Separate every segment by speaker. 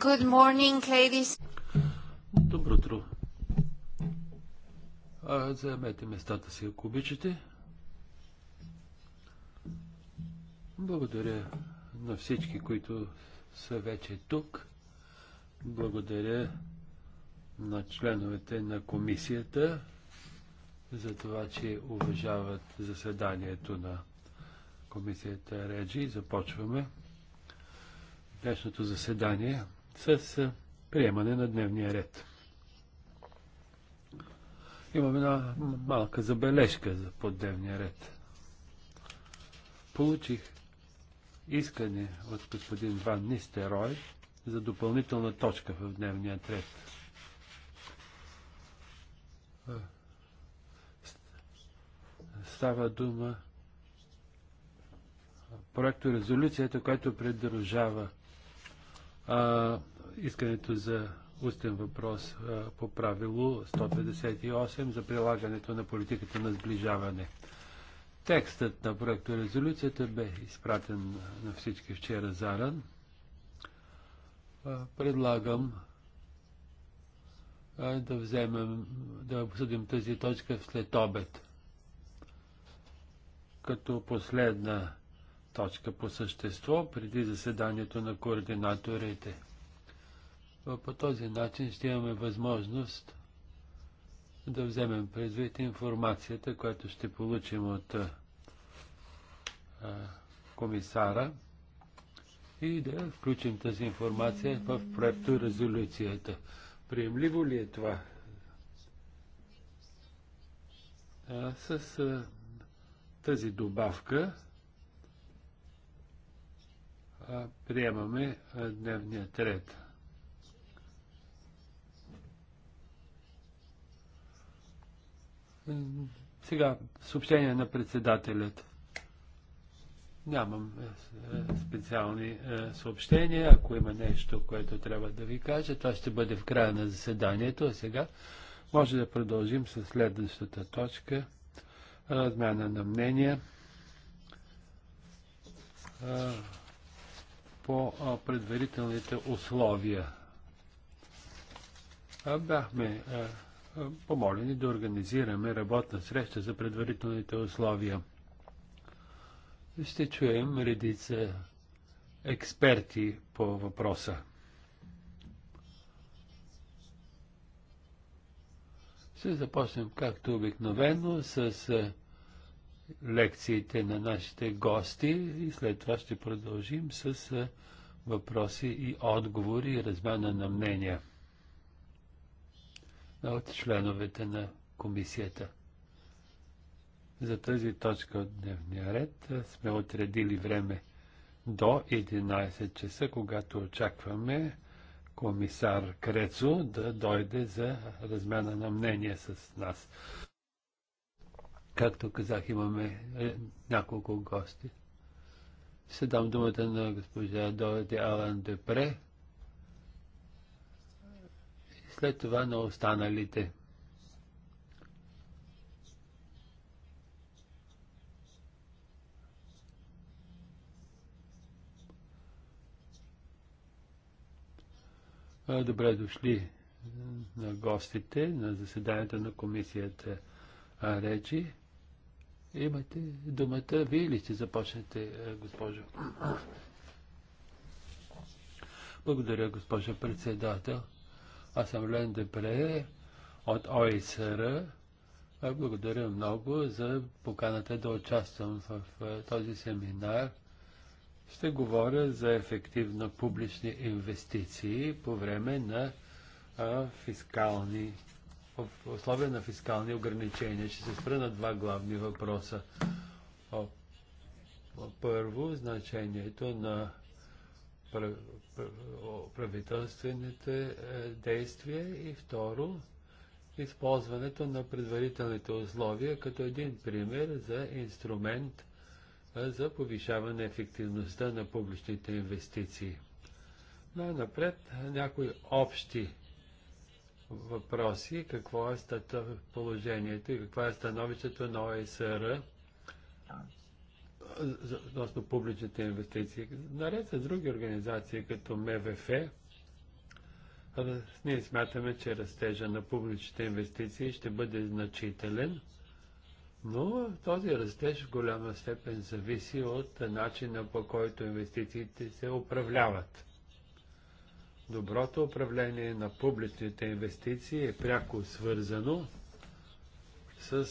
Speaker 1: Good morning, ladies.
Speaker 2: Добро утро. Заемете местата си, ако обичате. Благодаря на всички, които са вече тук. Благодаря на членовете на комисията за това, че уважават заседанието на комисията Реджи. Започваме днешното заседание с приемане на дневния ред. Имам една малка забележка за поддневния ред. Получих искане от господин Ван Нистерой за допълнителна точка в дневния ред. Става дума проекто резолюцията, която придружава а, искането за устен въпрос а, по правило 158 за прилагането на политиката на сближаване. Текстът на проекта резолюцията бе изпратен на всички вчера заран. Предлагам да вземем, да обсъдим тази точка след обед. Като последна точка по същество преди заседанието на координаторите. По този начин ще имаме възможност да вземем предвид информацията, която ще получим от а, комисара и да включим тази информация в проекто резолюцията. Приемливо ли е това? А, с а, тази добавка приемаме дневния ред. Сега съобщение на председателят. Нямам е, е, специални е, съобщения. Ако има нещо, което трябва да ви кажа, това ще бъде в края на заседанието. А сега може да продължим с следващата точка. Размяна на мнения по предварителните условия. Бяхме помолени да организираме работна среща за предварителните условия. Ще чуем редица експерти по въпроса. Ще започнем както обикновено с лекциите на нашите гости и след това ще продължим с въпроси и отговори и размяна на мнения от членовете на комисията. За тази точка от дневния ред сме отредили време до 11 часа, когато очакваме комисар Крецо да дойде за размяна на мнение с нас. Както казах, имаме е, няколко гости. Ще дам думата на госпожа Дороти Алан Депре. След това на останалите. Добре дошли на гостите на заседанието на комисията Речи. Имате думата. Вие ли ще започнете, е, госпожо? Благодаря, госпожо председател. Аз съм Лен Депре от ОИСР. Е, благодаря много за поканата да участвам в е, този семинар. Ще говоря за ефективно публични инвестиции по време на фискални в условия на фискални ограничения. Ще се спра на два главни въпроса. Първо, значението на правителствените е, действия и второ, използването на предварителните условия като един пример за инструмент е, за повишаване ефективността на публичните инвестиции. Най-напред някои общи въпроси. Какво е положението и какво е становището на ОСР относно публичните инвестиции? Наред с други организации, като МВФ, ние смятаме, че растежа на публичните инвестиции ще бъде значителен, но този растеж в голяма степен зависи от начина по който инвестициите се управляват. Доброто управление на публичните инвестиции е пряко свързано с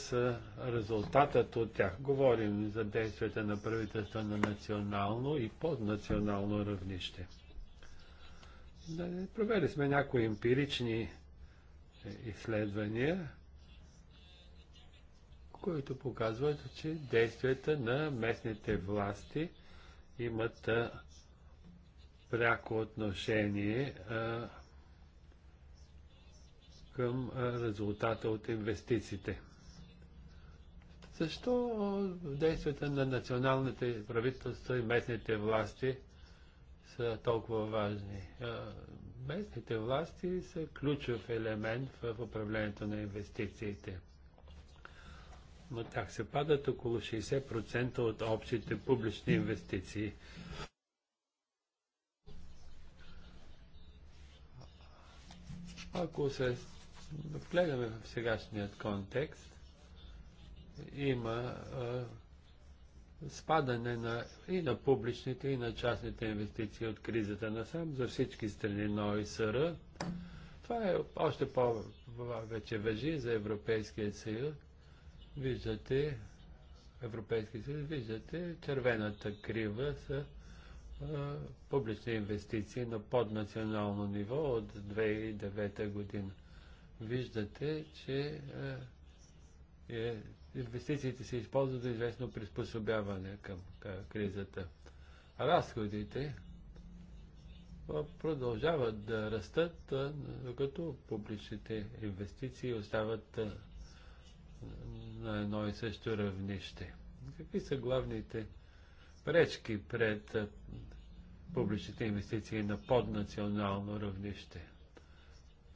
Speaker 2: резултатът от тях. Говорим за действията на правителства на национално и поднационално равнище. Да, провели сме някои емпирични е, изследвания, които показват, че действията на местните власти имат пряко отношение а, към а, резултата от инвестициите. Защо действията на националните правителства и местните власти са толкова важни? А, местните власти са ключов елемент в, управлението на инвестициите. Но так се падат около 60% от общите публични инвестиции. Ако се вгледаме в сегашният контекст, има а, спадане на, и на публичните, и на частните инвестиции от кризата насам за всички страни на ОИСР. Това е още повече въжи за Европейския съюз. Виждате, Европейския съюз, виждате червената крива с е, публични инвестиции на поднационално ниво от 2009 година. Виждате, че е, е, инвестициите се използват за известно приспособяване към кризата. Разходите продължават да растат, докато публичните инвестиции остават на едно и също равнище. Какви са главните пречки пред публичните инвестиции на поднационално равнище.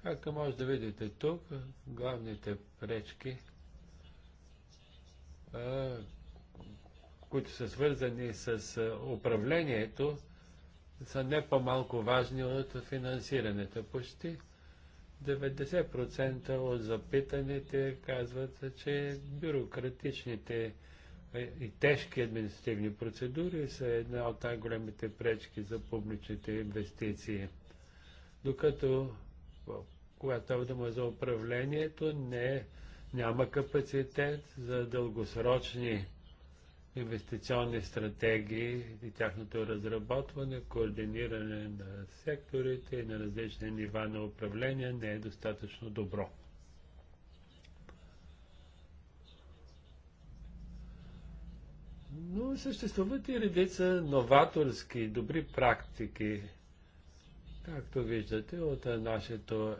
Speaker 2: Както може да видите тук, главните пречки, които са свързани с управлението, са не по-малко важни от финансирането. Почти 90% от запитаните казват, че бюрократичните е, и тежки административни процедури са една от най-големите пречки за публичните инвестиции. Докато когато е дума за управлението, не, няма капацитет за дългосрочни инвестиционни стратегии и тяхното разработване, координиране на секторите и на различни нива на управление не е достатъчно добро. Но съществуват и редица новаторски, добри практики, както виждате от нашето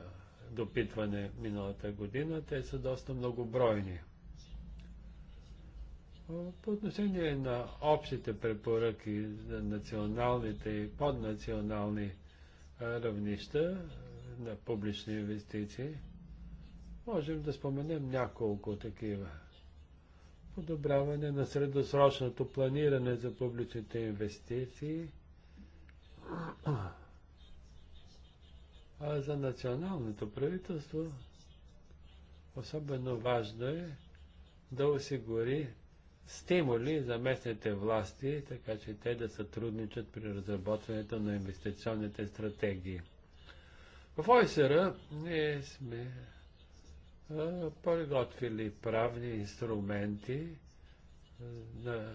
Speaker 2: допитване миналата година. Те са доста многобройни. По отношение на общите препоръки за националните и поднационални равнища на публични инвестиции, можем да споменем няколко такива подобряване на средосрочното планиране за публичните инвестиции, а за националното правителство особено важно е да осигури стимули за местните власти, така че те да сътрудничат при разработването на инвестиционните стратегии. В ОСР ние сме подготвили правни инструменти на,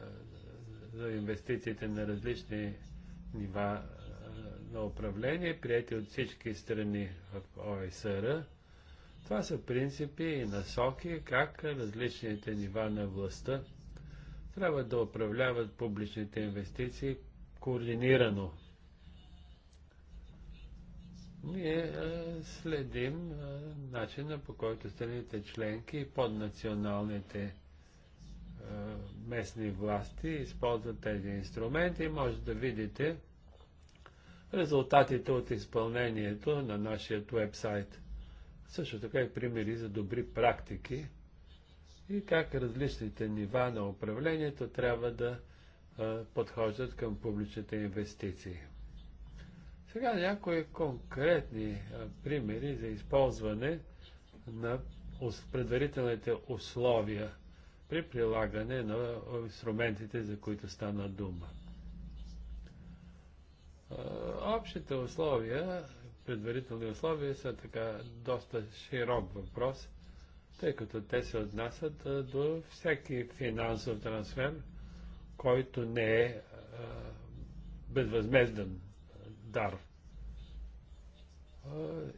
Speaker 2: за инвестициите на различни нива на управление, прияти от всички страни в ОСР. Това са принципи и насоки как различните нива на властта трябва да управляват публичните инвестиции координирано ние е, следим е, начина по който страните членки и поднационалните е, местни власти използват тези инструменти и може да видите резултатите от изпълнението на нашия вебсайт. Също така и примери за добри практики и как различните нива на управлението трябва да подхождат към публичните инвестиции. Сега някои конкретни а, примери за използване на предварителните условия при прилагане на инструментите, за които стана дума. Общите условия, предварителни условия са така доста широк въпрос, тъй като те се отнасят до всеки финансов трансфер, който не е безвъзмезден дар.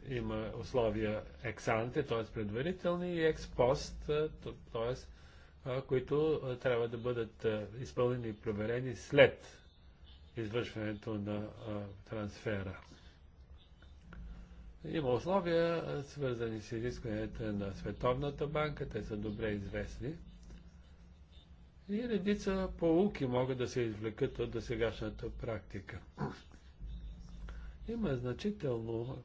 Speaker 2: Е, има условия ексанте, т.е. предварителни, и експост, е, т.е. Е, които трябва да бъдат изпълнени и проверени след извършването на трансфера. Има условия, свързани с изискванията на Световната банка, те са добре известни. И редица полуки могат да се извлекат от досегашната практика. Има значително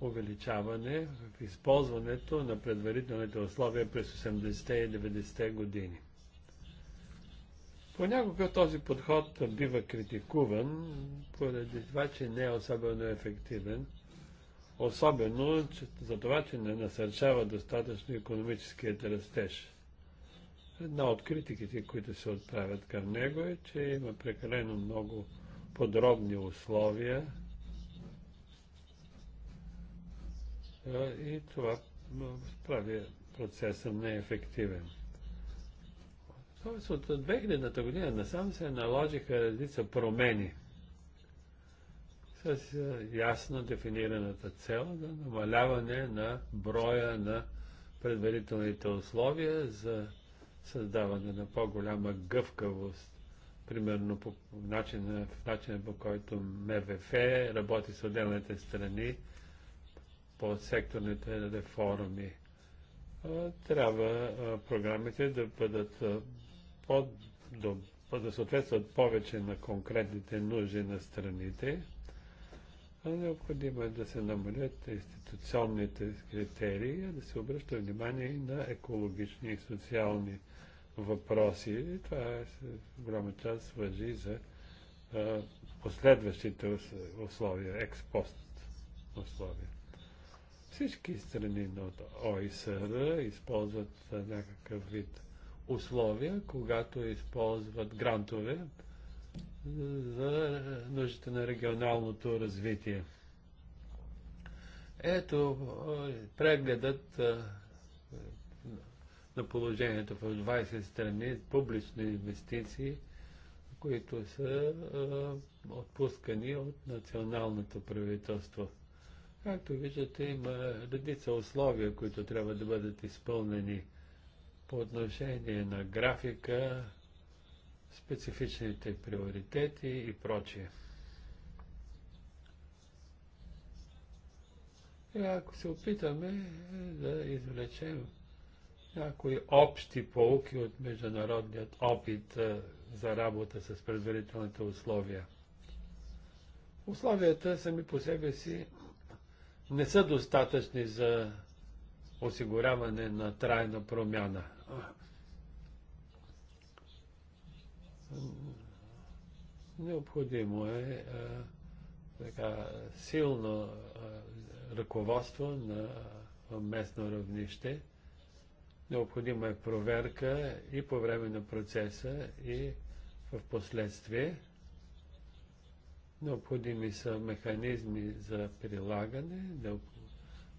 Speaker 2: увеличаване в използването на предварителните условия през 80-те и 90-те години. Понякога този подход бива критикуван, поради това, че не е особено ефективен, особено че, за това, че не насърчава достатъчно економическият растеж. Една от критиките, които се отправят към него е, че има прекалено много подробни условия, и това прави процеса неефективен. Тоест от 2000-та година насам се наложиха редица промени с е, ясно дефинираната цел за да намаляване на броя на предварителните условия за създаване на по-голяма гъвкавост. Примерно по начина, в начина по който МВФ работи с отделните страни по секторните реформи. Трябва програмите да бъдат под, да съответстват повече на конкретните нужди на страните, необходимо е да се намалят институционните критерии, да се обръща внимание и на екологични и социални въпроси. И това е в голяма част въжи за последващите условия, експост условия. Всички страни от ОИСР използват някакъв вид условия, когато използват грантове за нуждите на регионалното развитие. Ето прегледът на положението в 20 страни, публични инвестиции, които са отпускани от националното правителство. Както виждате, има редица условия, които трябва да бъдат изпълнени по отношение на графика, специфичните приоритети и прочие. И ако се опитаме да извлечем някои общи полки от международният опит за работа с предварителните условия. Условията сами по себе си не са достатъчни за осигуряване на трайна промяна. Необходимо е а, е, така, силно а, е, ръководство на а, е, местно равнище. Необходима е проверка и по време на процеса, и в последствие. Необходими са механизми за прилагане,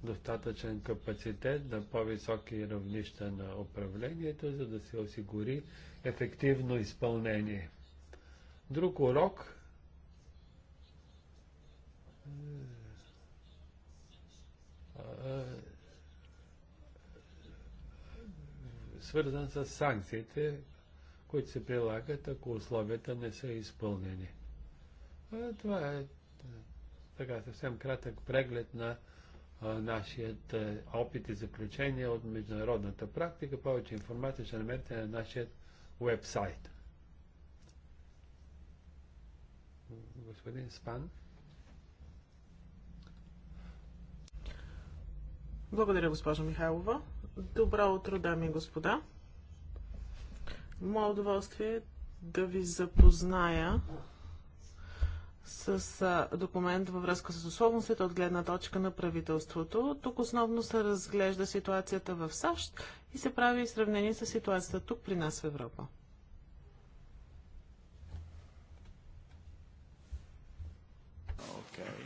Speaker 2: достатъчен капацитет на по-високи равнища на управлението, за да се осигури ефективно изпълнение. Друг урок е, свързан с санкциите, които се прилагат, ако условията не са изпълнени. Това е, е така съвсем кратък преглед на нашият е, опит и заключение от международната практика. Повече информация ще намерите на нашия вебсайт.
Speaker 1: Господин Спан. Благодаря, госпожо Михайлова. Добро утро, дами и господа. Мое удоволствие е да ви запозная с документ във връзка с условностите от гледна точка на правителството. Тук основно се разглежда ситуацията в САЩ и се прави сравнение с ситуацията тук при нас в Европа. Okay.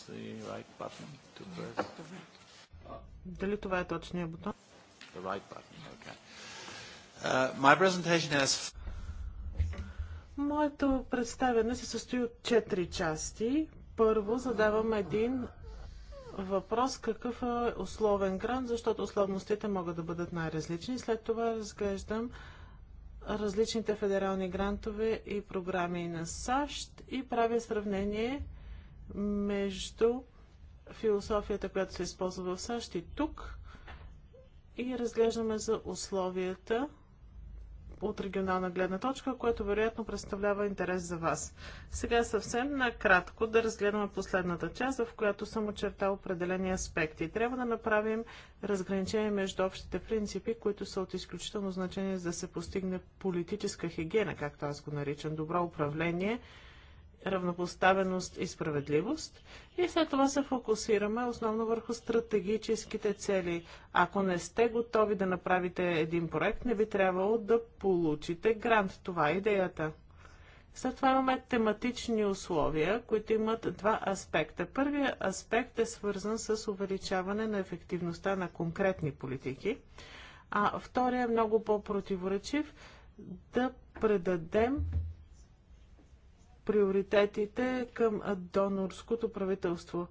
Speaker 1: Right Дали това е точния бутон? The right button, okay. Uh, presentation has... Моето представяне се състои от четири части. Първо задавам един въпрос какъв е условен грант, защото условностите могат да бъдат най-различни. След това разглеждам различните федерални грантове и програми на САЩ и правя сравнение между философията, която се използва в САЩ и тук и разглеждаме за условията от регионална гледна точка, което вероятно представлява интерес за вас. Сега съвсем накратко да разгледаме последната част, в която съм очертал определени аспекти. Трябва да направим разграничение между общите принципи, които са от изключително значение за да се постигне политическа хигиена, както аз го наричам, добро управление – равнопоставеност и справедливост. И след това се фокусираме основно върху стратегическите цели. Ако не сте готови да направите един проект, не би трябвало да получите грант. Това е идеята. След това имаме тематични условия, които имат два аспекта. Първият аспект е свързан с увеличаване на ефективността на конкретни политики, а втория е много по-противоречив да предадем приоритетите към донорското правителство.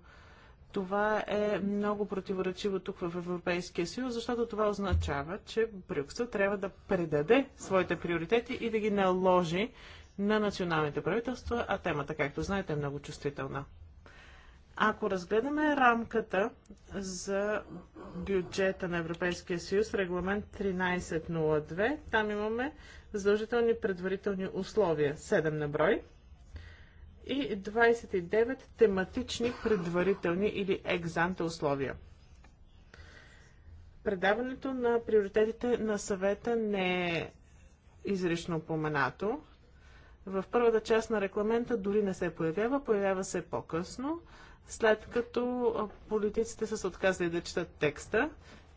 Speaker 1: Това е много противоречиво тук в Европейския съюз, защото това означава, че Брюксел трябва да предаде своите приоритети и да ги наложи на националните правителства, а темата, както знаете, е много чувствителна. Ако разгледаме рамката за бюджета на Европейския съюз, регламент 1302, там имаме задължителни предварителни условия, 7 на брой – и 29 тематични предварителни или екзанта условия. Предаването на приоритетите на съвета не е изрично упоменато. В първата част на рекламента дори не се появява, появява се по-късно, след като политиците са се отказали да четат текста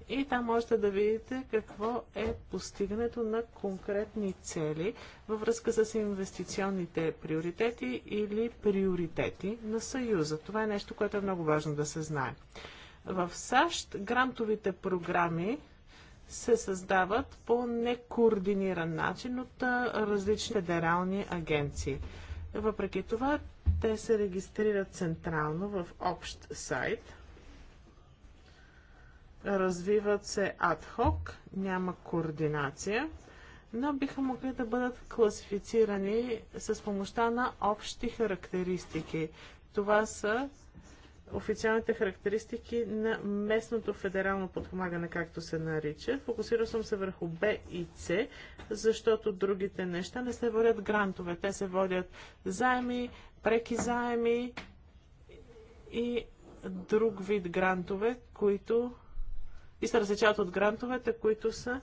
Speaker 1: и там можете да видите какво е постигането на конкретни цели във връзка с инвестиционните приоритети или приоритети на Съюза. Това е нещо, което е много важно да се знае. В САЩ грантовите програми се създават по некоординиран начин от различни федерални агенции. Въпреки това, те се регистрират централно в общ сайт – развиват се адхок, няма координация, но биха могли да бъдат класифицирани с помощта на общи характеристики. Това са официалните характеристики на местното федерално подпомагане, както се нарича. Фокусирал съм се върху Б и С, защото другите неща не се водят грантове. Те се водят заеми, преки заеми и друг вид грантове, които и се различават от грантовете, които са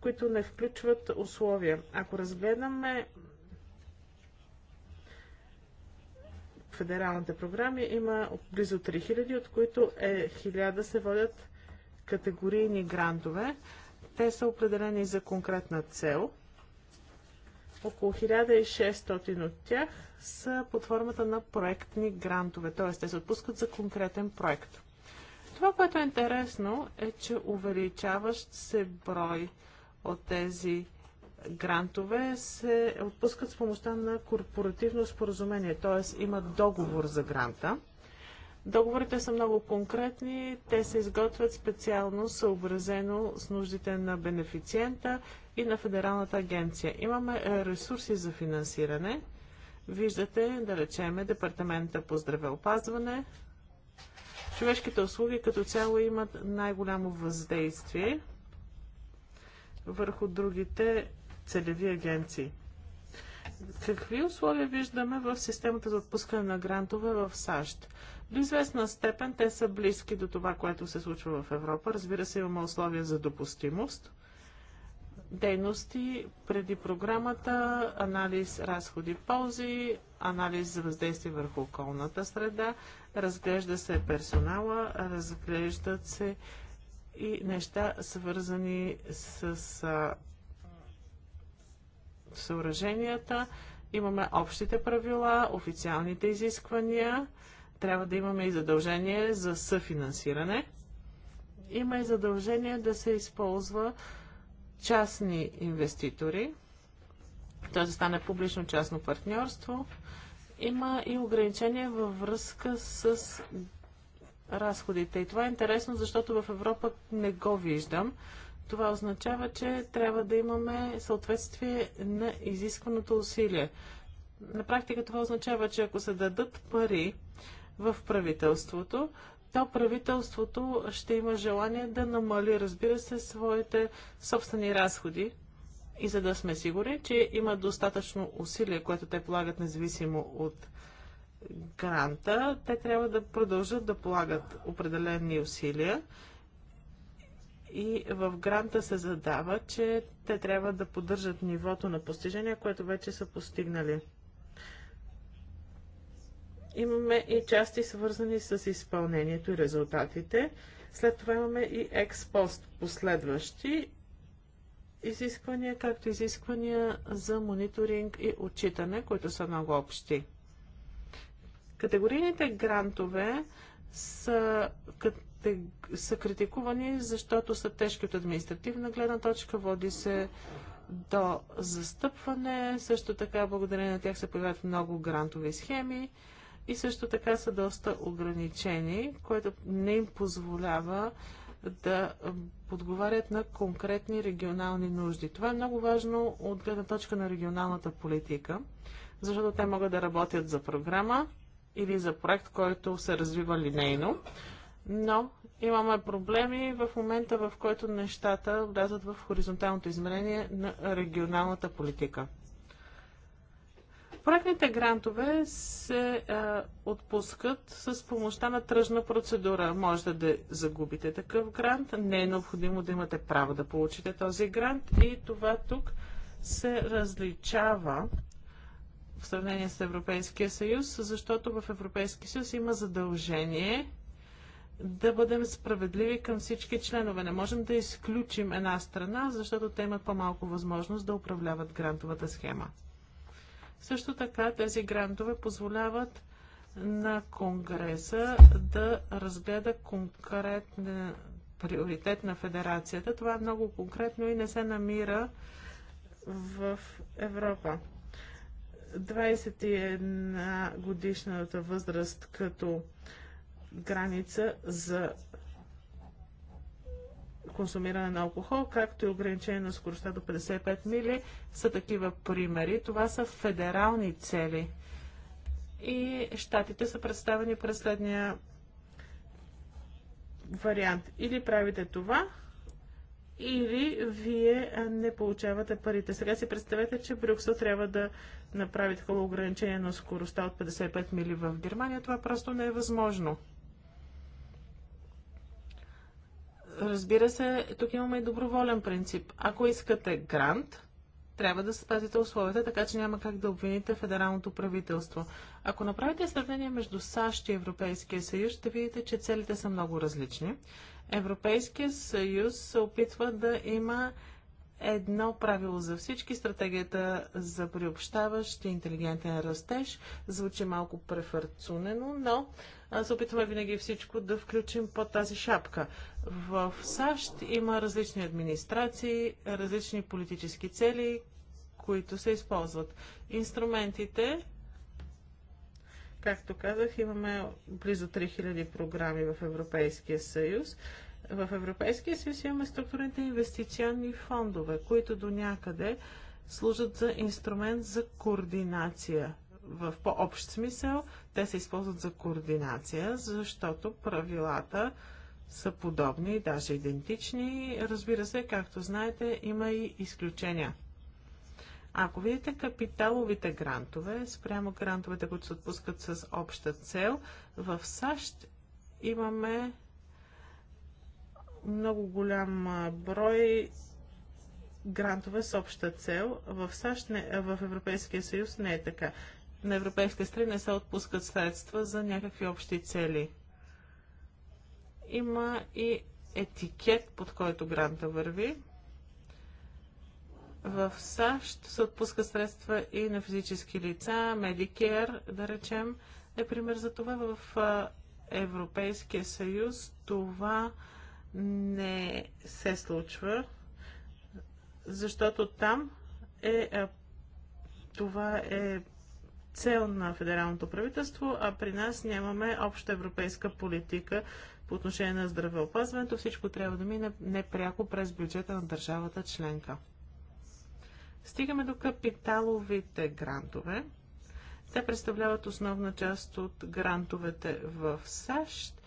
Speaker 1: които не включват условия. Ако разгледаме федералните програми, има близо 3000, от които е 1000 се водят категорийни грантове. Те са определени за конкретна цел. Около 1600 от тях са под формата на проектни грантове, т.е. те се отпускат за конкретен проект. Това, което е интересно, е, че увеличаващ се брой от тези грантове се отпускат с помощта на корпоративно споразумение, т.е. има договор за гранта. Договорите са много конкретни, те се изготвят специално съобразено с нуждите на бенефициента и на Федералната агенция. Имаме е, ресурси за финансиране. Виждате, да речеме, Департамента по здравеопазване, човешките услуги като цяло имат най-голямо въздействие върху другите целеви агенции. Какви условия виждаме в системата за отпускане на грантове в САЩ? До известна степен те са близки до това, което се случва в Европа. Разбира се, имаме условия за допустимост. Дейности преди програмата, анализ, разходи, ползи, анализ за въздействие върху околната среда, разглежда се персонала, разглеждат се и неща свързани с а, съоръженията. Имаме общите правила, официалните изисквания, трябва да имаме и задължение за съфинансиране. Има и задължение да се използва частни инвеститори. Той да стане публично-частно партньорство. Има и ограничения във връзка с разходите. И това е интересно, защото в Европа не го виждам. Това означава, че трябва да имаме съответствие на изискваното усилие. На практика това означава, че ако се дадат пари в правителството, то правителството ще има желание да намали, разбира се, своите собствени разходи, и за да сме сигурни, че има достатъчно усилие, което те полагат независимо от гранта, те трябва да продължат да полагат определени усилия. И в гранта се задава, че те трябва да поддържат нивото на постижения, което вече са постигнали. Имаме и части свързани с изпълнението и резултатите. След това имаме и експост последващи изисквания, както изисквания за мониторинг и отчитане, които са много общи. Категорийните грантове са, са критикувани, защото са тежки от административна гледна точка, води се до застъпване, също така благодарение на тях се появяват много грантови схеми и също така са доста ограничени, което не им позволява да подговарят на конкретни регионални нужди. Това е много важно от гледна точка на регионалната политика, защото те могат да работят за програма или за проект, който се развива линейно. Но имаме проблеми в момента, в който нещата влязат в хоризонталното измерение на регионалната политика. Проектните грантове се а, отпускат с помощта на тръжна процедура. Може да загубите такъв грант, не е необходимо да имате право да получите този грант и това тук се различава в сравнение с Европейския съюз, защото в Европейския съюз има задължение да бъдем справедливи към всички членове. Не можем да изключим една страна, защото те имат по-малко възможност да управляват грантовата схема. Също така тези грантове позволяват на Конгреса да разгледа конкретен приоритет на федерацията. Това е много конкретно и не се намира в Европа. 21 годишната възраст като граница за консумиране на алкохол, както и ограничение на скоростта до 55 мили, са такива примери. Това са федерални цели. И щатите са представени през следния вариант. Или правите това, или вие не получавате парите. Сега си представете, че Брюксел трябва да направи такова ограничение на скоростта от 55 мили в Германия. Това просто не е възможно. разбира се, тук имаме и доброволен принцип. Ако искате грант, трябва да спазите условията, така че няма как да обвините федералното правителство. Ако направите сравнение между САЩ и Европейския съюз, ще видите, че целите са много различни. Европейския съюз се опитва да има едно правило за всички. Стратегията за приобщаващ и интелигентен растеж звучи малко префърцунено, но се опитваме винаги всичко да включим под тази шапка. В САЩ има различни администрации, различни политически цели, които се използват. Инструментите, както казах, имаме близо 3000 програми в Европейския съюз. В Европейския съюз имаме структурните инвестиционни фондове, които до някъде служат за инструмент за координация. В по-общ смисъл те се използват за координация, защото правилата са подобни, даже идентични. Разбира се, както знаете, има и изключения. Ако видите капиталовите грантове, спрямо грантовете, които се отпускат с обща цел, в САЩ имаме много голям брой грантове с обща цел. В САЩ, не, в Европейския съюз не е така. На европейска страни не се отпускат средства за някакви общи цели. Има и етикет, под който гранта върви. В САЩ се отпуска средства и на физически лица, Medicare, да речем, е пример за това. В Европейския съюз това не се случва, защото там е, това е цел на федералното правителство, а при нас нямаме обща европейска политика по отношение на здравеопазването всичко трябва да мине непряко през бюджета на държавата членка. Стигаме до капиталовите грантове. Те представляват основна част от грантовете в САЩ.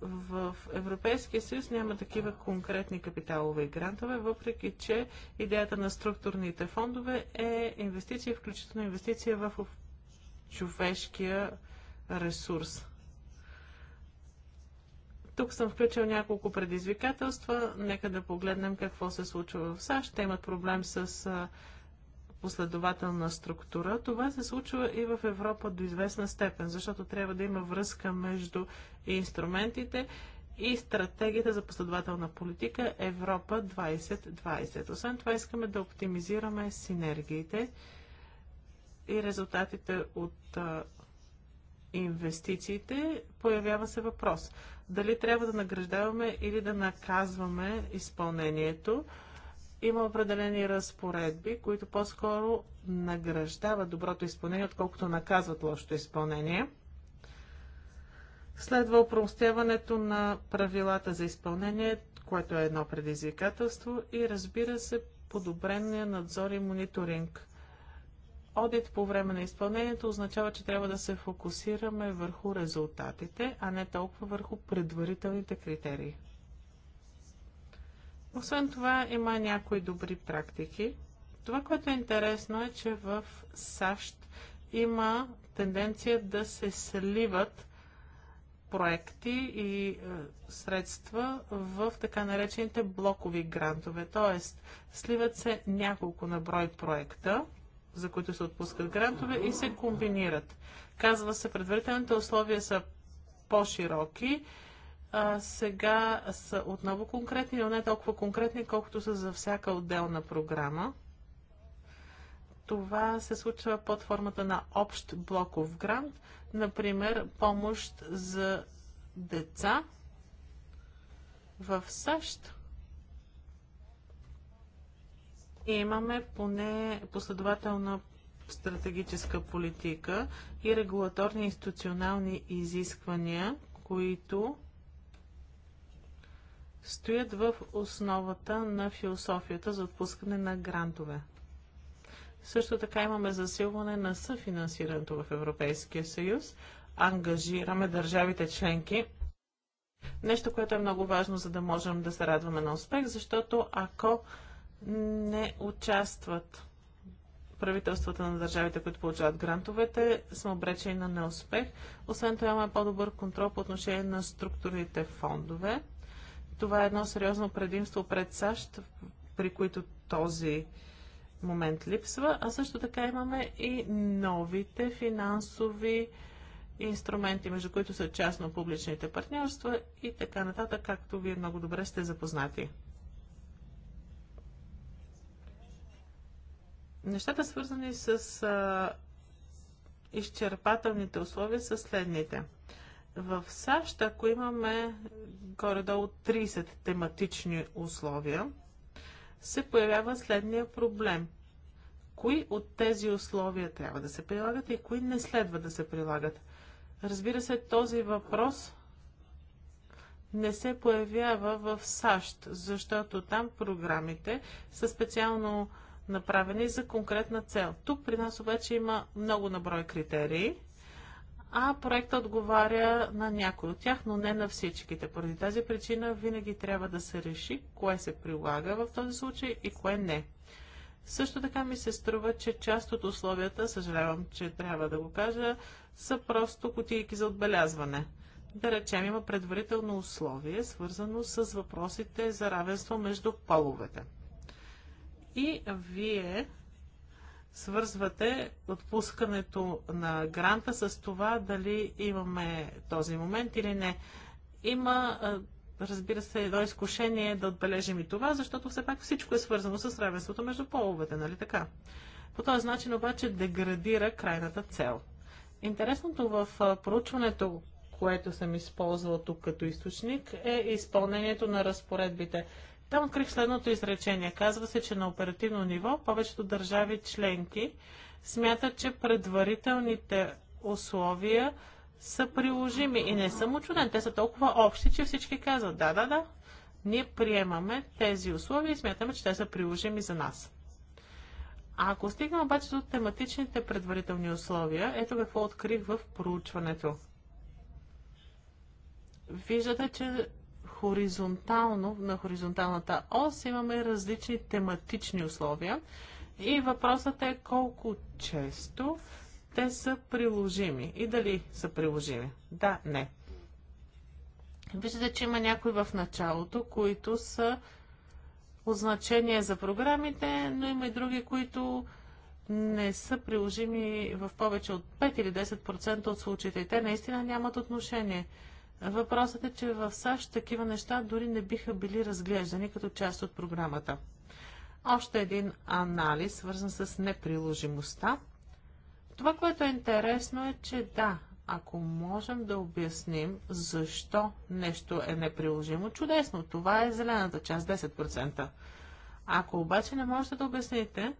Speaker 1: В Европейския съюз няма такива конкретни капиталови грантове, въпреки че идеята на структурните фондове е инвестиция, включително инвестиция в човешкия ресурс. Тук съм включил няколко предизвикателства. Нека да погледнем какво се случва в САЩ. Те имат проблем с последователна структура. Това се случва и в Европа до известна степен, защото трябва да има връзка между инструментите и стратегията за последователна политика Европа 2020. Освен това искаме да оптимизираме синергиите и резултатите от инвестициите. Появява се въпрос дали трябва да награждаваме или да наказваме изпълнението. Има определени разпоредби, които по-скоро награждават доброто изпълнение, отколкото наказват лошото изпълнение. Следва упростяването на правилата за изпълнение, което е едно предизвикателство и разбира се подобрения надзор и мониторинг. Одит по време на изпълнението означава, че трябва да се фокусираме върху резултатите, а не толкова върху предварителните критерии. Освен това, има някои добри практики. Това, което е интересно е, че в САЩ има тенденция да се сливат проекти и е, средства в така наречените блокови грантове. Тоест, сливат се няколко на брой проекта за които се отпускат грантове и се комбинират. Казва се, предварителните условия са по-широки, а сега са отново конкретни, но не толкова конкретни, колкото са за всяка отделна програма. Това се случва под формата на общ блоков грант, например помощ за деца в САЩ и имаме поне последователна стратегическа политика и регулаторни институционални изисквания, които стоят в основата на философията за отпускане на грантове. Също така имаме засилване на съфинансирането в Европейския съюз. Ангажираме държавите членки. Нещо, което е много важно, за да можем да се радваме на успех, защото ако не участват. Правителствата на държавите, които получават грантовете, са обречени на неуспех. Освен това има по-добър контрол по отношение на структурните фондове. Това е едно сериозно предимство пред САЩ, при които този момент липсва, а също така имаме и новите финансови инструменти, между които са частно-публичните партньорства и така нататък, както вие много добре сте запознати. Нещата, свързани с а, изчерпателните условия, са следните. В САЩ, ако имаме горе-долу 30 тематични условия, се появява следния проблем. Кои от тези условия трябва да се прилагат и кои не следва да се прилагат? Разбира се, този въпрос не се появява в САЩ, защото там програмите са специално направени за конкретна цел. Тук при нас обаче има много наброй критерии, а проектът отговаря на някой от тях, но не на всичките. Поради тази причина винаги трябва да се реши кое се прилага в този случай и кое не. Също така ми се струва, че част от условията, съжалявам, че трябва да го кажа, са просто кутийки за отбелязване. Да речем, има предварително условие, свързано с въпросите за равенство между половете. И вие свързвате отпускането на гранта с това дали имаме този момент или не. Има, разбира се, едно изкушение да отбележим и това, защото все пак всичко е свързано с равенството между половете, нали така? По този начин обаче деградира крайната цел. Интересното в проучването, което съм използвал тук като източник, е изпълнението на разпоредбите там открих следното изречение. Казва се, че на оперативно ниво повечето държави членки смятат, че предварителните условия са приложими. И не съм очуден, те са толкова общи, че всички казват да, да, да. Ние приемаме тези условия и смятаме, че те са приложими за нас. А ако стигнем обаче до тематичните предварителни условия, ето какво открих в проучването. Виждате, че хоризонтално, на хоризонталната ос имаме различни тематични условия и въпросът е колко често те са приложими и дали са приложими. Да, не. Виждате, че има някои в началото, които са означения за програмите, но има и други, които не са приложими в повече от 5 или 10% от случаите. И те наистина нямат отношение. Въпросът е, че в САЩ такива неща дори не биха били разглеждани като част от програмата. Още един анализ, свързан с неприложимостта. Това, което е интересно е, че да, ако можем да обясним защо нещо е неприложимо, чудесно, това е зелената част, 10%. Ако обаче не можете да обясните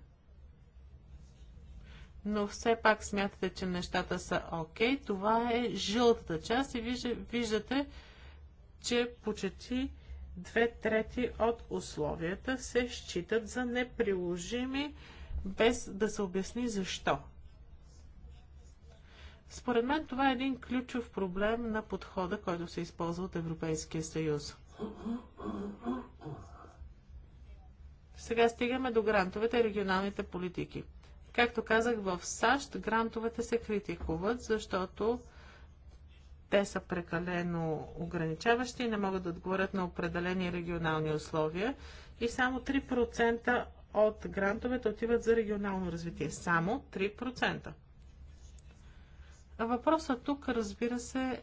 Speaker 1: но все пак смятате, че нещата са окей. Okay. Това е жълтата част и виждате, че почти две трети от условията се считат за неприложими, без да се обясни защо. Според мен това е един ключов проблем на подхода, който се използва от Европейския съюз. Сега стигаме до грантовете и регионалните политики. Както казах, в САЩ грантовете се критикуват, защото те са прекалено ограничаващи и не могат да отговорят на определени регионални условия. И само 3% от грантовете отиват за регионално развитие. Само 3%. Въпросът тук, разбира се,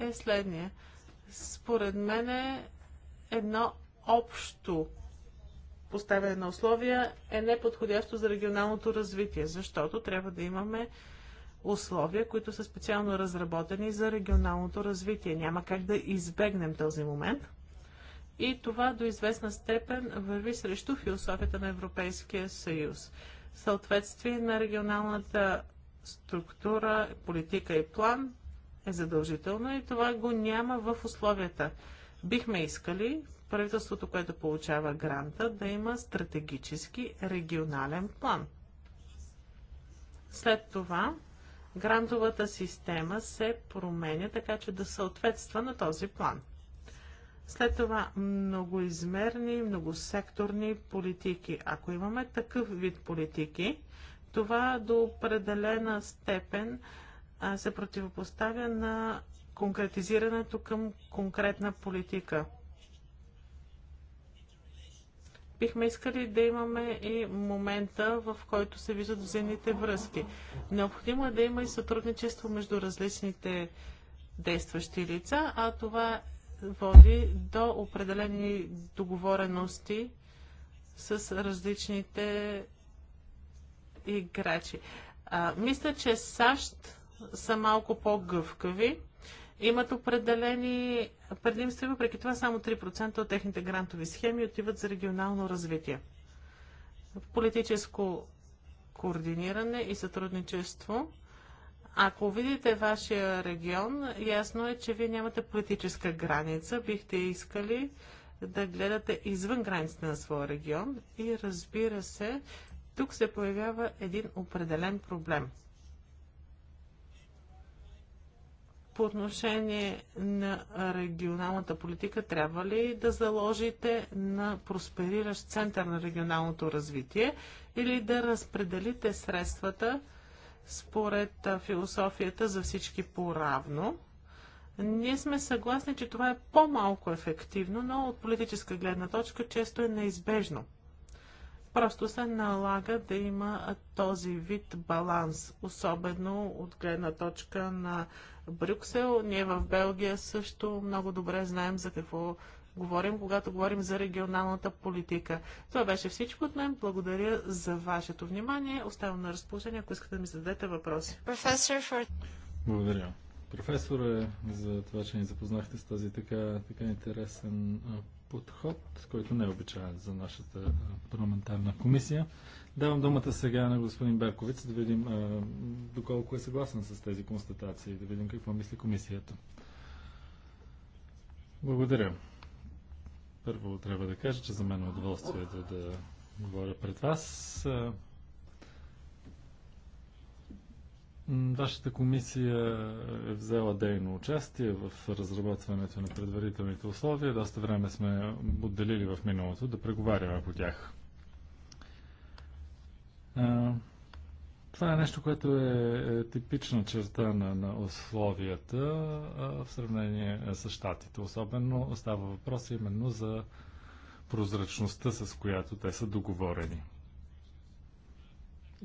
Speaker 1: е следния. Според мен е едно общо поставяне на условия е неподходящо за регионалното развитие, защото трябва да имаме условия, които са специално разработени за регионалното развитие. Няма как да избегнем този момент. И това до известна степен върви срещу философията на Европейския съюз. Съответствие на регионалната структура, политика и план е задължително и това го няма в условията. Бихме искали правителството, което получава гранта, да има стратегически регионален план. След това грантовата система се променя така, че да съответства на този план. След това многоизмерни, многосекторни политики. Ако имаме такъв вид политики, това до определена степен а, се противопоставя на конкретизирането към конкретна политика бихме искали да имаме и момента, в който се виждат взаимните връзки. Необходимо е да има и сътрудничество между различните действащи лица, а това води до определени договорености с различните играчи. А, мисля, че САЩ са малко по-гъвкави имат определени предимства въпреки това само 3% от техните грантови схеми отиват за регионално развитие. Политическо координиране и сътрудничество. Ако видите вашия регион, ясно е, че вие нямате политическа граница. Бихте искали да гледате извън границите на своя регион и разбира се, тук се появява един определен проблем – по отношение на регионалната политика, трябва ли да заложите на проспериращ център на регионалното развитие или да разпределите средствата според философията за всички по-равно? Ние сме съгласни, че това е по-малко ефективно, но от политическа гледна точка често е неизбежно. Просто се налага да има този вид баланс, особено от гледна точка на Брюксел. Ние в Белгия също много добре знаем за какво говорим, когато говорим за регионалната политика. Това беше всичко от мен. Благодаря за вашето внимание. Оставам на разположение, ако искате да ми зададете въпроси. Професор for...
Speaker 3: Благодаря. Професоре, за това, че ни запознахте с този така, така интересен подход, който не е обичаен за нашата парламентарна комисия. Давам думата сега на господин Берковиц, да видим а, доколко е съгласен с тези констатации, да видим какво мисли комисията. Благодаря. Първо трябва да кажа, че за мен е удоволствие да, да говоря пред вас. Вашата комисия е взела дейно участие в разработването на предварителните условия. Доста време сме отделили в миналото да преговаряме по тях. Това е нещо, което е, е типична черта на, на условията в сравнение е, с щатите. Особено става въпрос именно за прозрачността, с която те са договорени.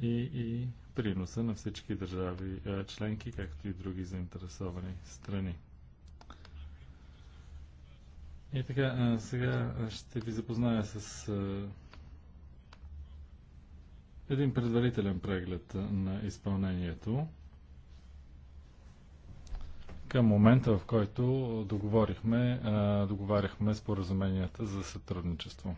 Speaker 3: И, и приноса на всички държави е, членки, както и други заинтересовани страни. И така, сега ще ви запозная с един предварителен преглед на изпълнението към момента, в който договорихме, договаряхме споразуменията за сътрудничество.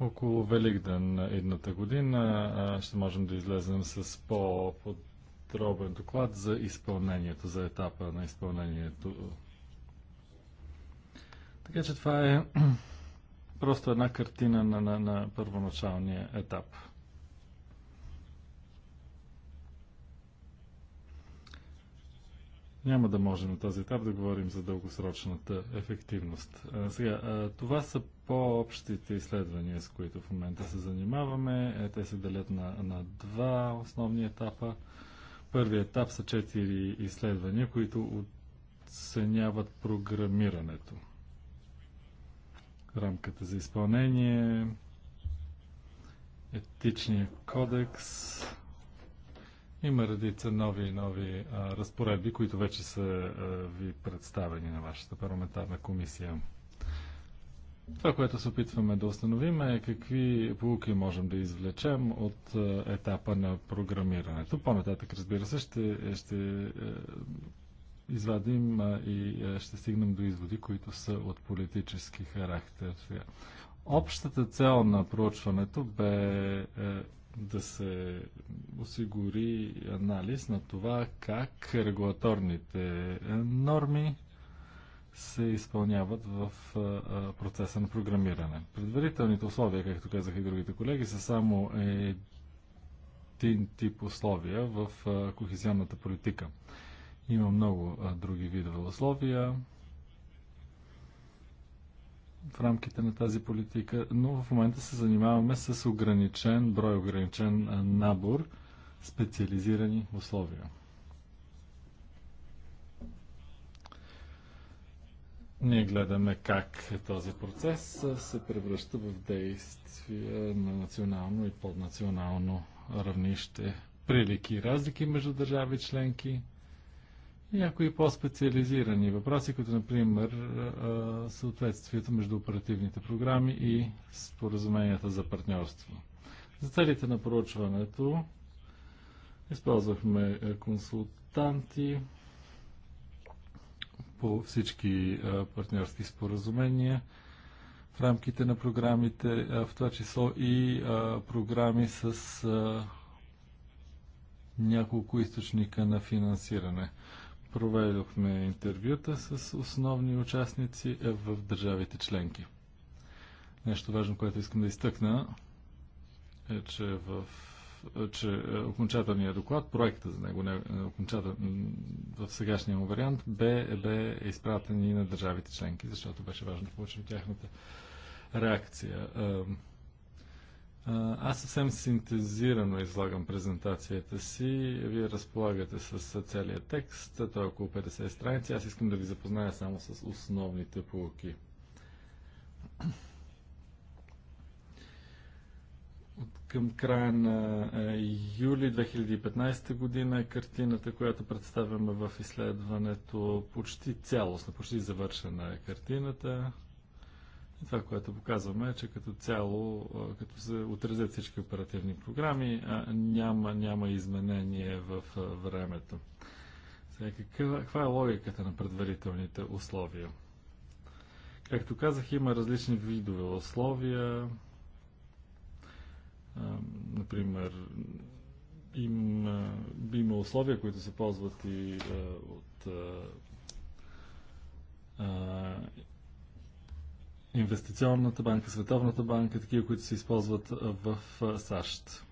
Speaker 3: Около Великден едната година ще можем да излезем с по-подробен доклад за изпълнението, за етапа на изпълнението. Така че това е просто една картина на, на, на първоначалния етап. Няма да можем на този етап да говорим за дългосрочната ефективност. сега, това са по-общите изследвания, с които в момента се занимаваме. Е, те се делят на, на два основни етапа. Първият етап са четири изследвания, които оценяват програмирането рамката за изпълнение, етичния кодекс. Има редица нови и нови а, разпоредби, които вече са а, ви представени на вашата парламентарна комисия. Това, което се опитваме да установим е какви полуки можем да извлечем от етапа на програмирането. По-нататък, разбира се, ще, ще извадим и ще стигнем до изводи, които са от политически характер. Общата цел на проучването бе е, да се осигури анализ на това как регулаторните е, норми се изпълняват в процеса на програмиране. Предварителните условия, както казаха и другите колеги, са само един тип условия в кохезионната политика – има много а, други видове условия в рамките на тази политика, но в момента се занимаваме с ограничен брой, ограничен набор специализирани условия. Ние гледаме как този процес се превръща в действие на национално и поднационално равнище. Прилики и разлики между държави членки – някои по-специализирани въпроси, като например съответствието между оперативните програми и споразуменията за партньорство. За целите на проучването използвахме консултанти по всички партньорски споразумения в рамките на програмите, в това число и програми с няколко източника на финансиране проведохме интервюта с основни участници е, в държавите членки. Нещо важно, което искам да изтъкна, е, че в е, че е, окончателният доклад, проекта за него не, в сегашния му вариант, бе, бе изпратен и на държавите членки, защото беше важно да получим тяхната реакция. Аз съвсем синтезирано излагам презентацията си. Вие разполагате с целия текст, той е около 50 страници. Аз искам да ви запозная само с основните полуки. към края на юли 2015 година е картината, която представяме в изследването почти цялостна, почти завършена е картината. И това, което показваме е, че като цяло, като се отразят всички оперативни програми, няма, няма изменение в времето. Сега, каква, каква е логиката на предварителните условия? Както казах, има различни видове условия. Например, има, има условия, които се ползват и от Инвестиционната банка, Световната банка, такива, които се използват в САЩ.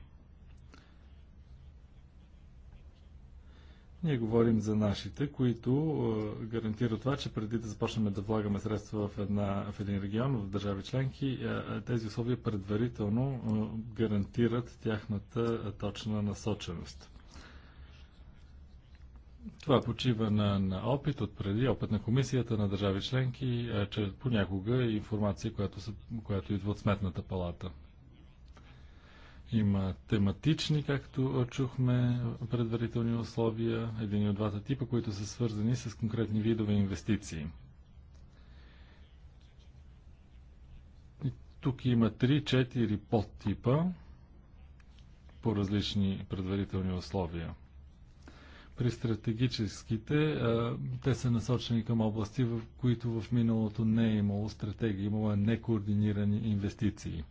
Speaker 3: Ние говорим за нашите, които гарантират това, че преди да започнем да влагаме средства в, една, в един регион, в държави членки, тези условия предварително гарантират тяхната точна насоченост. Това почива на, на опит от преди, опит на комисията на държави членки, е, че понякога е информация, която, са, която идва от сметната палата. Има тематични, както чухме, предварителни условия, един от двата типа, които са свързани с конкретни видове инвестиции. И тук има 3-4 подтипа по различни предварителни условия – при стратегическите, те са насочени към области, в които в миналото не е имало стратегия, имало е некоординирани инвестиции.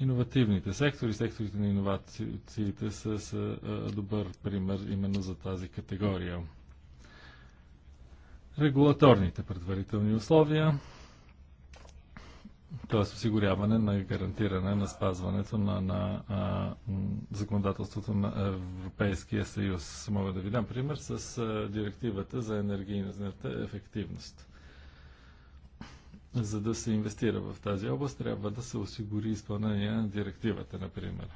Speaker 3: Иновативните сектори, секторите на иновациите са, са добър пример именно за тази категория. Регулаторните предварителни условия т.е. осигуряване на гарантиране на спазването на, на а, законодателството на Европейския съюз. Мога да ви дам пример с а, директивата за енергийната ефективност. За да се инвестира в тази област, трябва да се осигури изпълнение на директивата, например.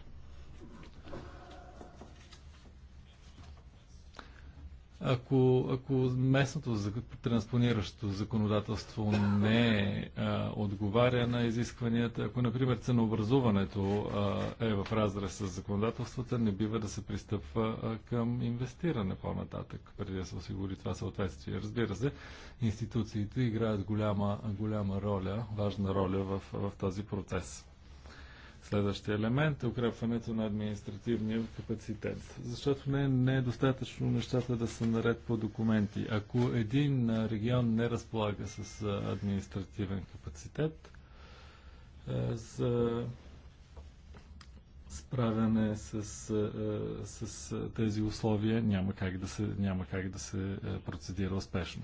Speaker 3: ако, ако местното транспониращо законодателство не а, отговаря на изискванията, ако, например, ценообразуването а, е в разрез с законодателствата, не бива да се пристъпва а, към инвестиране по-нататък, преди да се осигури това съответствие. Разбира се, институциите играят голяма, голяма роля, важна роля в, в този процес. Следващия елемент е укрепването на административния капацитет. Защото не, не е достатъчно нещата да са наред по документи. Ако един регион не разполага с административен капацитет е, за справяне с, е, с тези условия, няма как да се, няма как да се процедира успешно.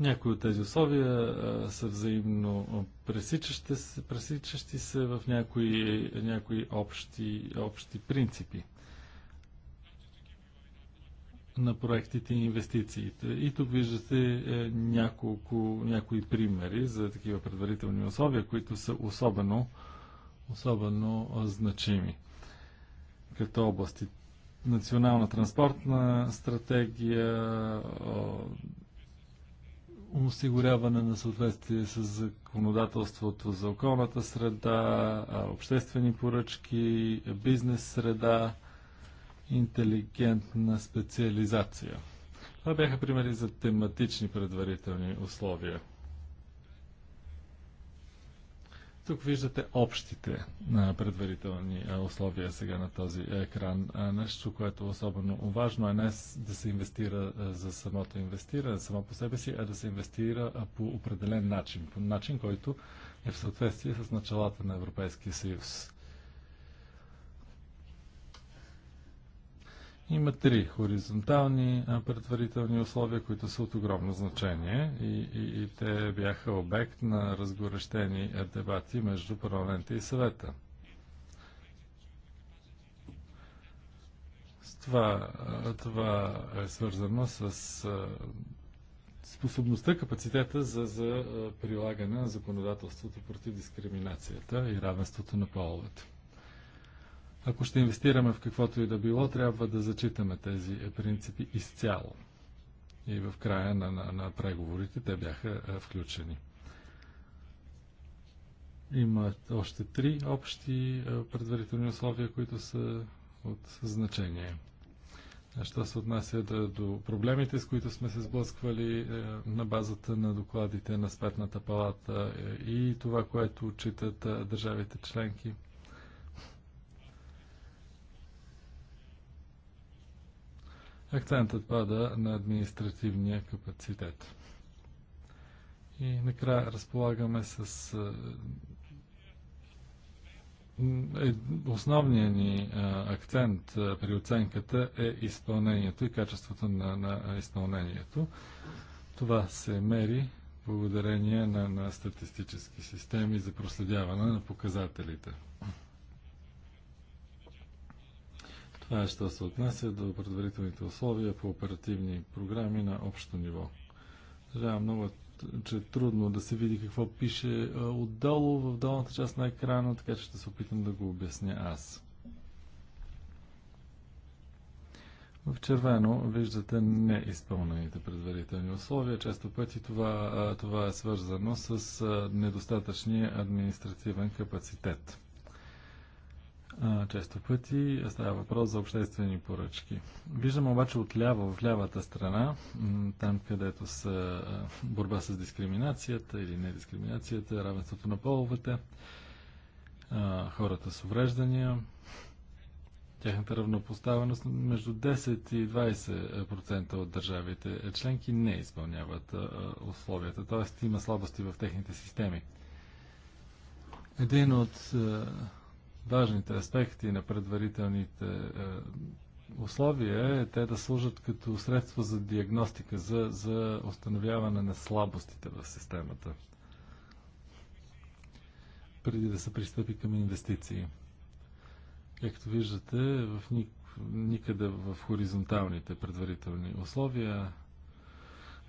Speaker 3: Някои от тези условия а, са взаимно пресичащи, пресичащи се в някои, някои общи, общи принципи на проектите и инвестициите. И тук виждате е, няколко, някои примери за такива предварителни условия, които са особено, особено значими. Като области национална транспортна стратегия, осигуряване на съответствие с законодателството за околната среда, обществени поръчки, бизнес среда, интелигентна специализация. Това бяха примери за тематични предварителни условия. Тук виждате общите предварителни условия сега на този екран. Нещо, което е особено важно е не да се инвестира за самото инвестиране, само по себе си, а да се инвестира по определен начин, по начин, който е в съответствие с началата на Европейския съюз. Има три хоризонтални предварителни условия, които са от огромно значение и, и, и те бяха обект на разгорещени дебати между парламента и съвета. С това, това е свързано с способността, капацитета за, за прилагане на законодателството против дискриминацията и равенството на половете. Ако ще инвестираме в каквото и да било, трябва да зачитаме тези е, принципи изцяло. И в края на, на, на преговорите те бяха е, включени. Има още три общи е, предварителни условия, които са от значение. Що се отнася да, до проблемите, с които сме се сблъсквали е, на базата на докладите на Спетната палата е, и това, което отчитат е, държавите членки – акцентът пада на административния капацитет. И накрая разполагаме с е, основният ни акцент при оценката е изпълнението и качеството на, на изпълнението. Това се мери благодарение на, на статистически системи за проследяване на показателите. Е, що се отнася до предварителните условия по оперативни програми на общо ниво. Съжалявам много, че е трудно да се види какво пише отдолу в долната част на екрана, така че ще се опитам да го обясня аз. В червено виждате неизпълнените предварителни условия. Често пъти това, това е свързано с недостатъчния административен капацитет често пъти става въпрос за обществени поръчки. Виждам обаче отляво, в лявата страна, там където са борба с дискриминацията или недискриминацията, равенството на половете, хората с увреждания, тяхната равнопоставеност между 10 и 20% от държавите членки не изпълняват условията, т.е. има слабости в техните системи. Един от важните аспекти на предварителните е, условия е те да служат като средство за диагностика, за, за установяване на слабостите в системата, преди да се пристъпи към инвестиции. Както виждате, в ник, никъде в хоризонталните предварителни условия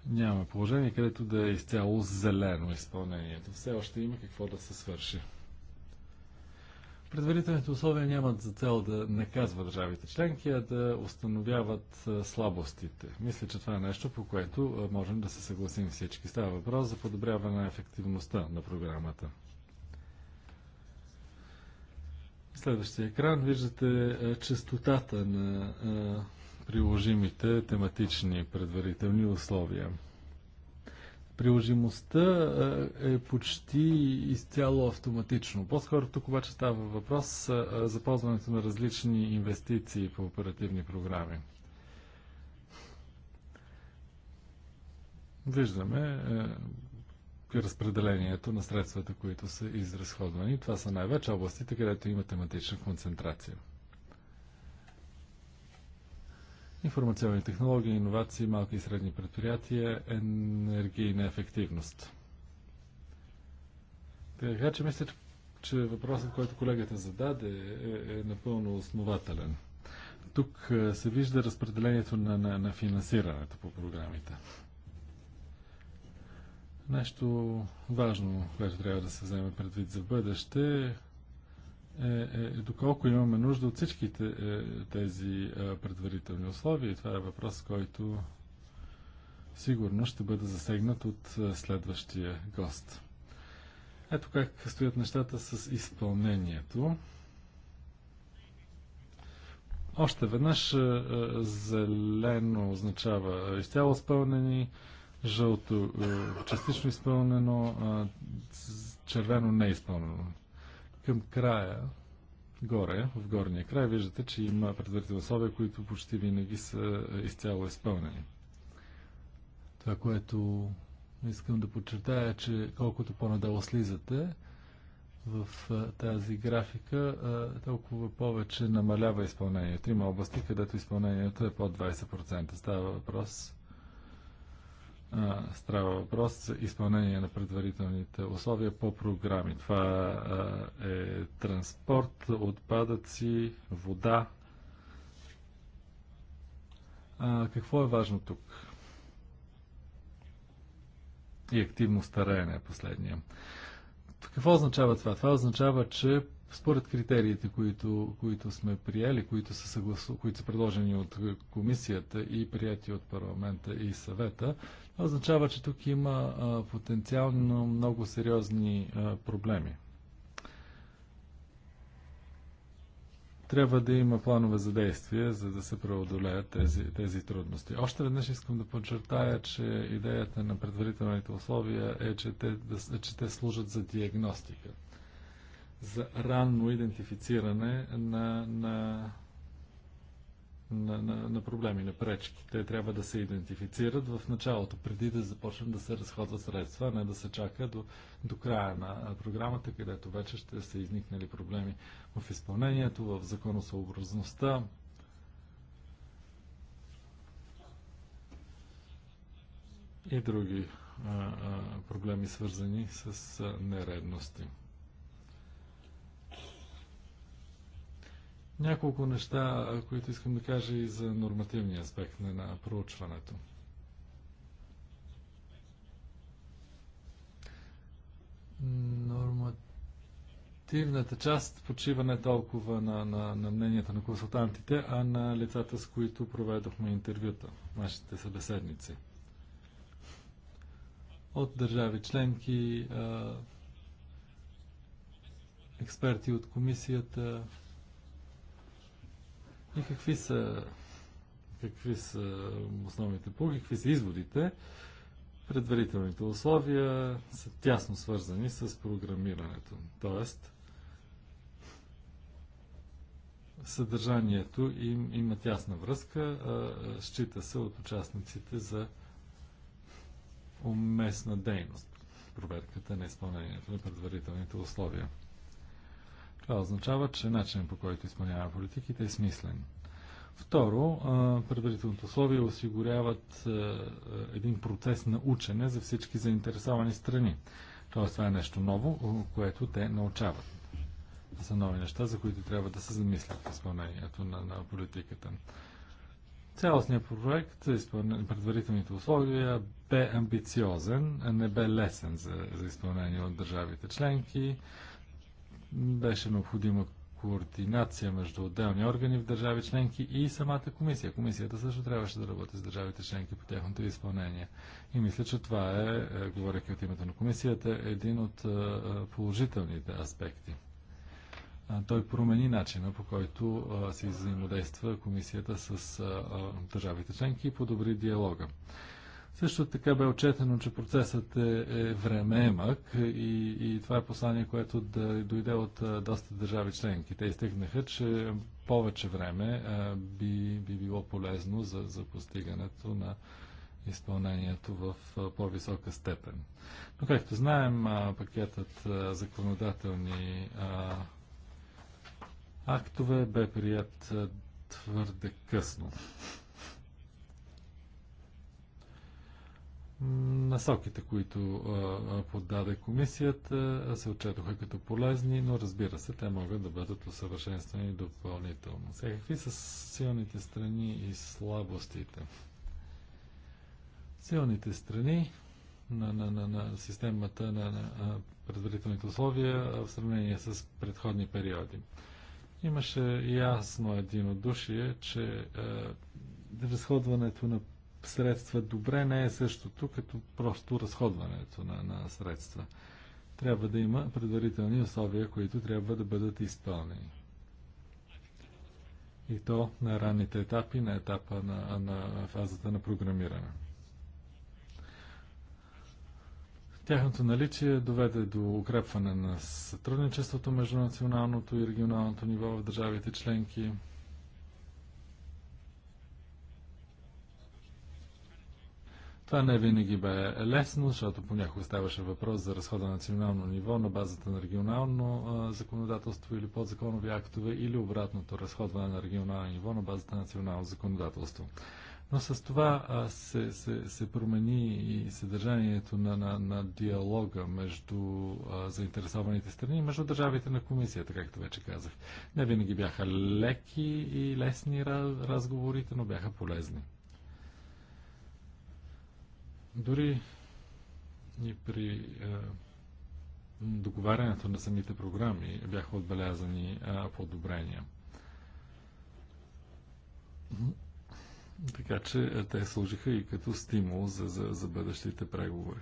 Speaker 3: няма положение, където да е изцяло зелено изпълнението. Все още има какво да се свърши. Предварителните условия нямат за цел да наказва държавите членки, а да установяват слабостите. Мисля, че това е нещо, по което можем да се съгласим всички. Става въпрос за подобряване на ефективността на програмата. Следващия екран виждате частотата на приложимите тематични предварителни условия. Приложимостта е почти изцяло автоматично. По-скоро тук обаче става въпрос за ползването на различни инвестиции по оперативни програми. Виждаме разпределението на средствата, които са изразходвани. Това са най-вече областите, където има тематична концентрация. информационни технологии, иновации, малки и средни предприятия, енергийна ефективност. Така че мисля, че въпросът, който колегата зададе, е, е напълно основателен. Тук е, се вижда разпределението на, на, на финансирането по програмите. Нещо важно, което трябва да се вземе предвид за бъдеще, е, е доколко имаме нужда от всичките е, тези е, предварителни условия. И това е въпрос, който сигурно ще бъде засегнат от е, следващия гост. Ето как стоят нещата с изпълнението. Още веднъж е, е, зелено означава е, изцяло изпълнени, жълто е, частично изпълнено, е, червено не е изпълнено. Към края, горе, в горния край, виждате, че има предварителни условия, които почти винаги са изцяло изпълнени. Това, което искам да подчертая, е, че колкото по-надолу слизате в тази графика, толкова повече намалява изпълнението. Има области, където изпълнението е под 20%. Става въпрос Става въпрос за изпълнение на предварителните условия по програми. Това е транспорт, отпадъци, вода. Какво е важно тук? И активно стараене е последния. Какво означава това? Това означава, че според критериите, които, които сме приели, които са, съгласу, които са предложени от комисията и прияти от парламента и съвета, това означава, че тук има а, потенциално много сериозни а, проблеми. Трябва да има планове за действие, за да се преодолеят тези, тези трудности. Още веднъж искам да подчертая, че идеята на предварителните условия е, че те, да, е, че те служат за диагностика за ранно идентифициране на, на, на, на, на проблеми, на пречки. Те трябва да се идентифицират в началото, преди да започнат да се разходват средства, а не да се чака до, до края на програмата, където вече ще са изникнали проблеми в изпълнението, в законосъобразността. И други а, а, проблеми, свързани с а, нередности. Няколко неща, които искам да кажа и за нормативния аспект на, на проучването. Нормативната част почива не толкова на, на, на мненията на консултантите, а на лицата, с които проведохме интервюта, нашите събеседници. От държави членки, експерти от комисията, и какви са, какви са основните полуки, какви са изводите. Предварителните условия са тясно свързани с програмирането. Тоест, съдържанието им има тясна връзка, счита се от участниците за уместна дейност проверката на изпълнението на предварителните условия. Това означава, че начинът по който изпълнява политиките е смислен. Второ, предварителното условие осигуряват един процес на учене за всички заинтересовани страни. Тоест, това е нещо ново, което те научават. Това са нови неща, за които трябва да се замислят в изпълнението на, на политиката. Цялостният проект, предварителните условия, бе амбициозен, не бе лесен за, за изпълнение от държавите членки. Беше необходима координация между отделни органи в държави членки и самата комисия. Комисията също трябваше да работи с държавите членки по тяхното изпълнение. И мисля, че това е, е говоряки от името на комисията, един от е, е, положителните аспекти. Той промени начина по който се взаимодейства комисията с държавите членки и подобри диалога. Също така бе отчетено, че процесът е, е времеемък и, и това е послание, което да дойде от а, доста държави членки. Те изтъкнаха, че повече време а, би, би било полезно за, за постигането на изпълнението в по-висока степен. Но както знаем, а, пакетът законодателни актове бе прият твърде късно. Насоките, които поддаде комисията, се отчетоха като полезни, но разбира се, те могат да бъдат усъвършенствани допълнително. Сега, какви са силните страни и слабостите? Силните страни на, на, на, на системата на, на предварителните условия в сравнение с предходни периоди. Имаше ясно единодушие, че е, разходването на средства добре не е същото като просто разходването на, на средства. Трябва да има предварителни условия, които трябва да бъдат изпълнени. И то на ранните етапи, на етапа на, на фазата на програмиране. Тяхното наличие доведе до укрепване на сътрудничеството между националното и регионалното ниво в държавите членки, Това не винаги бе лесно, защото понякога ставаше въпрос за разхода на национално ниво на базата на регионално а, законодателство или подзаконови актове или обратното разходване на регионално ниво на базата на национално законодателство. Но с това а, се, се, се промени и съдържанието на, на, на диалога между а, заинтересованите страни и между държавите на комисията, както вече казах. Не винаги бяха леки и лесни разговорите, но бяха полезни. Дори и при е, договарянето на самите програми бяха отбелязани е, подобрения. Така че е, те служиха и като стимул за, за, за бъдещите преговори.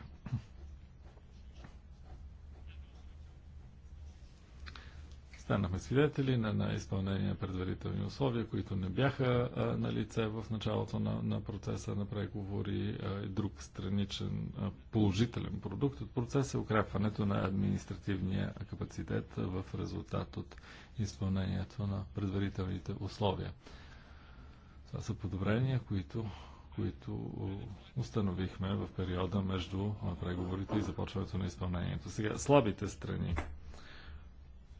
Speaker 3: Станахме свидетели на, на изпълнение на предварителни условия, които не бяха а, на лице в началото на, на процеса на преговори. А, друг страничен а, положителен продукт от процеса е укрепването на административния капацитет в резултат от изпълнението на предварителните условия. Това са подобрения, които които установихме в периода между преговорите и започването на изпълнението. Сега, слабите страни.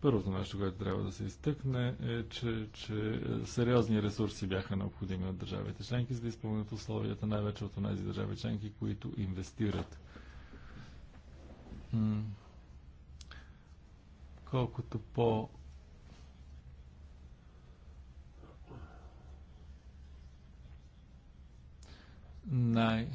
Speaker 3: Първото нещо, което трябва да се изтъкне е, че, че е, сериозни ресурси бяха необходими от държавите членки, за да изпълнят условията, най-вече от тези държави членки, които инвестират. Колкото по най-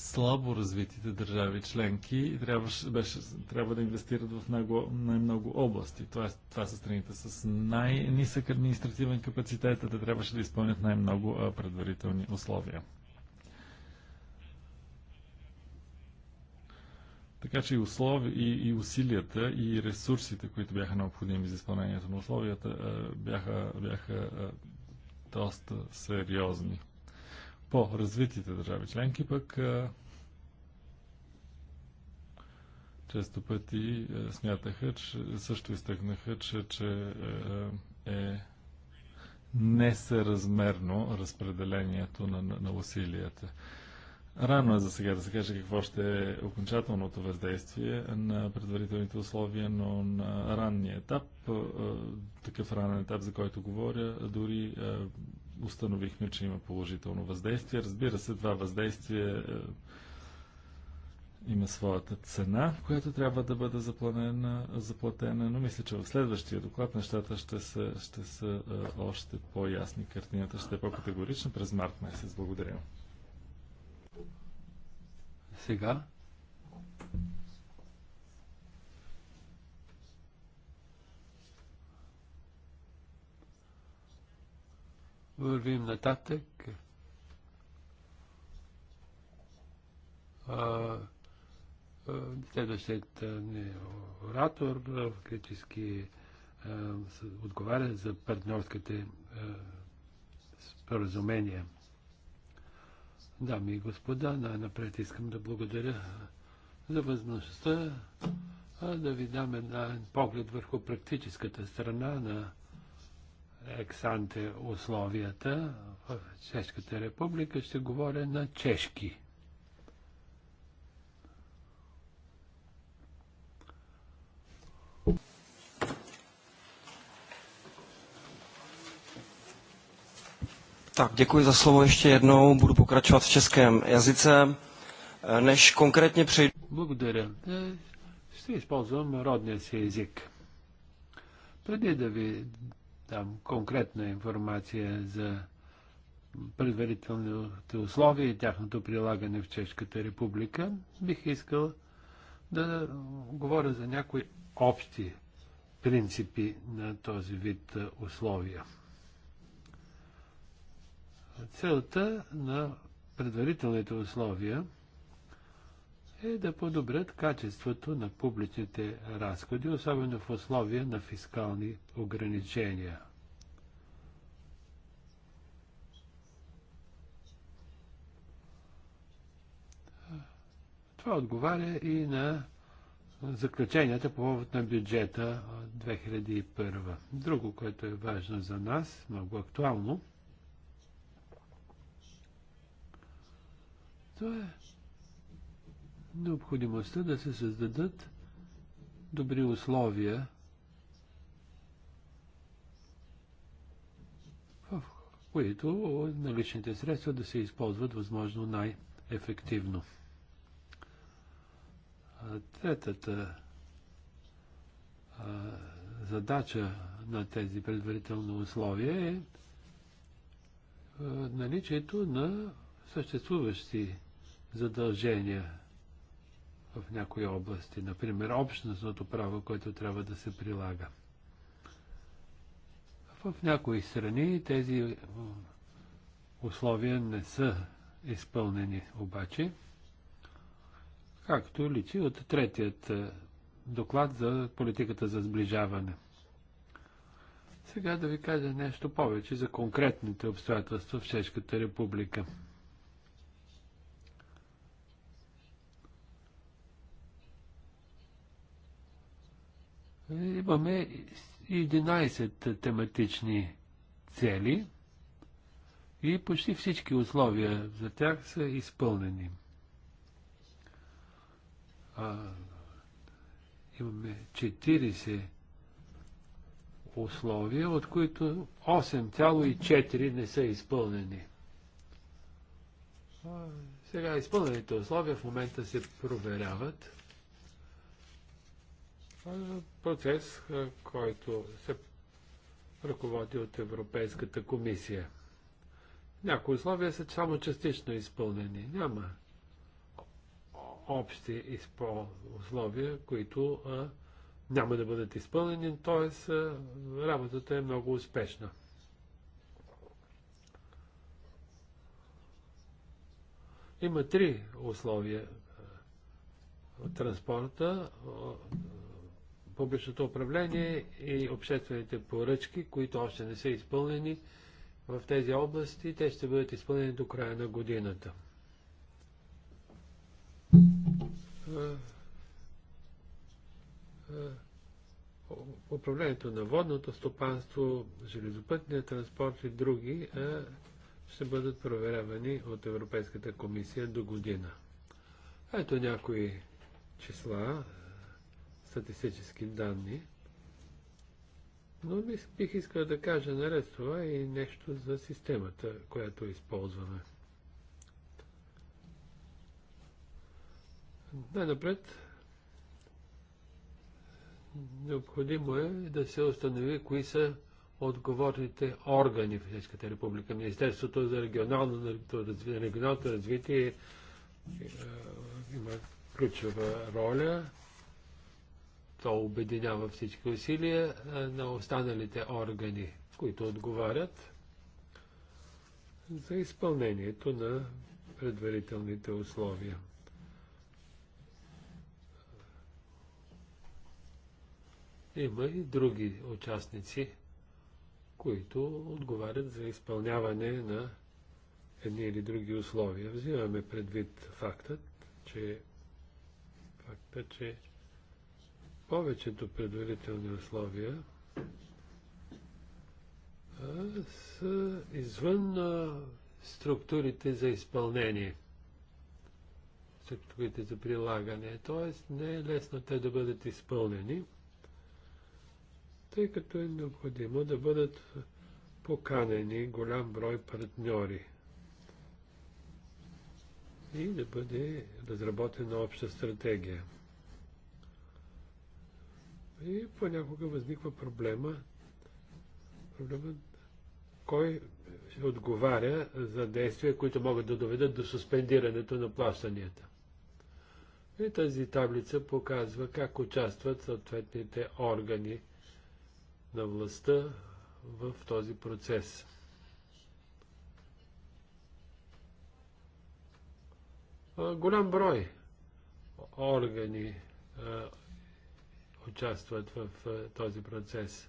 Speaker 3: слабо развитите държави членки и трябваше, беше, трябва да инвестират в много, най-много области. Това, това са страните с най-нисък административен капацитет, а те трябваше да изпълнят най-много предварителни условия. Така че и, услови, и, и усилията, и ресурсите, които бяха необходими за изпълнението на условията, бяха, бяха доста сериозни по-развитите държави членки пък често пъти смятаха, че също изтъкнаха, че, че е несъразмерно разпределението на, на, на усилията. Рано е за сега да се каже какво ще е окончателното въздействие на предварителните условия, но на ранния етап, такъв ранен етап, за който говоря, дори установихме, че има положително въздействие. Разбира се, това въздействие е, има своята цена, която трябва да бъде заплатена, заплатена, но мисля, че в следващия доклад нещата ще са, ще са е, още по-ясни. Картината ще е по-категорична през март месец. Благодаря. Сега
Speaker 2: Вървим нататък. А, следващият не, оратор фактически отговаря за партньорските споразумения. Дами и господа, най-напред искам да благодаря за възможността да ви дам една поглед върху практическата страна на ексанте условията в Чешката република, ще говоря на чешки.
Speaker 3: Tak, děkuji za slovo ještě jednou. Budu pokračovat v českém jazyce. Než konkrétně přejdu... Благодаря.
Speaker 2: Е, ще използвам родния си език. Преди да ви там конкретна информация за предварителните условия и тяхното прилагане в Чешката република, бих искал да говоря за някои общи принципи на този вид условия. Целта на предварителните условия – е да подобрят качеството на публичните разходи, особено в условия на фискални ограничения. Това отговаря и на заключенията по повод на бюджета 2001. Друго, което е важно за нас, много актуално, Това е необходимостта да се създадат добри условия в които наличните средства да се използват възможно най-ефективно. Третата задача на тези предварителни условия е наличието на съществуващи задължения в някои области. Например, общностното право, което трябва да се прилага. В някои страни тези условия не са изпълнени обаче, както личи от третият е, доклад за политиката за сближаване. Сега да ви кажа нещо повече за конкретните обстоятелства в Чешката република. Имаме 11 тематични цели и почти всички условия за тях са изпълнени. А, имаме 40 условия, от които 8,4 не са изпълнени. А, сега изпълнените условия в момента се проверяват процес, който се ръководи от Европейската комисия. Някои условия са само частично изпълнени. Няма общи условия, които а, няма да бъдат изпълнени, т.е. работата е много успешна. Има три условия. Транспорта, публичното управление и обществените поръчки, които още не са изпълнени в тези области, те ще бъдат изпълнени до края на годината. Управлението на водното стопанство, железопътния транспорт и други ще бъдат проверявани от Европейската комисия до година. Ето някои числа статистически данни. Но бих искал да кажа наред това и нещо за системата, която използваме. Най-напред необходимо е да се установи кои са отговорните органи в Чешката република. Министерството за регионалното, регионалното развитие е, има ключова роля то обединява всички усилия на останалите органи, които отговарят за изпълнението на предварителните условия. Има и други участници, които отговарят за изпълняване на едни или други условия. Взимаме предвид фактът, че факта, че повечето предварителни условия са извън структурите за изпълнение, структурите за прилагане. Тоест не е лесно те да бъдат изпълнени, тъй като е необходимо да бъдат поканени голям брой партньори и да бъде разработена обща стратегия.
Speaker 4: И понякога
Speaker 2: възниква проблема, проблема кой отговаря за действия, които могат да доведат до суспендирането на плащанията. И тази таблица показва как участват съответните органи на властта в този процес. Голям брой органи участват в е, този процес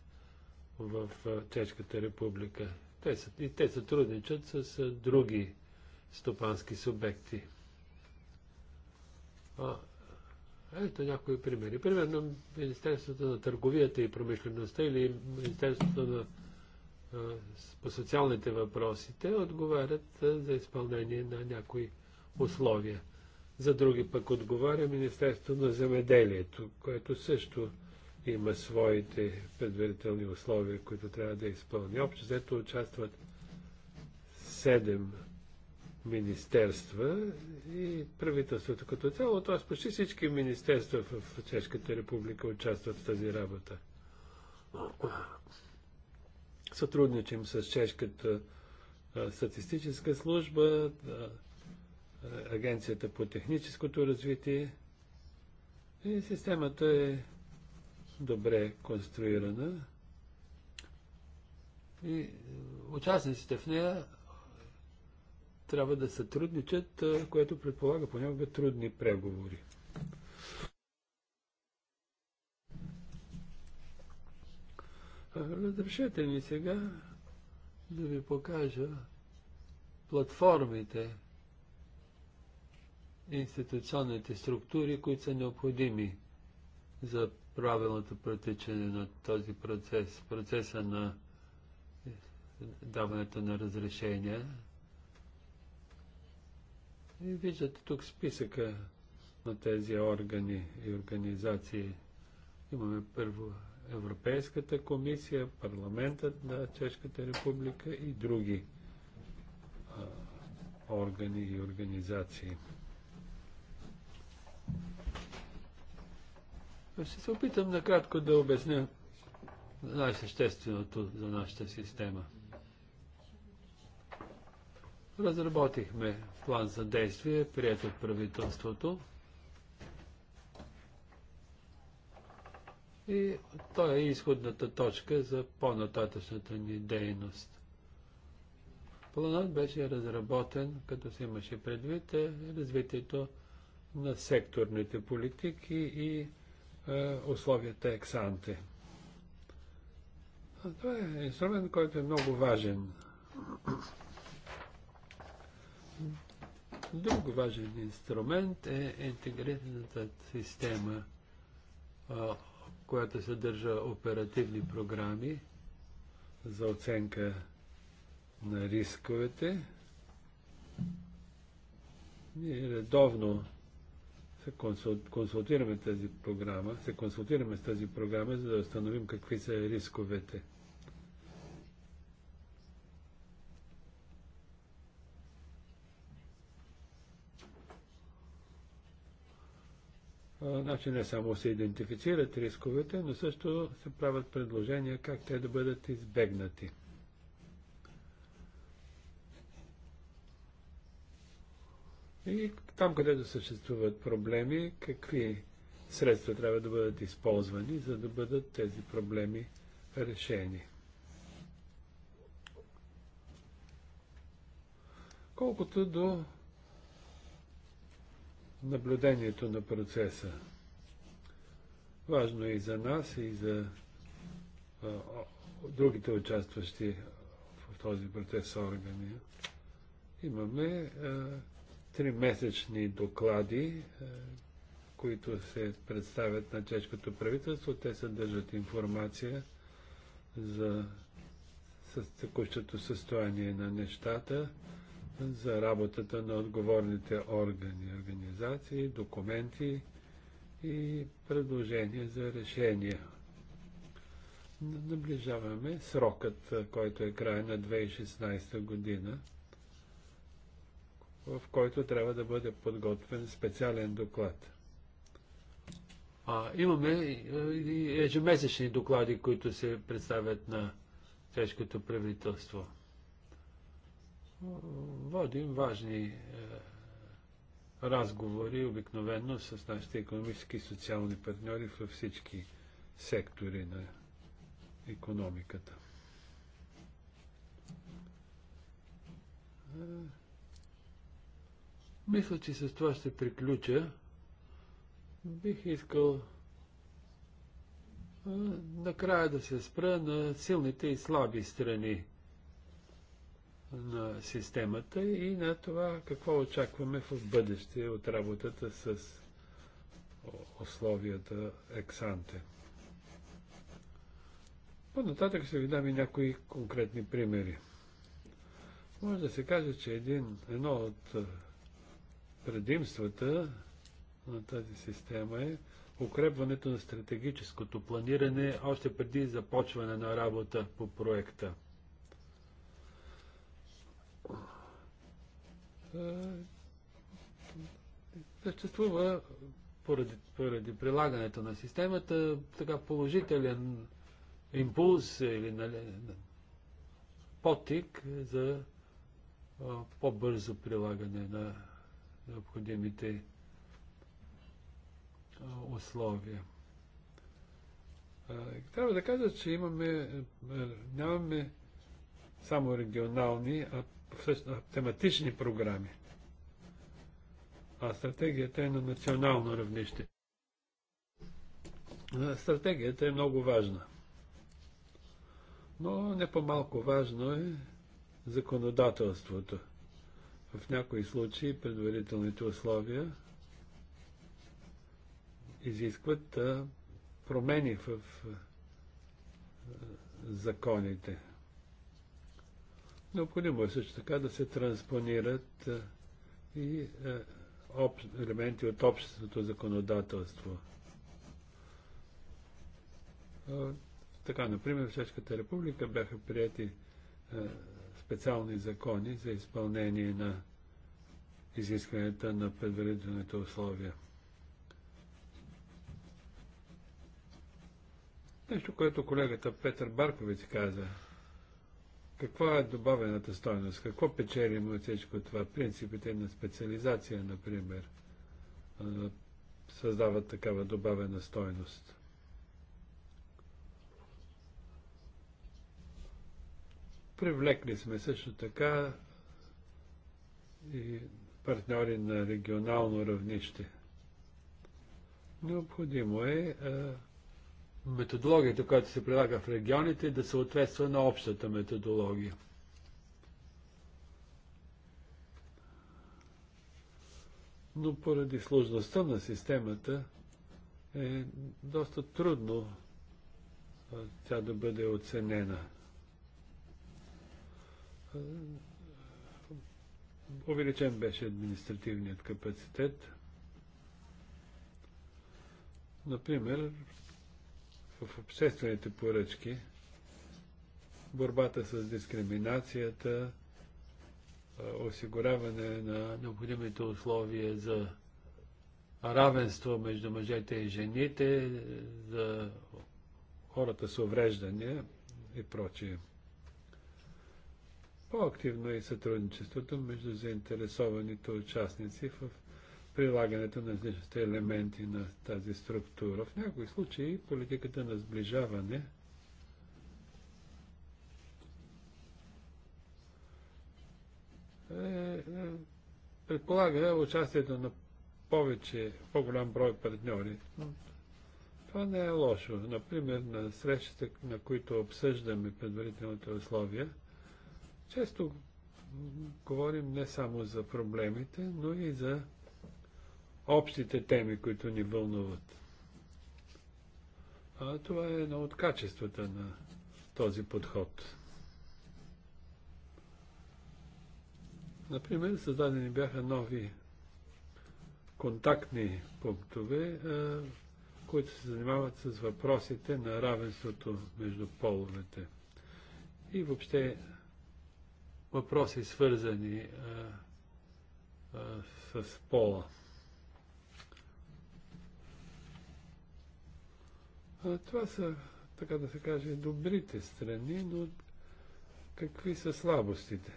Speaker 2: в е, Чешката република. Те, са, и те сътрудничат с е, други стопански субекти. А, ето някои примери. Примерно Министерството на търговията и промишлеността или Министерството на по социалните въпроси, те отговарят за изпълнение на някои условия. За други пък отговаря Министерството на земеделието, което също има своите предварителни условия, които трябва да изпълни. Общо взето участват седем министерства и правителството като цяло, т.е. почти всички министерства в Чешката република участват в тази работа. Сътрудничим с Чешката статистическа служба, е, Агенцията по техническото развитие. И системата е добре конструирана. И е, участниците в нея трябва да сътрудничат, е, което предполага понякога трудни преговори. Разрешете ми сега да ви покажа платформите, институционните структури, които са необходими за правилното протичане на този процес, процеса на даването на разрешения. И виждате тук списъка на тези органи и организации. Имаме първо Европейската комисия, парламентът на Чешката република и други а, органи и организации. Ще се опитам накратко да обясня най-същественото за нашата система. Разработихме план за действие, прият от правителството. И той е изходната точка за по-нататъчната ни дейност. Планът беше разработен, като се имаше предвид е развитието на секторните политики и е, условията ексанте. Това е инструмент, който е много важен. Друг важен инструмент е интегрираната система, която съдържа оперативни програми за оценка на рисковете. Ние редовно се консултираме тази програма, се консултираме с тази програма, за да установим какви са рисковете. Значи не само се идентифицират рисковете, но също се правят предложения как те да бъдат избегнати. И там, където съществуват проблеми, какви средства трябва да бъдат използвани, за да бъдат тези проблеми решени. Колкото до наблюдението на процеса. Важно е и за нас, и за а, другите участващи в този процес органи. Имаме а, тримесечни доклади, е, които се представят на чешкото правителство. Те съдържат информация за с текущото състояние на нещата, за работата на отговорните органи, организации, документи и предложения за решения. Наближаваме срокът, който е край на 2016 година – в който трябва да бъде подготвен специален доклад. А, имаме е, и ежемесечни доклади, които се представят на чешкото правителство. Водим важни е, разговори обикновено с нашите економически и социални партньори във всички сектори на економиката. Е, мисля, че с това ще приключа. Бих искал накрая да се спра на силните и слаби страни на системата и на това какво очакваме в бъдеще от работата с условията ексанте. По-нататък ще ви дам и някои конкретни примери. Може да се каже, че един, едно от предимствата на тази система е укрепването на стратегическото планиране още преди започване на работа по проекта.
Speaker 4: Е, съществува
Speaker 2: поради, поради прилагането на системата така положителен импулс или нали, потик за по-бързо прилагане на необходимите условия. Трябва да кажа, че имаме, нямаме само регионални, а всъщност тематични програми. А стратегията е на национално равнище. Стратегията е много важна. Но не по-малко важно е законодателството – в някои случаи предварителните условия изискват промени в законите. Необходимо е също така да се транспонират и елементи от обществото законодателство. Така, например, в Чешката република бяха прияти специални закони за изпълнение на изискванията на предварителните условия. Нещо, което колегата Петър Баркович каза. Каква е добавената стойност? Какво печелим от всичко това? Принципите на специализация, например, създават такава добавена стойност. Привлекли сме също така и партньори на регионално равнище. Необходимо е, е методологията, която се прилага в регионите, да съответства на общата методология. Но поради сложността на системата е доста трудно е, тя да бъде оценена увеличен беше административният капацитет. Например, в обществените поръчки, борбата с дискриминацията, осигуряване на необходимите условия за равенство между мъжете и жените, за хората с увреждания и прочие. По-активно е сътрудничеството между заинтересованите участници в прилагането на различните елементи на тази структура. В някои случаи политиката на сближаване е, е предполага участието на повече, по-голям брой партньори. Това не е лошо. Например, на срещите, на които обсъждаме предварителните условия, често говорим не само за проблемите, но и за общите теми, които ни вълнуват. А това е едно от качествата на този подход. Например, създадени бяха нови контактни пунктове, които се занимават с въпросите на равенството между половете и въобще въпроси, свързани а, а, с пола. А, това са, така да се каже, добрите страни, но какви са слабостите?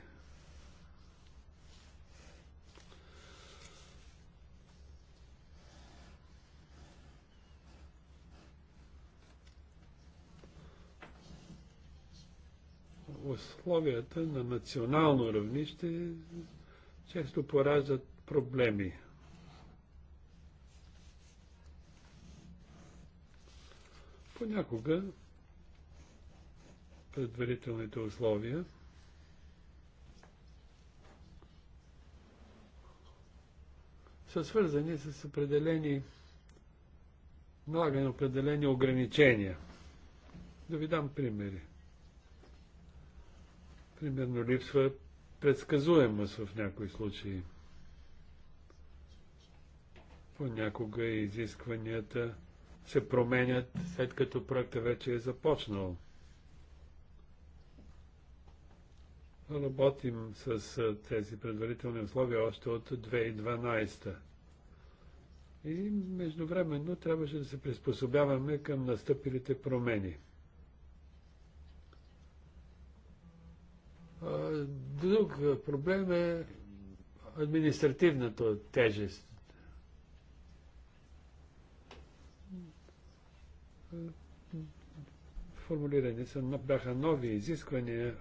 Speaker 2: условията на национално равнище често пораждат проблеми. Понякога предварителните условия са свързани с определени налагане определени ограничения. Да ви дам примери. Примерно липсва предсказуемост в някои случаи. Понякога изискванията се променят след като проектът вече е започнал. Работим с тези предварителни условия още от 2012. И междувременно трябваше да се приспособяваме към настъпилите промени. Друг проблем е административната тежест. Формулирани са, бяха нови изисквания,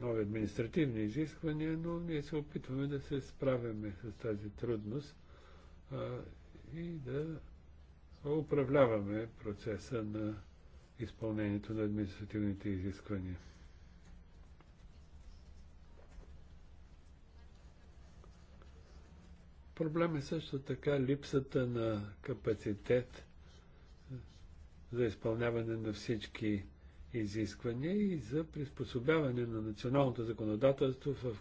Speaker 2: нови административни изисквания, но ние се опитваме да се справяме с тази трудност и да управляваме процеса на изпълнението на административните изисквания. Проблем е също така липсата на капацитет за изпълняване на всички изисквания и за приспособяване на националното законодателство в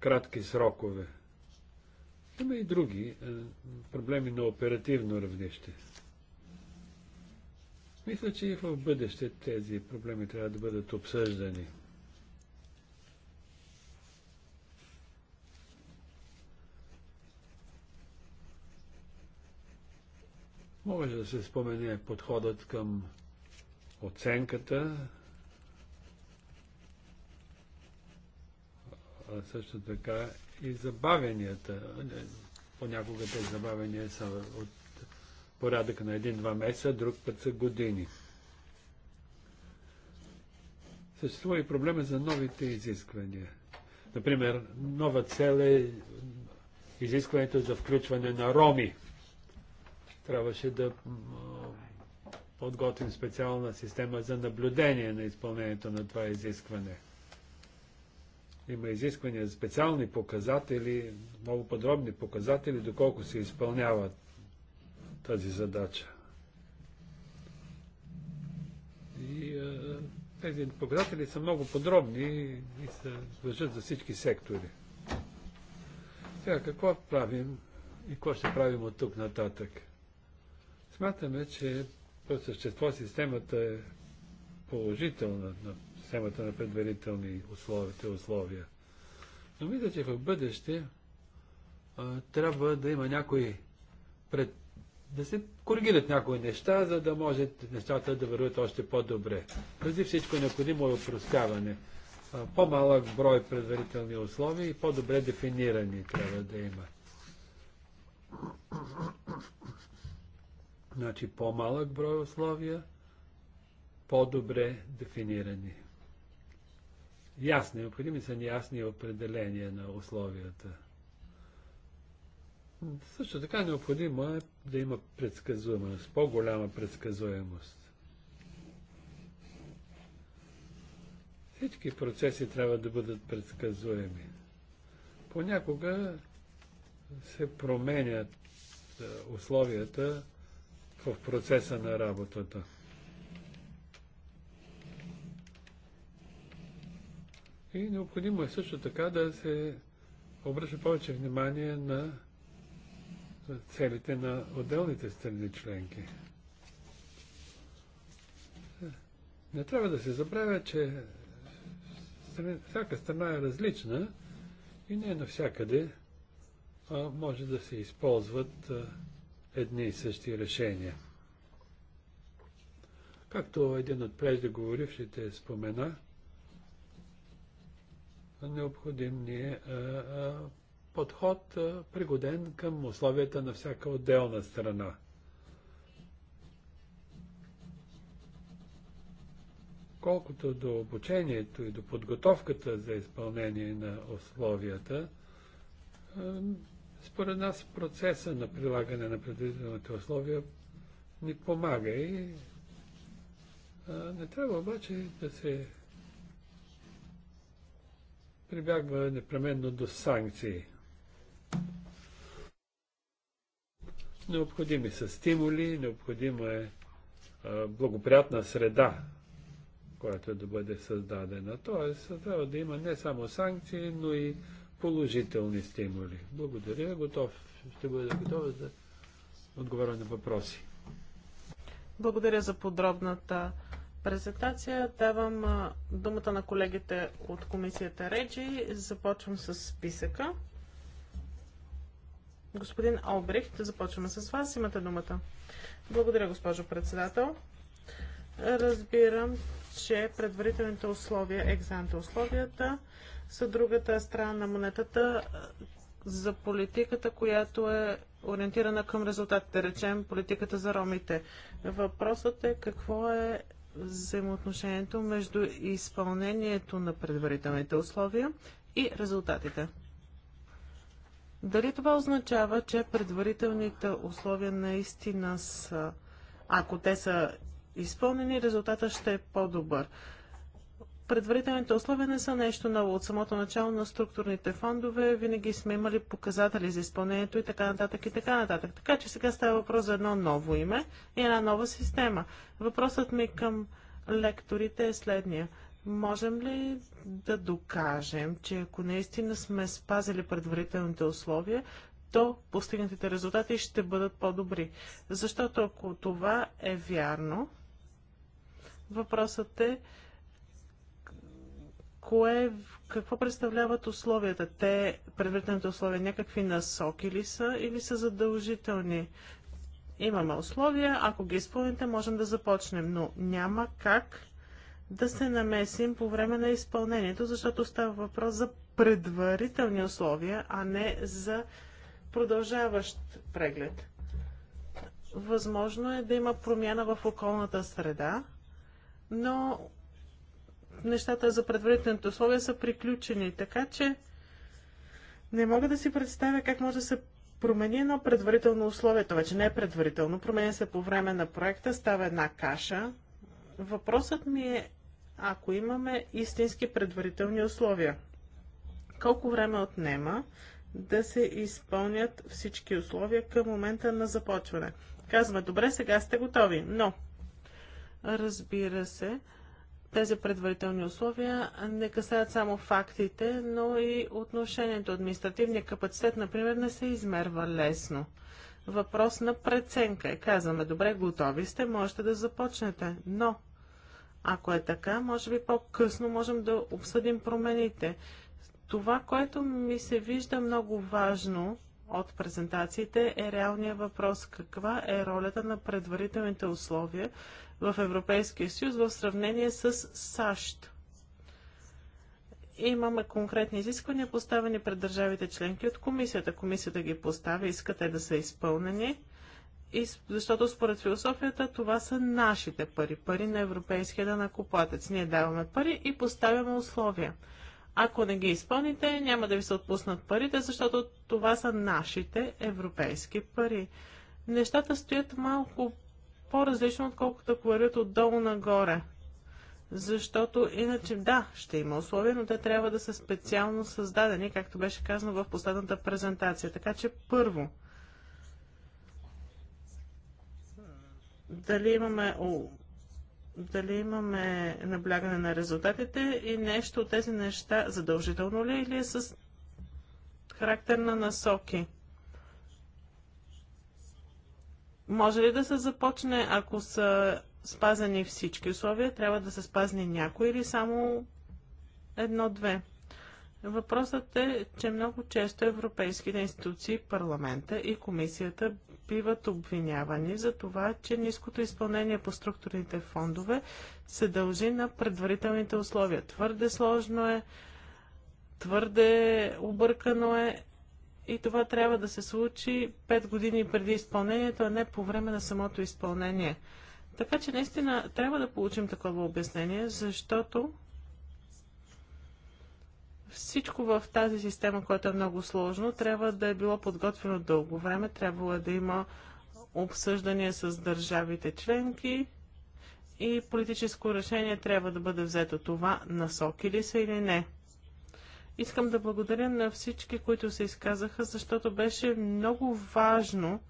Speaker 2: кратки срокове. Има и други е, проблеми на оперативно равнище. Мисля, че и в бъдеще тези проблеми трябва да бъдат обсъждани. Може да се спомене подходът към оценката, а също така и забавенията. Понякога тези забавения са от порядък на един-два месеца, друг път са години. Съществува и проблема за новите изисквания. Например, нова цел е изискването за включване на роми трябваше да подготвим специална система за наблюдение на изпълнението на това изискване. Има изисквания за специални показатели, много подробни показатели, доколко се изпълнява тази задача. И а, е, тези показатели са много подробни и се въжат за всички сектори. Сега какво правим и какво ще правим от тук нататък? Смятаме, че по същество системата е положителна на системата на предварителни условия, условия. Но мисля, че в бъдеще а, трябва да има някои пред... да се коригират някои неща, за да може нещата да върват още по-добре. Преди всичко е необходимо е опроскаване. По-малък брой предварителни условия и по-добре дефинирани трябва да има. Значи по-малък брой условия, по-добре дефинирани. Ясни, необходими са ясни определения на условията. Също така необходимо е да има предсказуемост, по-голяма предсказуемост. Всички процеси трябва да бъдат предсказуеми. Понякога се променят е, условията в процеса на работата. И необходимо е също така да се обръща повече внимание на целите на отделните страни членки. Не трябва да се забравя, че всяка страна е различна и не навсякъде а, може да се използват а, едни и същи решения. Както един от преждеговорившите спомена, необходим ни е подход, пригоден към условията на всяка отделна страна. Колкото до обучението и до подготовката за изпълнение на условията, според нас процеса на прилагане на предварителните условия ни помага и а, не трябва обаче да се прибягва непременно до санкции. Необходими са стимули, необходима е а, благоприятна среда, която да бъде създадена. Тоест, трябва да има не само санкции, но и положителни стимули. Благодаря. Готов. Ще бъда готов да отговоря на въпроси.
Speaker 1: Благодаря за подробната презентация. Давам думата на колегите от комисията Реджи. Започвам с списъка. Господин Албрихт, започваме с вас. Имате думата. Благодаря, госпожо председател. Разбирам, че предварителните условия, екзанта условията са другата страна на монетата за политиката, която е ориентирана към резултатите, речем политиката за ромите. Въпросът е какво е взаимоотношението между изпълнението на предварителните условия и резултатите. Дали това означава, че предварителните условия наистина са, ако те са изпълнени, резултата ще е по-добър? Предварителните условия не са нещо ново. От самото начало на структурните фондове винаги сме имали показатели за изпълнението и така нататък и така нататък. Така че сега става въпрос за едно ново име и една нова система. Въпросът ми към лекторите е следния. Можем ли да докажем, че ако наистина сме спазили предварителните условия, то постигнатите резултати ще бъдат по-добри? Защото ако това е вярно, въпросът е, кое, какво представляват условията? Те, предварителните условия, някакви насоки ли са или са задължителни? Имаме условия, ако ги изпълните, можем да започнем, но няма как да се намесим по време на изпълнението, защото става въпрос за предварителни условия, а не за продължаващ преглед. Възможно е да има промяна в околната среда, но нещата за предварителните условия са приключени. Така че не мога да си представя как може да се промени едно предварително условие. То вече не е предварително, променя се по време на проекта, става една каша. Въпросът ми е, ако имаме истински предварителни условия, колко време отнема да се изпълнят всички условия към момента на започване? Казваме, добре, сега сте готови, но разбира се, тези предварителни условия не касаят само фактите, но и отношението. Административният капацитет, например, не се измерва лесно. Въпрос на преценка е. Казваме, добре, готови сте, можете да започнете. Но, ако е така, може би по-късно можем да обсъдим промените. Това, което ми се вижда много важно, от презентациите е реалният въпрос каква е ролята на предварителните условия в Европейския съюз в сравнение с САЩ. Имаме конкретни изисквания, поставени пред държавите членки от комисията. Комисията ги поставя, иска те да са изпълнени, и, защото според философията това са нашите пари, пари на европейския данакоплатец. Ние даваме пари и поставяме условия. Ако не ги изпълните, няма да ви се отпуснат парите, защото това са нашите европейски пари. Нещата стоят малко по-различно, отколкото ако вървят отдолу нагоре. Защото иначе, да, ще има условия, но те трябва да са специално създадени, както беше казано в последната презентация. Така че първо, дали имаме дали имаме наблягане на резултатите и нещо от тези неща задължително ли е или е с характер на насоки? Може ли да се започне, ако са спазени всички условия, трябва да са спазни някои или само едно-две? Въпросът е, че много често европейските институции, парламента и комисията биват обвинявани за това, че ниското изпълнение по структурните фондове се дължи на предварителните условия. Твърде сложно е, твърде объркано е и това трябва да се случи 5 години преди изпълнението, а не по време на самото изпълнение. Така че наистина трябва да получим такова обяснение, защото всичко в тази система, която е много сложно, трябва да е било подготвено дълго време, трябва е да има обсъждания с държавите членки и политическо решение трябва да бъде взето това, насоки ли са или не. Искам да благодаря на всички, които се изказаха, защото беше много важно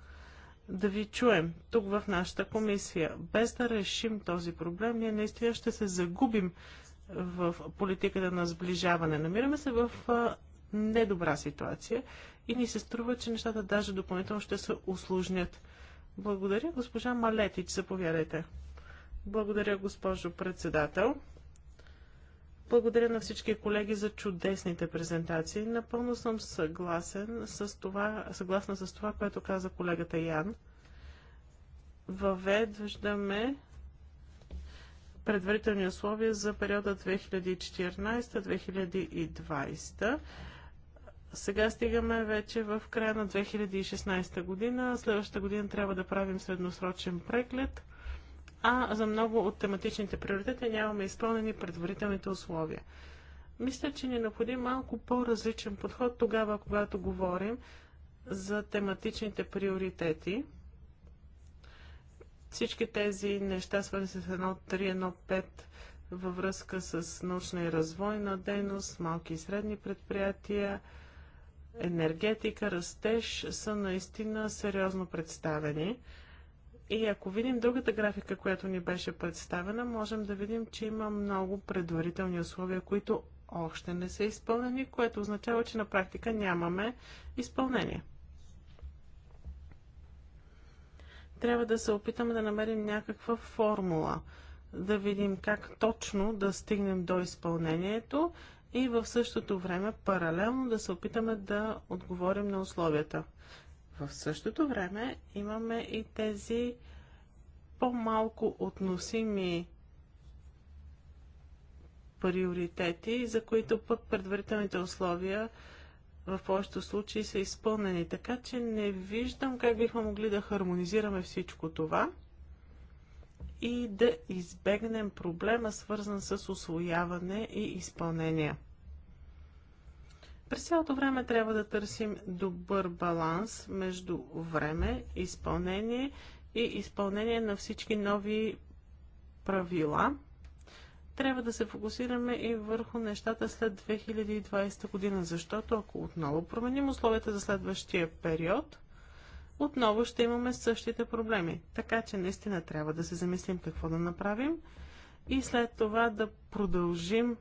Speaker 1: да ви чуем тук в нашата комисия. Без да решим този проблем, ние наистина ще се загубим в политиката на сближаване. Намираме се в недобра ситуация и ни се струва, че нещата даже допълнително ще се усложнят. Благодаря, госпожа Малетич, заповядайте. Благодаря, госпожо председател. Благодаря на всички колеги за чудесните презентации. Напълно съм съгласен с това, съгласна с това, което каза колегата Ян. Въвеждаме предварителни условия за периода 2014-2020. Сега стигаме вече в края на 2016 година. Следващата година трябва да правим средносрочен преглед, а за много от тематичните приоритети нямаме изпълнени предварителните условия. Мисля, че ни е необходим малко по-различен подход тогава, когато говорим за тематичните приоритети – всички тези неща, свързани с едно, едно 3, 5 във връзка с научна и развойна дейност, малки и средни предприятия, енергетика, растеж са наистина сериозно представени. И ако видим другата графика, която ни беше представена, можем да видим, че има много предварителни условия, които още не са изпълнени, което означава, че на практика нямаме изпълнение. трябва да се опитаме да намерим някаква формула, да видим как точно да стигнем до изпълнението и в същото време паралелно да се опитаме да отговорим на условията. В същото време имаме и тези по-малко относими приоритети, за които пък предварителните условия в повечето случаи са изпълнени. Така че не виждам как бихме могли да хармонизираме всичко това и да избегнем проблема, свързан с освояване и изпълнение. През цялото време трябва да търсим добър баланс между време, изпълнение и изпълнение на всички нови правила – трябва да се фокусираме и върху нещата след 2020 година, защото ако отново променим условията за следващия период, отново ще имаме същите проблеми. Така че наистина трябва да се замислим какво да направим и след това да продължим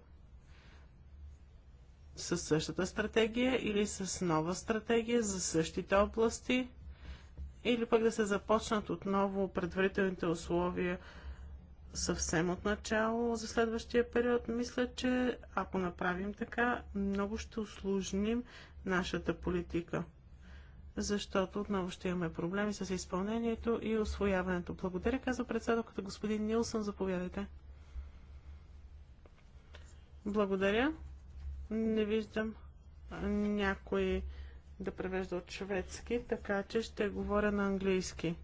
Speaker 1: със същата стратегия или с нова стратегия за същите области, или пък да се започнат отново предварителните условия съвсем от начало за следващия период. Мисля, че ако направим така, много ще усложним нашата политика. Защото отново ще имаме проблеми с изпълнението и освояването. Благодаря, каза председателката господин Нилсън. Заповядайте. Благодаря. Не виждам някой да превежда от шведски, така че ще говоря на английски.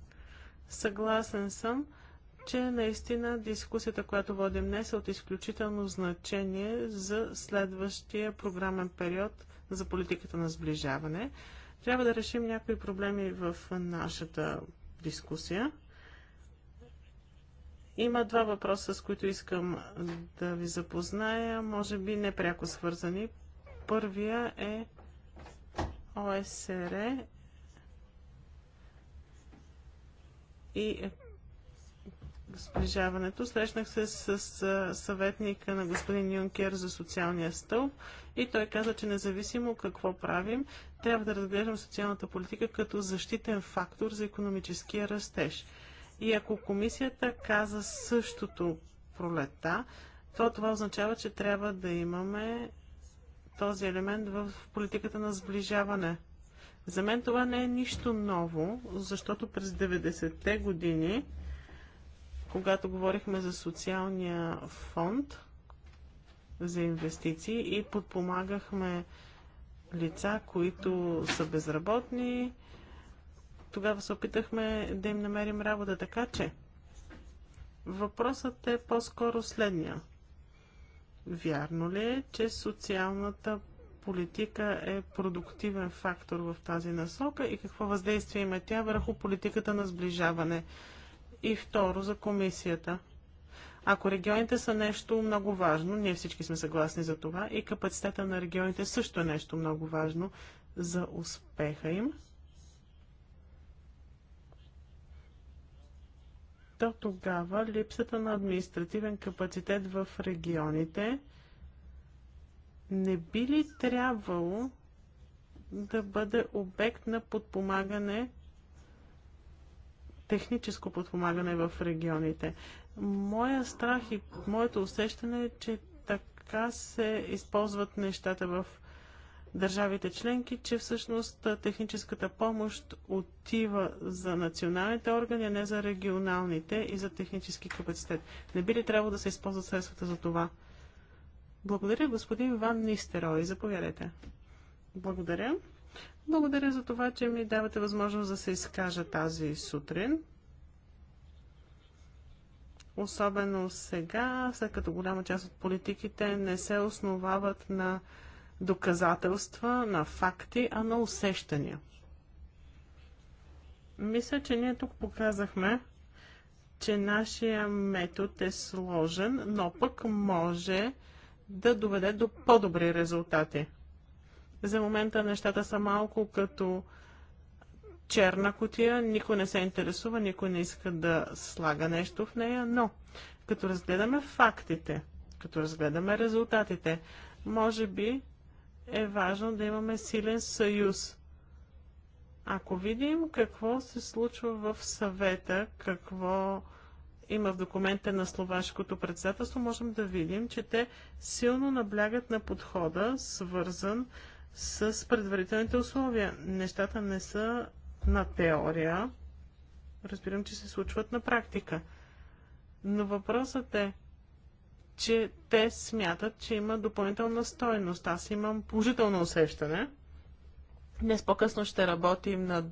Speaker 1: Съгласен съм че наистина дискусията, която водим днес е от изключително значение за следващия програмен период за политиката на сближаване. Трябва да решим някои проблеми в нашата дискусия. Има два въпроса, с които искам да ви запозная, може би непряко свързани. Първия е ОСР и сближаването. Срещнах се с, с съветника на господин Юнкер за социалния стълб и той каза, че независимо какво правим, трябва да разглеждам социалната политика като защитен фактор за економическия растеж. И ако комисията каза същото пролета, то това означава, че трябва да имаме този елемент в политиката на сближаване. За мен това не е нищо ново, защото през 90-те години когато говорихме за социалния фонд за инвестиции и подпомагахме лица, които са безработни, тогава се опитахме да им намерим работа. Така че въпросът е по-скоро следния. Вярно ли е, че социалната политика е продуктивен фактор в тази насока и какво въздействие има тя върху политиката на сближаване? И второ, за комисията. Ако регионите са нещо много важно, ние всички сме съгласни за това, и капацитета на регионите също е нещо много важно за успеха им, то тогава липсата на административен капацитет в регионите не би ли трябвало да бъде обект на подпомагане техническо подпомагане в регионите. Моя страх и моето усещане е, че така се използват нещата в държавите членки, че всъщност техническата помощ отива за националните органи, а не за регионалните и за технически капацитет. Не би ли трябвало да се използват средствата за това? Благодаря, господин Ван Нистерой. Заповядайте. Благодаря. Благодаря за това, че ми давате възможност да се изкажа тази сутрин. Особено сега, след като голяма част от политиките не се основават на доказателства, на факти, а на усещания. Мисля, че ние тук показахме, че нашия метод е сложен, но пък може да доведе до по-добри резултати. За момента нещата са малко като черна котия, никой не се интересува, никой не иска да слага нещо в нея, но като разгледаме фактите, като разгледаме резултатите, може би е важно да имаме силен съюз. Ако видим какво се случва в съвета, какво има в документа на словашкото председателство, можем да видим, че те силно наблягат на подхода, свързан с с предварителните условия. Нещата не са на теория. Разбирам, че се случват на практика. Но въпросът е, че те смятат, че има допълнителна стойност. Аз имам положително усещане. Днес по-късно ще работим на...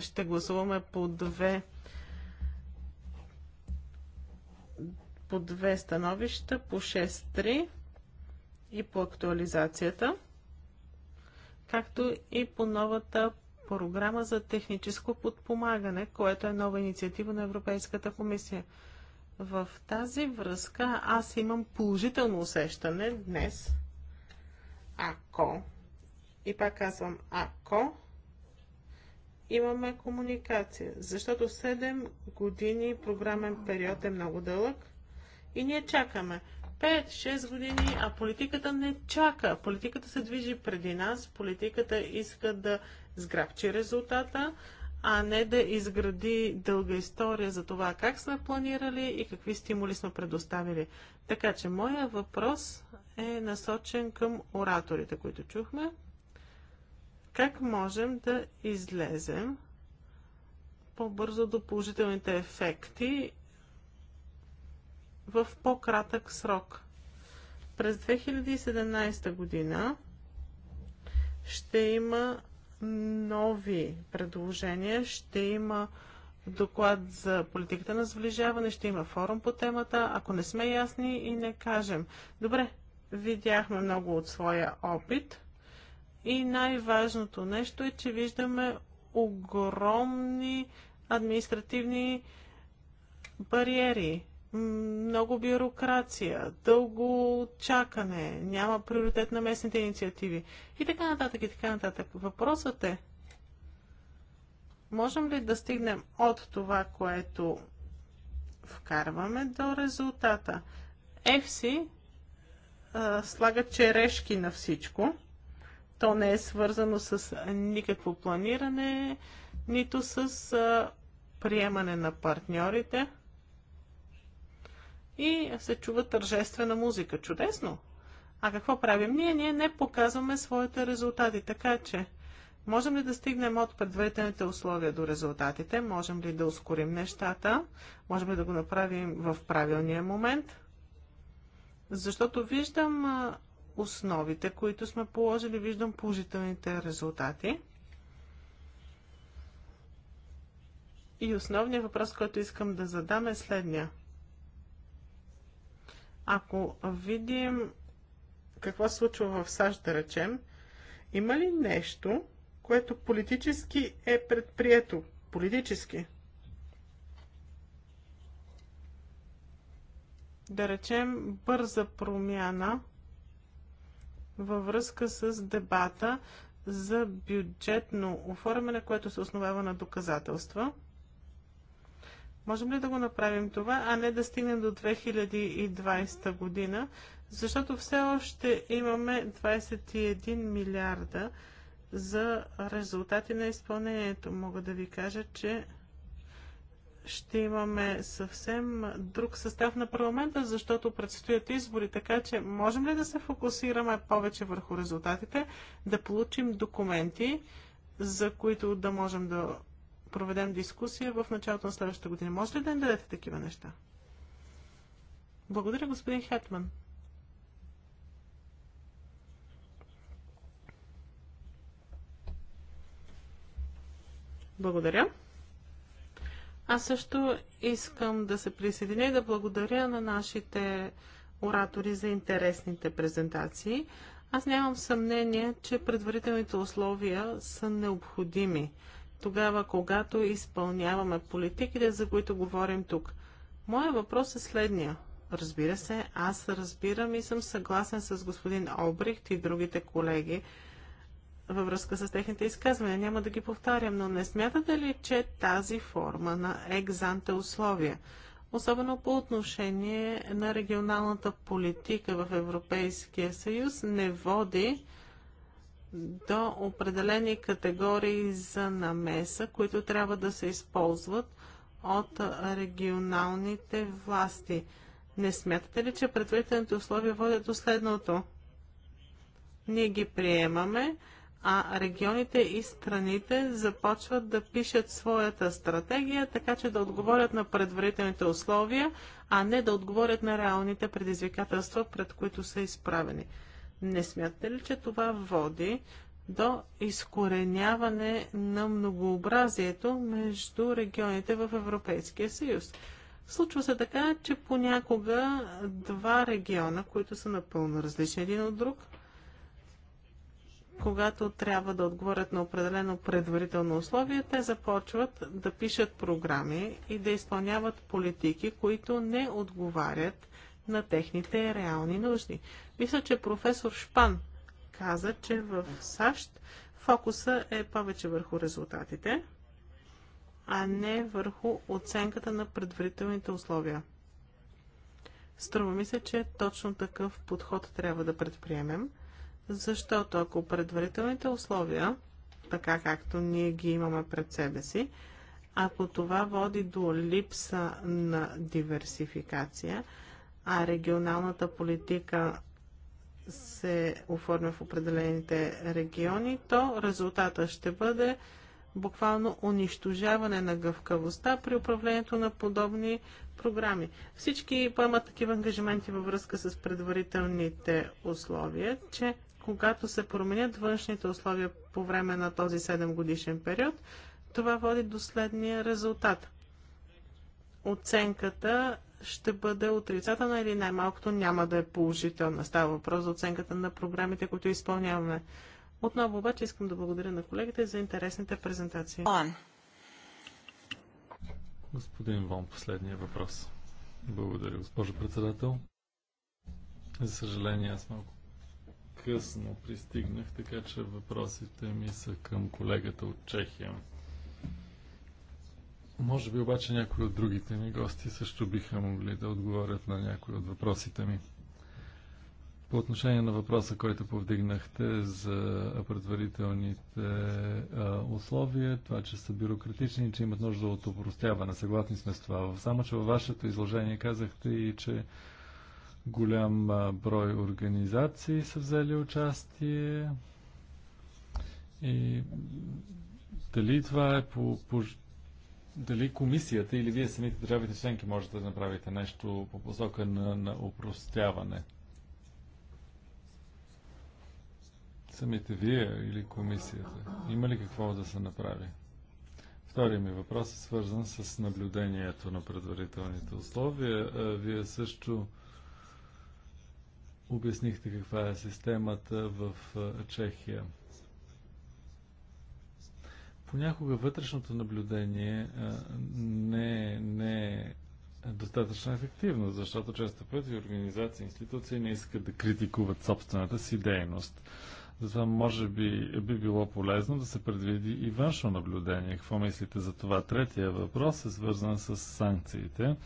Speaker 1: ще гласуваме по две по две становища, по 6-3 и по актуализацията както и по новата програма за техническо подпомагане, което е нова инициатива на Европейската комисия. В тази връзка аз имам положително усещане днес, ако, и пак казвам ако, имаме комуникация, защото 7 години програмен период е много дълъг и ние чакаме. 5-6 години, а политиката не чака. Политиката се движи преди нас, политиката иска да сграбчи резултата, а не да изгради дълга история за това как сме планирали и какви стимули сме предоставили. Така че моя въпрос е насочен към ораторите, които чухме. Как можем да излезем по-бързо до положителните ефекти в по-кратък срок. През 2017 година ще има нови предложения, ще има доклад за политиката на сближаване, ще има форум по темата. Ако не сме ясни и не кажем, добре, видяхме много от своя опит и най-важното нещо е, че виждаме огромни административни бариери много бюрокрация, дълго чакане, няма приоритет на местните инициативи и така нататък и така нататък. Въпросът е, можем ли да стигнем от това, което вкарваме до резултата? EFSI слага черешки на всичко. То не е свързано с никакво планиране, нито с а, приемане на партньорите – и се чува тържествена музика. Чудесно! А какво правим ние? Ние не показваме своите резултати, така че можем ли да стигнем от предварителните условия до резултатите? Можем ли да ускорим нещата? Можем ли да го направим в правилния момент? Защото виждам основите, които сме положили, виждам положителните резултати. И основният въпрос, който искам да задам е следния – ако видим какво се случва в САЩ, да речем, има ли нещо, което политически е предприето? Политически. Да речем бърза промяна във връзка с дебата за бюджетно оформяне, което се основава на доказателства. Можем ли да го направим това, а не да стигнем до 2020 година, защото все още имаме 21 милиарда за резултати на изпълнението. Мога да ви кажа, че ще имаме съвсем друг състав на парламента, защото предстоят избори, така че можем ли да се фокусираме повече върху резултатите, да получим документи, за които да можем да проведем дискусия в началото на следващата година. Може ли да ни дадете такива неща? Благодаря, господин Хетман. Благодаря. Аз също искам да се присъединя и да благодаря на нашите оратори за интересните презентации. Аз нямам съмнение, че предварителните условия са необходими тогава, когато изпълняваме политиките, за които говорим тук. Моя въпрос е следния. Разбира се, аз разбирам и съм съгласен с господин Обрихт и другите колеги във връзка с техните изказвания. Няма да ги повтарям, но не смятате ли, че тази форма на екзанте условия, особено по отношение на регионалната политика в Европейския съюз, не води до определени категории за намеса, които трябва да се използват от регионалните власти. Не смятате ли, че предварителните условия водят до следното? Ние ги приемаме, а регионите и страните започват да пишат своята стратегия, така че да отговорят на предварителните условия, а не да отговорят на реалните предизвикателства, пред които са изправени. Не смятате ли, че това води до изкореняване на многообразието между регионите в Европейския съюз? Случва се така, че понякога два региона, които са напълно различни един от друг, когато трябва да отговорят на определено предварително условие, те започват да пишат програми и да изпълняват политики, които не отговарят на техните реални нужди. Мисля, че професор Шпан каза, че в САЩ фокуса е повече върху резултатите, а не върху оценката на предварителните условия. Струва ми се, че точно такъв подход трябва да предприемем, защото ако предварителните условия, така както ние ги имаме пред себе си, ако това води до липса на диверсификация, а регионалната политика се оформя в определените региони, то резултата ще бъде буквално унищожаване на гъвкавостта при управлението на подобни програми. Всички поемат такива ангажименти във връзка с предварителните условия, че когато се променят външните условия по време на този 7 годишен период, това води до следния резултат. Оценката ще бъде отрицателна или най-малкото няма да е положителна. Става въпрос за оценката на програмите, които изпълняваме. Отново обаче искам да благодаря на колегите за интересните презентации.
Speaker 3: Господин Вон, последния въпрос. Благодаря, госпожо председател. За съжаление, аз малко късно пристигнах, така че въпросите ми са към колегата от Чехия. Може би обаче някои от другите ми гости също биха могли да отговорят на някои от въпросите ми. По отношение на въпроса, който повдигнахте за предварителните а, условия, това, че са бюрократични, че имат нужда от опростяване. Съгласни сме с това. Само, че във вашето изложение казахте и, че голям брой организации са взели участие. И дали това е по, по дали комисията или вие самите държавите членки можете да направите нещо по посока на, на упростяване? Самите вие или комисията? Има ли какво да се направи? Втория ми въпрос е свързан с наблюдението на предварителните условия. Вие също обяснихте каква е системата в Чехия. Понякога вътрешното наблюдение е, не, не е достатъчно ефективно, защото често пъти организации и институции не искат да критикуват собствената си дейност. Затова може би би било полезно да се предвиди и външно наблюдение. Какво мислите за това? Третия въпрос е свързан с санкциите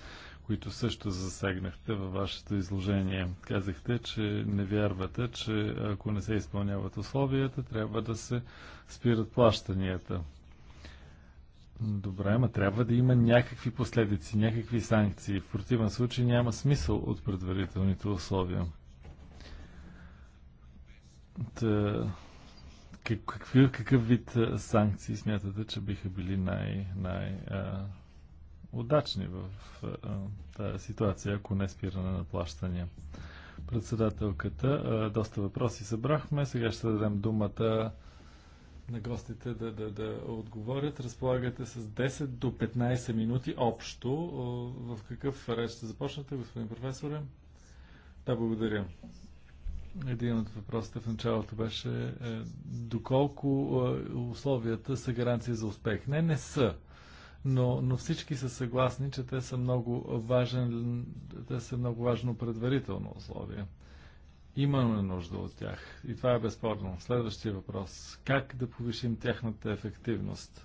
Speaker 3: които също засегнахте във вашето изложение. Казахте, че не вярвате, че ако не се изпълняват условията, трябва да се спират плащанията. Добре, ама трябва да има някакви последици, някакви санкции. В противен случай няма смисъл от предварителните условия. Та, как, какви, какъв вид санкции смятате, че биха били най-, най- а, удачни в тази ситуация, ако не спиране на плащания. Председателката, доста въпроси събрахме. Сега ще дадем думата на гостите да, да, да отговорят. Разполагате с 10 до 15 минути общо. В какъв ред ще започнете, господин професоре? Да, благодаря. Един от въпросите в началото беше е, доколко е, условията са гаранция за успех. Не, не са но, но всички са съгласни, че те са много, важен, те са много важно предварително условие. Имаме нужда от тях. И това е безспорно. Следващия въпрос. Как да повишим тяхната ефективност?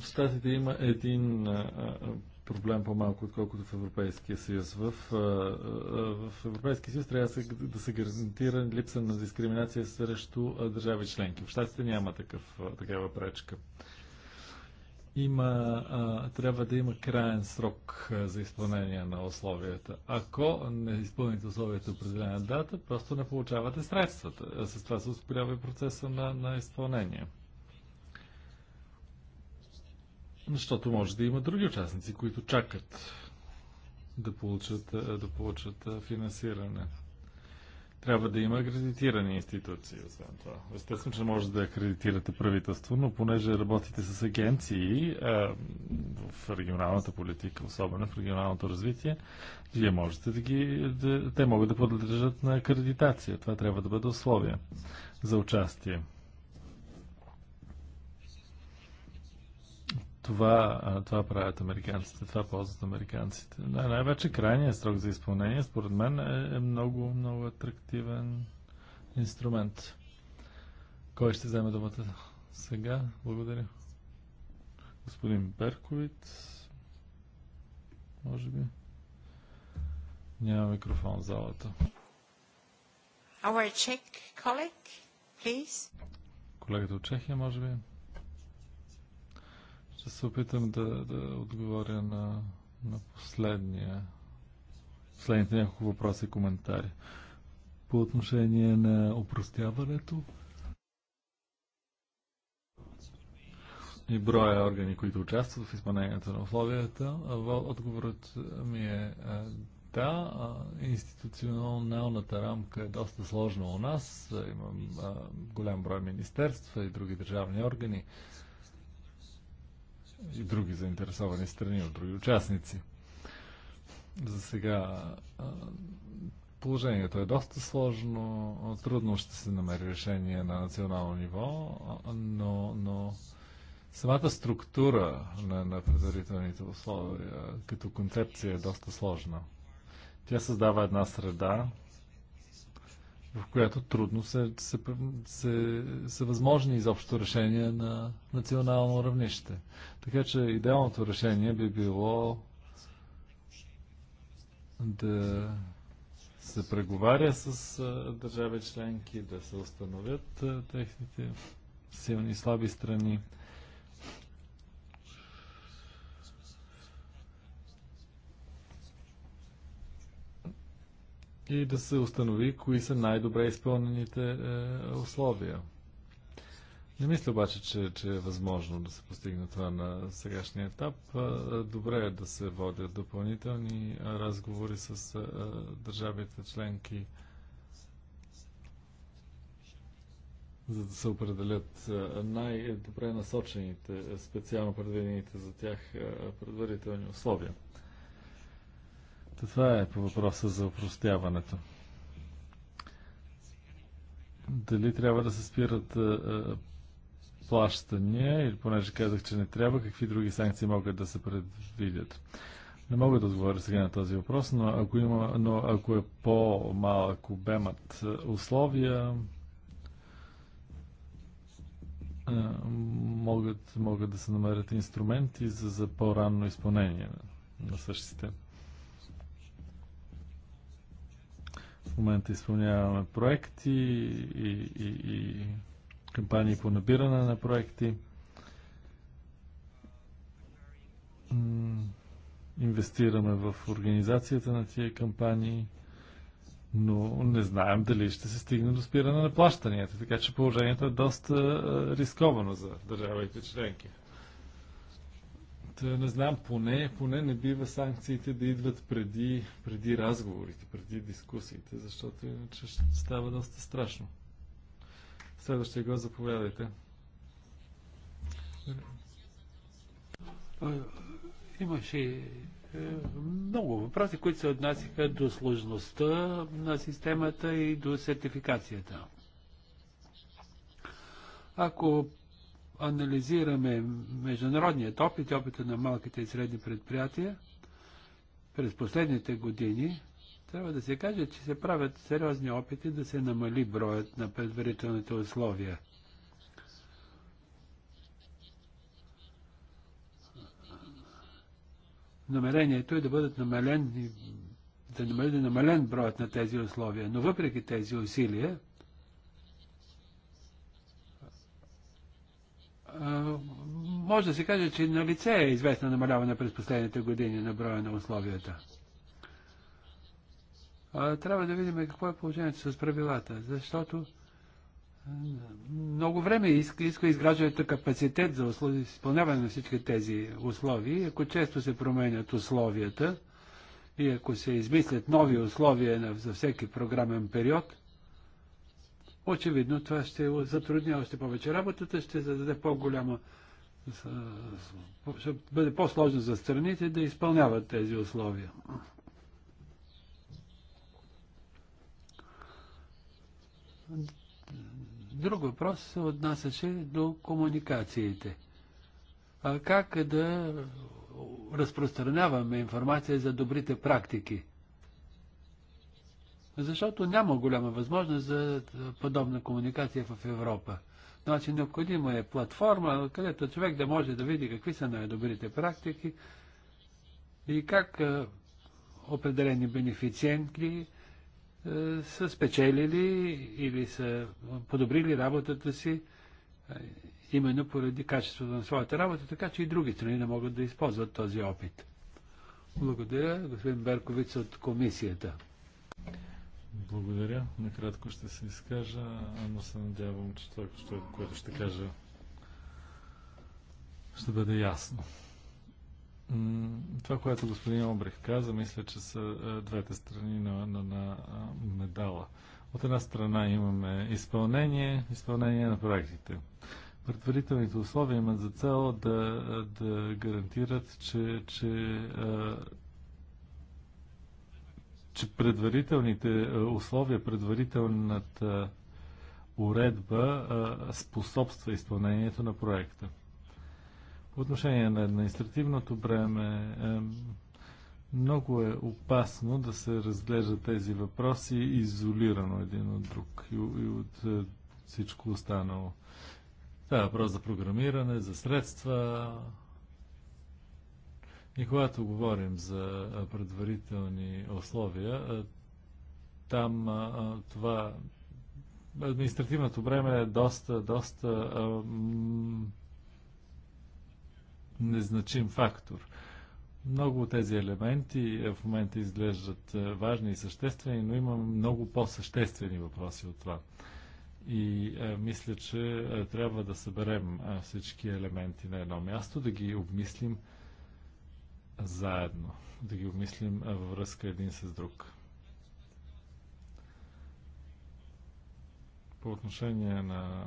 Speaker 3: в статите има един а, проблем по-малко, отколкото в Европейския съюз. В, в Европейския съюз трябва да се, да се гарантира липса на дискриминация срещу държави членки. В щатите няма такъв, такава пречка. Има, трябва да има краен срок за изпълнение на условията. Ако не изпълните условията определена дата, просто не получавате средствата. С това се ускорява и процеса на, на изпълнение. Защото може да има други участници, които чакат да получат, да получат финансиране. Трябва да има акредитирани институции, освен това. Естествено, че може да акредитирате правителство, но понеже работите с агенции а, в регионалната политика, особено в регионалното развитие, вие можете да ги. Да, те могат да подлежат на акредитация. Това трябва да бъде условие за участие. Това, това правят американците, това ползват американците. Да, най-вече крайният срок за изпълнение, според мен, е, е много, много атрактивен инструмент. Кой ще вземе думата сега? Благодаря. Господин Берковиц, може би. Няма микрофон в залата.
Speaker 1: Our Czech colleague, please.
Speaker 3: Колегата от Чехия, може би. Ще се опитам да, да отговоря на, на последния, последните няколко въпроса и коментари. По отношение на упростяването и броя органи, които участват в изпълнението на условията, отговорът ми е, е да, институционалната рамка е доста сложна у нас. Имам голям брой министерства и други държавни органи и други заинтересовани страни, от други участници. За сега положението е доста сложно, трудно ще се намери решение на национално ниво, но, но самата структура на, на предварителните условия като концепция е доста сложна. Тя създава една среда, в която трудно се, се, се, се възможни изобщо решения на национално равнище. Така че идеалното решение би било да се преговаря с държави членки, да се установят техните силни и слаби страни и да се установи кои са най-добре изпълнените е, условия. Не мисля обаче, че, че е възможно да се постигне това на сегашния етап. Е, добре е да се водят допълнителни разговори с е, държавите членки, за да се определят най-добре насочените, специално предвидените за тях предварителни условия. Това е по въпроса за опростяването. Дали трябва да се спират плащания, или понеже казах, че не трябва, какви други санкции могат да се предвидят? Не мога да отговоря сега на този въпрос, но ако, има, но ако е по-малък обемът условия, могат, могат да се намерят инструменти за, за по-ранно изпълнение на същите. В момента изпълняваме проекти и, и, и кампании по набиране на проекти. Инвестираме в организацията на тия кампании, но не знаем дали ще се стигне до спиране на плащанията, така че положението е доста рисковано за държавите членки. Е, не знам, поне, поне не бива санкциите да идват преди, преди разговорите, преди дискусиите, защото иначе ще става доста страшно. Следващия го заповядайте.
Speaker 2: Е, е, имаше много въпроси, които се отнасяха до сложността на системата и до сертификацията. Ако анализираме международният опит, опита на малките и средни предприятия през последните години, трябва да се каже, че се правят сериозни опити да се намали броят на предварителните условия. Намерението е да бъдат намалени да намали намален броят на тези условия, но въпреки тези усилия, може да се каже, че на лице е известно намаляване през последните години на броя на условията. А, трябва да видим какво е положението с правилата, защото много време иска, иска изграждането капацитет за изпълняване на всички тези условия. Ако често се променят условията и ако се измислят нови условия за всеки програмен период, Очевидно това ще затрудня още повече работата, ще зададе по-голяма ще бъде по-сложно за страните да изпълняват тези условия. Друг въпрос се отнасяше до комуникациите. А как да разпространяваме информация за добрите практики? Защото няма голяма възможност за подобна комуникация в Европа. Значи необходима е платформа, където човек да може да види какви са най-добрите практики и как е, определени бенефициенти е, са спечелили или са подобрили работата си е, именно поради качеството на своята работа, така че и други страни не могат да използват този опит. Благодаря, господин Берковиц от комисията.
Speaker 3: Благодаря. Накратко ще се изкажа, но се надявам, че това, което ще кажа, ще бъде ясно. Това, което господин Обрех каза, мисля, че са е, двете страни на, на, на медала. От една страна имаме изпълнение, изпълнение на проектите. Предварителните условия имат за цел да, да гарантират, че, че е, че предварителните е, условия, предварителната е, уредба е, способства изпълнението на проекта. По отношение на административното бреме, много е опасно да се разглеждат тези въпроси изолирано един от друг и, и от всичко останало. Това е въпрос за програмиране, за средства, и когато говорим за предварителни условия, там това административното време е доста, доста незначим фактор. Много от тези елементи в момента изглеждат важни и съществени, но има много по-съществени въпроси от това. И мисля, че трябва да съберем всички елементи на едно място, да ги обмислим заедно, да ги обмислим във връзка един с друг. По отношение на,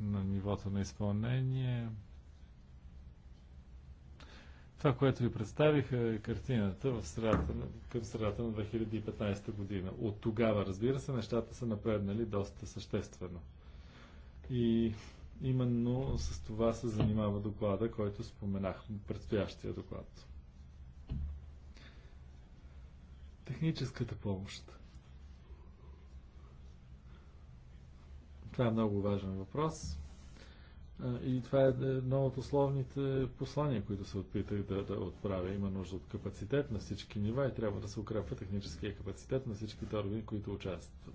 Speaker 3: на нивото на изпълнение, това, което ви представих е картината в средата, към средата на 2015 година. От тогава, разбира се, нещата са напреднали доста съществено. И Именно с това се занимава доклада, който споменах, предстоящия доклад. Техническата помощ. Това е много важен въпрос. И това е едно от основните послания, които се опитах да, да отправя. Има нужда от капацитет на всички нива и трябва да се укрепва техническия капацитет на всичките органи, които участват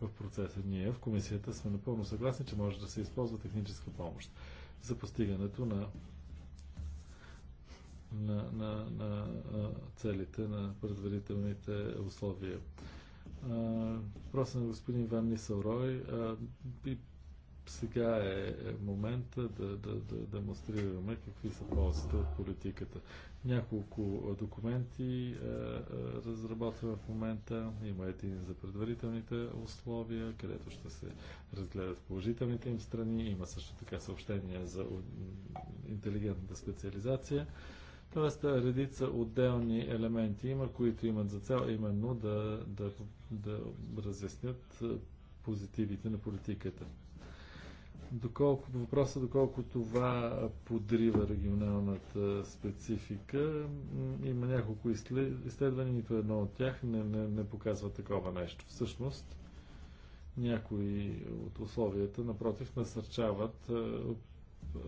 Speaker 3: в процеса. Ние в комисията сме напълно съгласни, че може да се използва техническа помощ за постигането на, на, на, на, целите на предварителните условия. Въпросът на господин Ван Нисълрой сега е, е момента да, да, да демонстрираме какви са ползите от политиката. Няколко документи е, е, разработваме в момента. Има един за предварителните условия, където ще се разгледат положителните им страни. Има също така съобщения за интелигентната специализация. Тоест, е, редица отделни елементи има, които имат за цел именно да, да, да разяснят е, позитивите на политиката. Доколко, въпроса е доколко това подрива регионалната специфика, има няколко изследвания, нито едно от тях не, не, не показва такова нещо. Всъщност, някои от условията, напротив, насърчават е, е,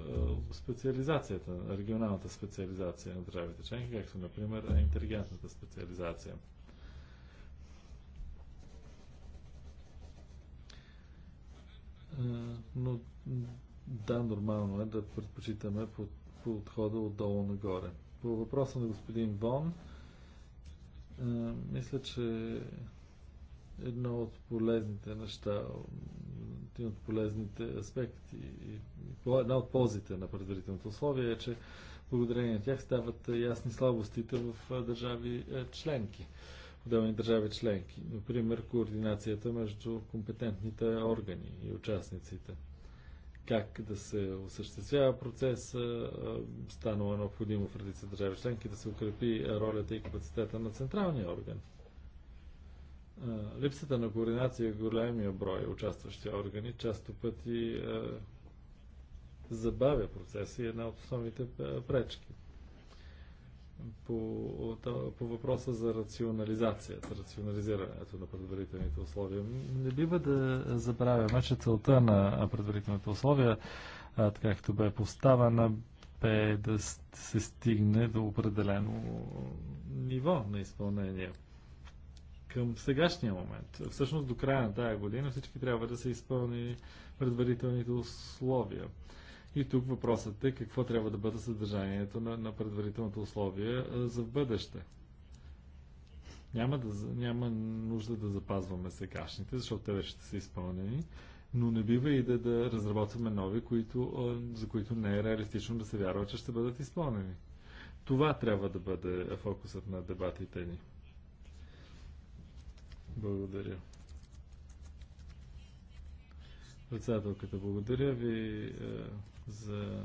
Speaker 3: специализацията, регионалната специализация на държавите членки, както, например, интелигентната специализация. но да, нормално е да предпочитаме по, по отхода отдолу нагоре. По въпроса на господин Вон, мисля, че едно от полезните неща, един от полезните аспекти и една от ползите на предварителното условие е, че благодарение на тях стават ясни слабостите в държави членки отделни държави членки. Например, координацията между компетентните органи и участниците. Как да се осъществява процеса, станало е необходимо в редица държави членки да се укрепи ролята и капацитета на централния орган. Липсата на координация и е големия брой участващи органи често пъти забавя процеса и е една от основните пречки по, по въпроса за рационализацията, рационализирането на предварителните условия. Не бива да забравяме, че целта на предварителните условия, така както бе поставена, бе да се стигне до определено ниво на изпълнение. Към сегашния момент, всъщност до края на тая година, всички трябва да се изпълни предварителните условия. И тук въпросът е какво трябва да бъде съдържанието на, на предварителното условие за в бъдеще. Няма, да, няма нужда да запазваме сегашните, защото те вече са изпълнени, но не бива и да, да разработваме нови, които, за които не е реалистично да се вярва, че ще бъдат изпълнени. Това трябва да бъде фокусът на дебатите ни. Благодаря. Председателката, благодаря ви за,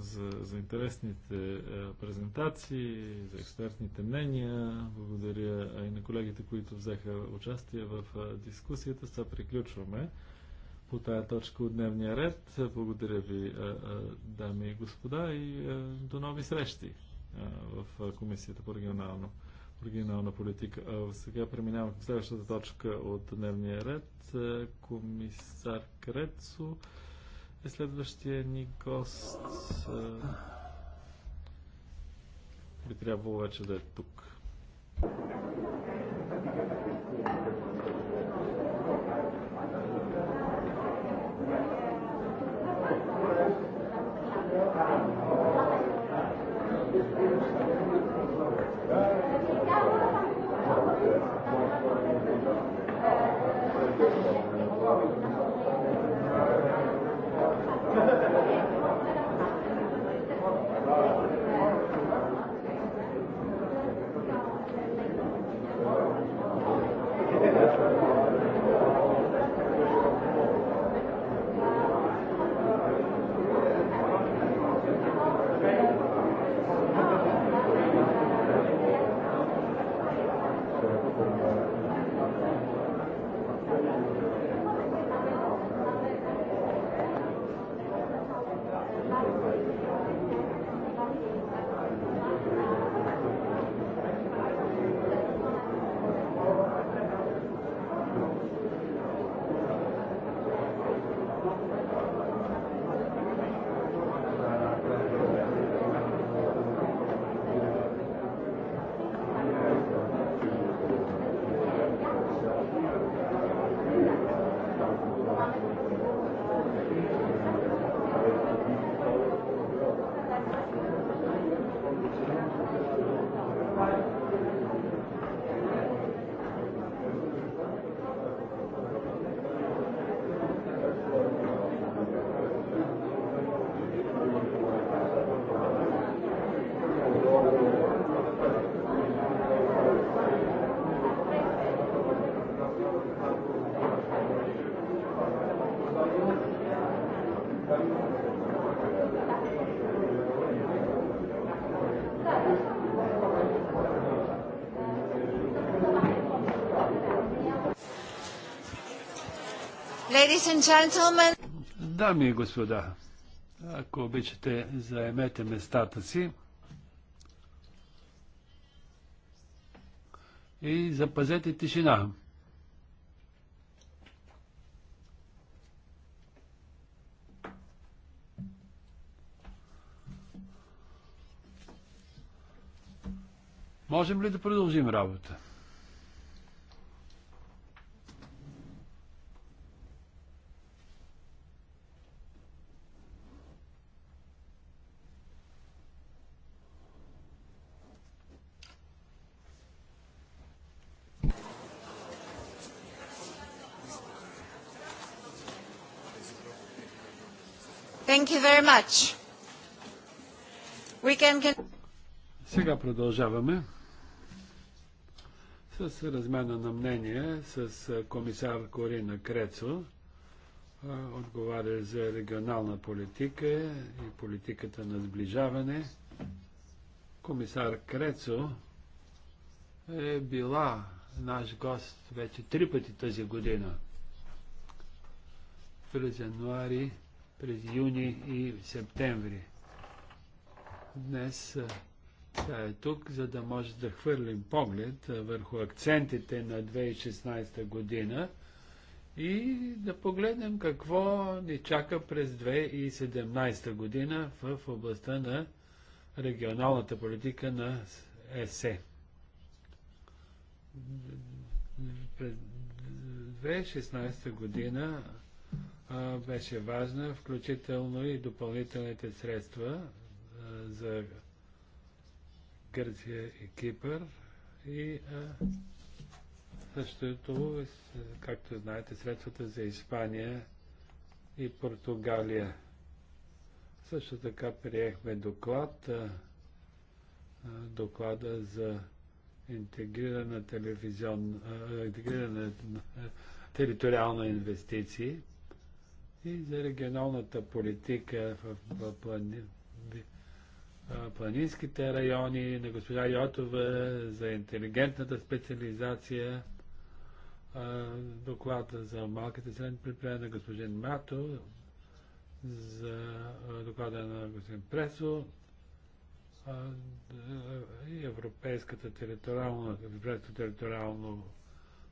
Speaker 3: за, за интересните е, презентации, за експертните мнения. Благодаря и на колегите, които взеха участие в е, дискусията. Сега приключваме по тая точка от дневния ред. Благодаря ви, е, дами и господа, и до нови срещи в Комисията по регионално регионална политика. А сега преминавам към следващата точка от дневния ред. Е, комисар Крецо е следващия ни гост. Е, би трябвало вече да е тук.
Speaker 2: Дами и господа, ако обичате, заемете местата си и запазете тишина. Можем ли да продължим работа? We can... Сега продължаваме с размяна на мнение с комисар Корина Крецо, отговаря за регионална политика и политиката на сближаване. Комисар Крецо е била наш гост вече три пъти тази година. През януари през юни и септември. Днес сега е тук, за да може да хвърлим поглед върху акцентите на 2016 година и да погледнем какво ни чака през 2017 година в областта на регионалната политика на ЕСЕ. През 2016 година беше важна, включително и допълнителните средства за Гърция и Кипър и същото, както знаете, средствата за Испания и Португалия. Също така приехме доклад, доклада за интегрирана телевизионна, интегрирана териториална инвестиции – и за регионалната политика в, в, плани, в планинските райони, на госпожа Йотова, за интелигентната специализация, доклада за малките средни предприятия на господин Мато, за доклада на господин Пресо, и европейската териториална, Европейската териториално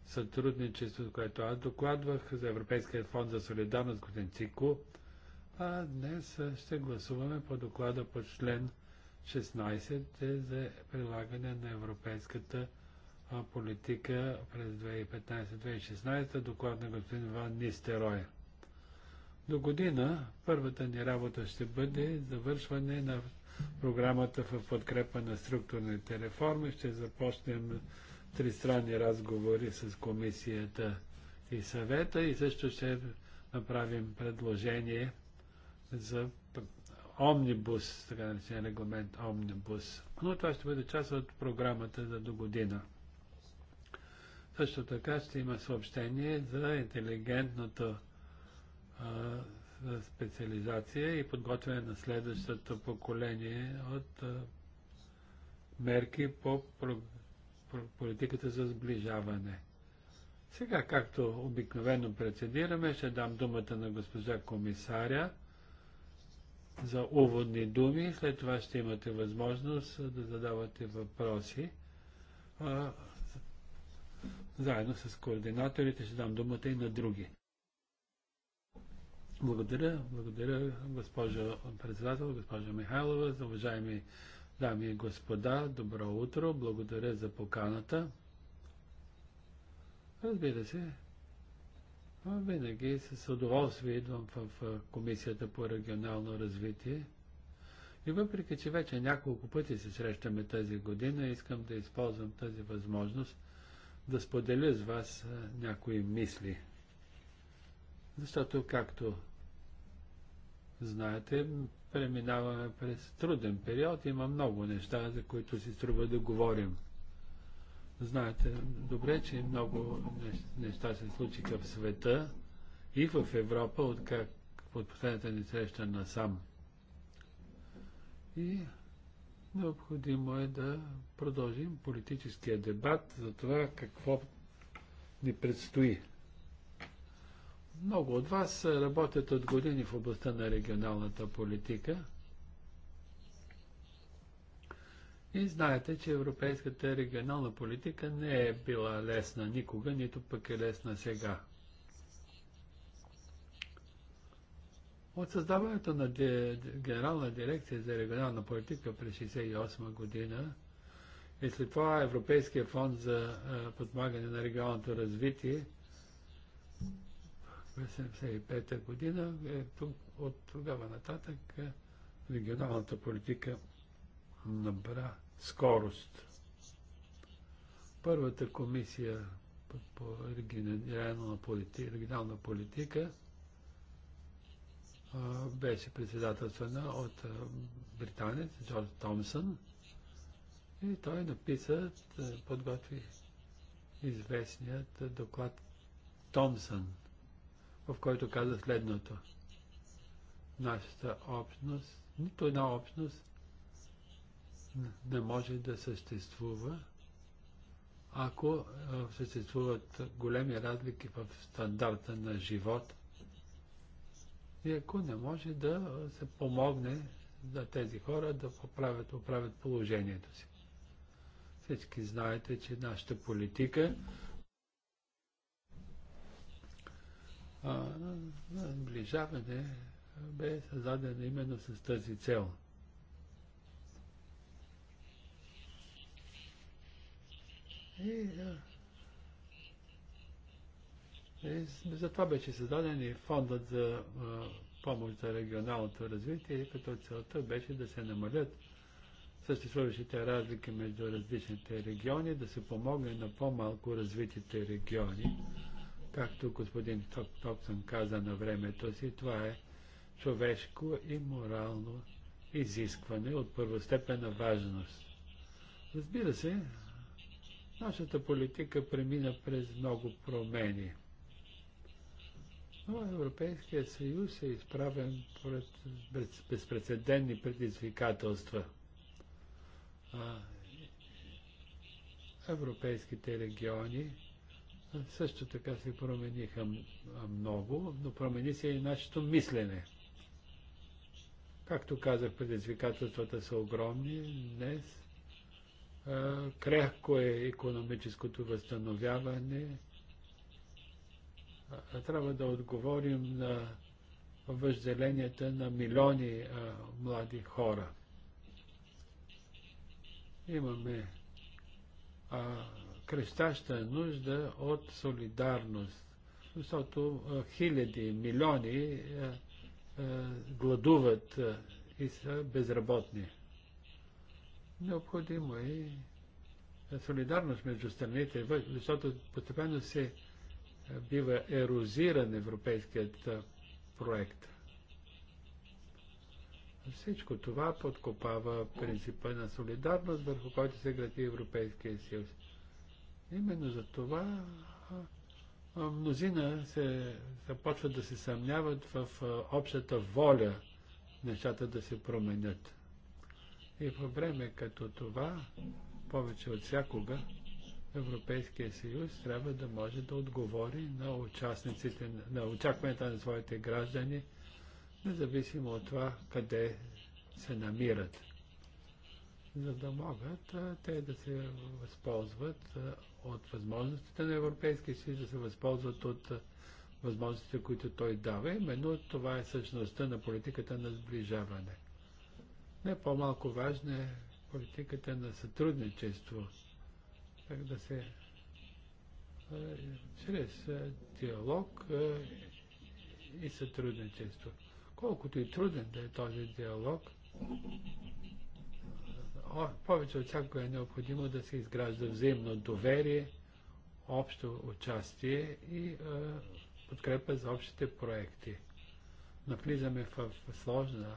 Speaker 2: сътрудничеството, което аз докладвах за Европейския фонд за солидарност, господин Цико, а днес ще гласуваме по доклада по член 16 за прилагане на европейската политика през 2015-2016, доклад на господин Ван Нистерой. До година първата ни работа ще бъде завършване на програмата в подкрепа на структурните реформи. Ще започнем тристранни разговори с комисията и съвета и също ще направим предложение за омнибус, така да се регламент омнибус. Но това ще бъде част от програмата за до година. Също така ще има съобщение за интелигентната а, специализация и подготвяне на следващото поколение от а, мерки по политиката за сближаване. Сега, както обикновено прецедираме, ще дам думата на госпожа комисаря за уводни думи. След това ще имате възможност да задавате въпроси. А, заедно с координаторите ще дам думата и на други. Благодаря, благодаря госпожо председател, госпожо Михайлова, за уважаеми Дами и господа, добро утро, благодаря за поканата. Разбира се, винаги с удоволствие идвам в Комисията по регионално развитие. И въпреки, че вече няколко пъти се срещаме тази година, искам да използвам тази възможност да споделя с вас някои мисли. Защото, както знаете, преминаваме през труден период. Има много неща, за които си струва да говорим. Знаете добре, че много неща се случиха в света и в Европа, от как от последната ни среща насам. И необходимо е да продължим политическия дебат за това какво ни предстои. Много от вас работят от години в областта на регионалната политика. И знаете, че европейската регионална политика не е била лесна никога, нито пък е лесна сега. От създаването на Генерална дирекция за регионална политика през 1968 година и след това Европейския фонд за подмагане на регионалното развитие – 1975 година, е, от тогава нататък е, регионалната политика набра скорост. Първата комисия по, по регионална, политика, регионална политика а, беше председателствена от а, британец Джордж Томсън и той написа, е, подготви известният доклад Томсън в който каза следното. Нашата общност, нито една общност не може да съществува, ако съществуват големи разлики в стандарта на живот и ако не може да се помогне за тези хора да поправят, поправят положението си. Всички знаете, че нашата политика сближаване бе създадена именно с тази цел. И, и затова беше създаден и фондът за а, помощ за регионалното развитие, като целта беше да се намалят съществуващите разлики между различните региони, да се помогне на по-малко развитите региони Както господин Топсън каза на времето си, това е човешко и морално изискване от първостепенна важност. Разбира се, нашата политика премина през много промени. Но Европейският съюз е изправен пред безпредседентни предизвикателства. А, европейските региони също така се промениха много, но промени се и нашето мислене. Както казах, предизвикателствата са огромни днес. Крехко е економическото възстановяване. Трябва да отговорим на въжделенията на милиони млади хора. Имаме крещаща нужда от солидарност, защото хиляди, милиони гладуват и са безработни. Необходимо е солидарност между страните, защото постепенно се бива ерозиран европейският проект. Всичко това подкопава принципа на солидарност, върху който се гради Европейския съюз. Именно за това мнозина се започват да се съмняват в общата воля нещата да се променят. И във време като това, повече от всякога, Европейския съюз трябва да може да отговори на участниците, на очакванията на своите граждани, независимо от това къде се намират за да могат те да се възползват от възможностите на Европейския съюз, да се възползват от възможностите, които той дава. Именно това е същността на политиката на сближаване. Не по-малко важна е политиката на сътрудничество, как да се чрез диалог и сътрудничество. Колкото и труден да е този диалог, повече от всяко е необходимо да се изгражда взаимно доверие, общо участие и а, е, подкрепа за общите проекти. Навлизаме в, в сложна,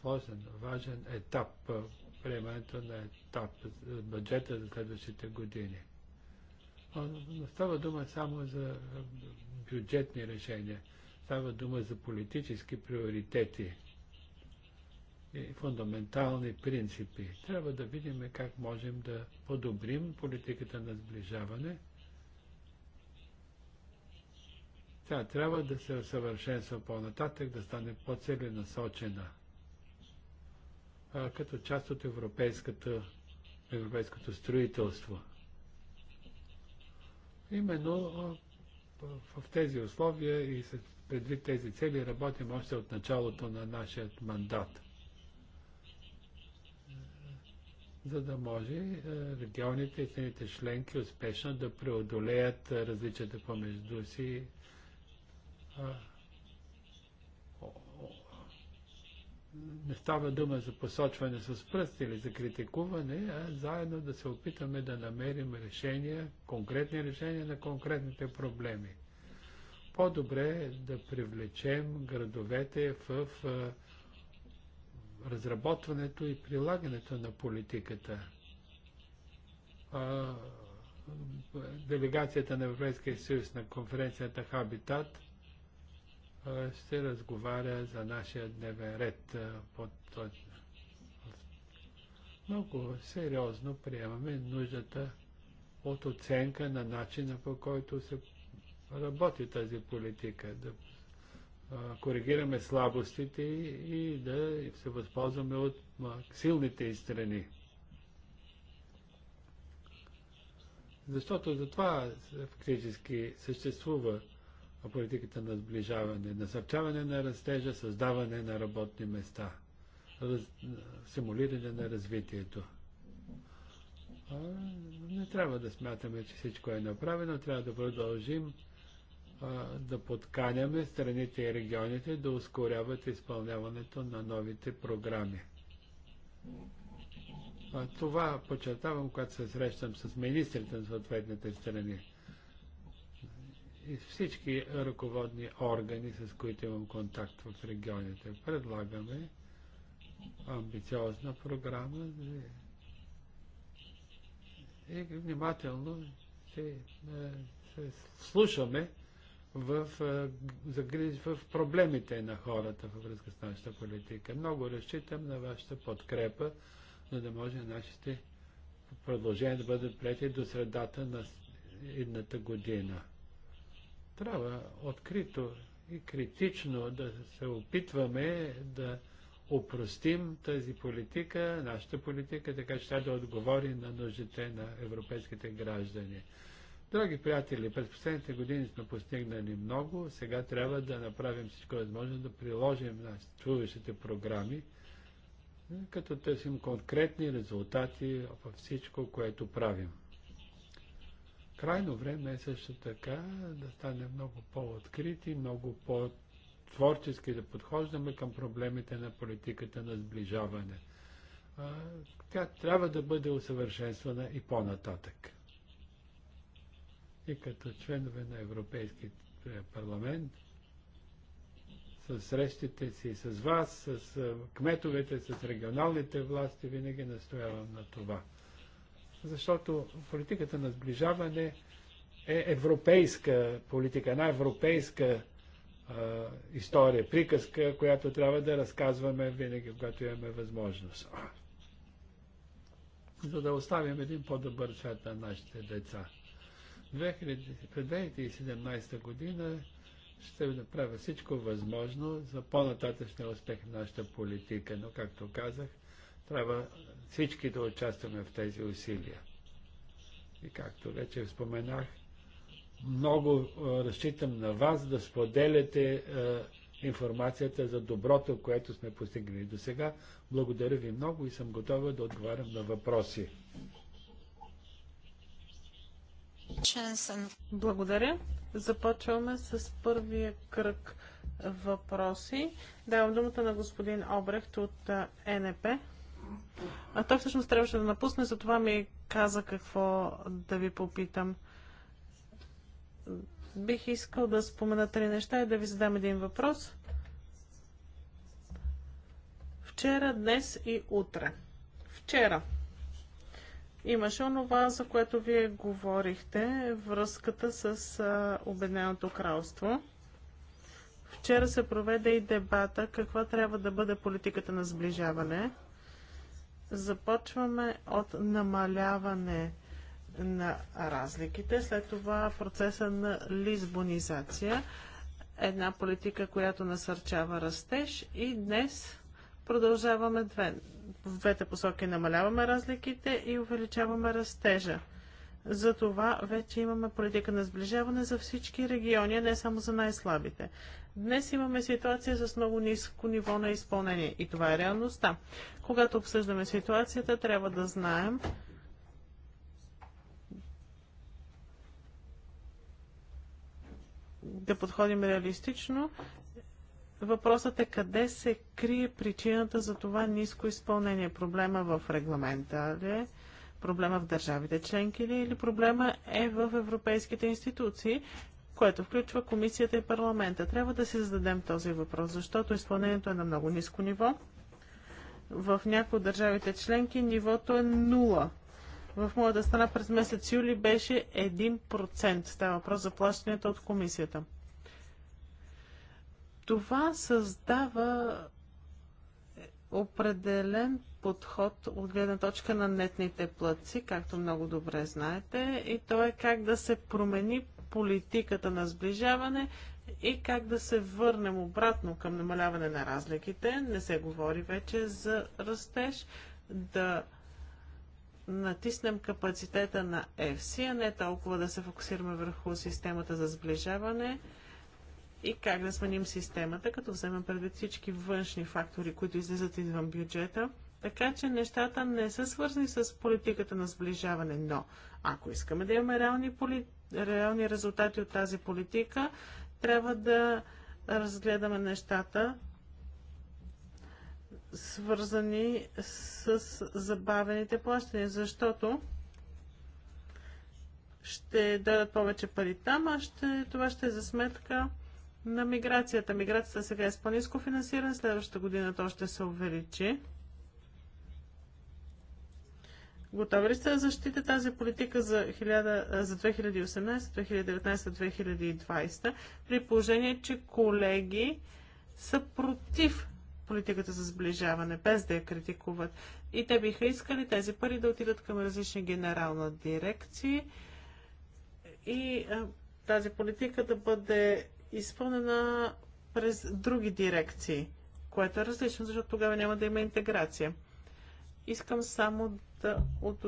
Speaker 2: сложен, важен етап, е, приемането на етап е, бюджета за следващите години. Но става дума само за бюджетни решения, става дума за политически приоритети – фундаментални принципи. Трябва да видим как можем да подобрим политиката на сближаване. Тя трябва да се усъвършенства по-нататък, да стане по-целенасочена, като част от европейската, европейското строителство. Именно в тези условия и предвид тези цели работим още от началото на нашия мандат. за да може е, регионите и страните членки успешно да преодолеят е, различията помежду си не става дума за посочване с пръст или за критикуване, а заедно да се опитаме да намерим решения, конкретни решения на конкретните проблеми. По-добре е да привлечем градовете в е, разработването и прилагането на политиката. А, делегацията на Европейския съюз на конференцията Хабитат ще разговаря за нашия дневен ред. Много сериозно приемаме нуждата от оценка на начина по който се работи тази политика, да коригираме слабостите и да се възползваме от силните страни. Защото за това фактически съществува политиката на сближаване, насърчаване на растежа, създаване на работни места, раз, на развитието.
Speaker 4: А, не
Speaker 2: трябва да смятаме, че всичко е направено, трябва да продължим да подканяме страните и регионите да ускоряват изпълняването на новите програми. Това подчертавам, когато се срещам с министрите на съответните страни и всички ръководни органи, с които имам контакт в регионите. Предлагаме амбициозна програма и внимателно се слушаме в, в проблемите на хората във връзка с нашата политика. Много разчитам на вашата подкрепа, за да може нашите продължения да бъдат прети до средата на едната година. Трябва открито и критично да се опитваме да опростим тази политика, нашата политика, така че тя да отговори на нуждите на европейските граждани. Драги приятели, през последните години сме постигнали много, сега трябва да направим всичко възможно да приложим на чуващите програми, като търсим конкретни резултати във всичко, което правим. Крайно време е също така да станем много по-открити, много по-творчески да подхождаме към проблемите на политиката на сближаване. Тя трябва да бъде усъвършенствана и по-нататък и като членове на Европейския е, парламент, с срещите си с вас, с е, кметовете, с регионалните власти, винаги настоявам на това. Защото политиката на сближаване е европейска политика, една европейска а, е, история, приказка, която трябва да разказваме винаги, когато имаме възможност. За да оставим един по-добър свят на нашите деца. 2017 година ще направя всичко възможно за по-нататъчния успех на нашата политика, но както казах, трябва всички да участваме в тези усилия. И както вече споменах, много е, разчитам на вас да споделяте е, информацията за доброто, което сме постигнали до сега. Благодаря ви много и съм готова да отговарям на въпроси.
Speaker 1: Благодаря. Започваме с първия кръг въпроси. Давам думата на господин Обрехт от НП. А той всъщност трябваше да напусне, затова ми каза какво да ви попитам. Бих искал да спомена три неща и да ви задам един въпрос. Вчера, днес и утре. Вчера. Имаше онова, за което вие говорихте, връзката с Обединеното кралство. Вчера се проведе и дебата каква трябва да бъде политиката на сближаване. Започваме от намаляване на разликите, след това процеса на лизбонизация, една политика, която насърчава растеж и днес продължаваме две. В двете посоки намаляваме разликите и увеличаваме растежа. За това вече имаме политика на сближаване за всички региони, а не само за най-слабите. Днес имаме ситуация с много ниско ниво на изпълнение и това е реалността. Когато обсъждаме ситуацията, трябва да знаем, да подходим реалистично Въпросът е къде се крие причината за това ниско изпълнение. Проблема в регламента ли е? Проблема в държавите членки ли? Е? Или проблема е в европейските институции, което включва комисията и парламента? Трябва да си зададем този въпрос, защото изпълнението е на много ниско ниво. В някои от държавите членки нивото е нула. В моята страна през месец юли беше 1%. Става въпрос за плащането от комисията. Това създава определен подход от гледна точка на нетните плъци, както много добре знаете, и то е как да се промени политиката на сближаване и как да се върнем обратно към намаляване на разликите. Не се говори вече за растеж, да натиснем капацитета на ЕФСИ, а не толкова да се фокусираме върху системата за сближаване – и как да сменим системата, като вземем предвид всички външни фактори, които излизат извън бюджета. Така че нещата не са свързани с политиката на сближаване, но ако искаме да имаме реални, поли... реални резултати от тази политика, трябва да разгледаме нещата свързани с забавените плащания, защото ще дадат повече пари там, а ще, това ще е за сметка на миграцията. Миграцията сега е с по-низко финансиране, следващата година то ще се увеличи. Готови ли сте да защитите тази политика за, 1000, за 2018, 2019, 2020, при положение, че колеги са против политиката за сближаване, без да я критикуват. И те биха искали тези пари да отидат към различни генерална дирекции и тази политика да бъде изпълнена през други дирекции, което е различно, защото тогава няма да има интеграция. Искам само да, от,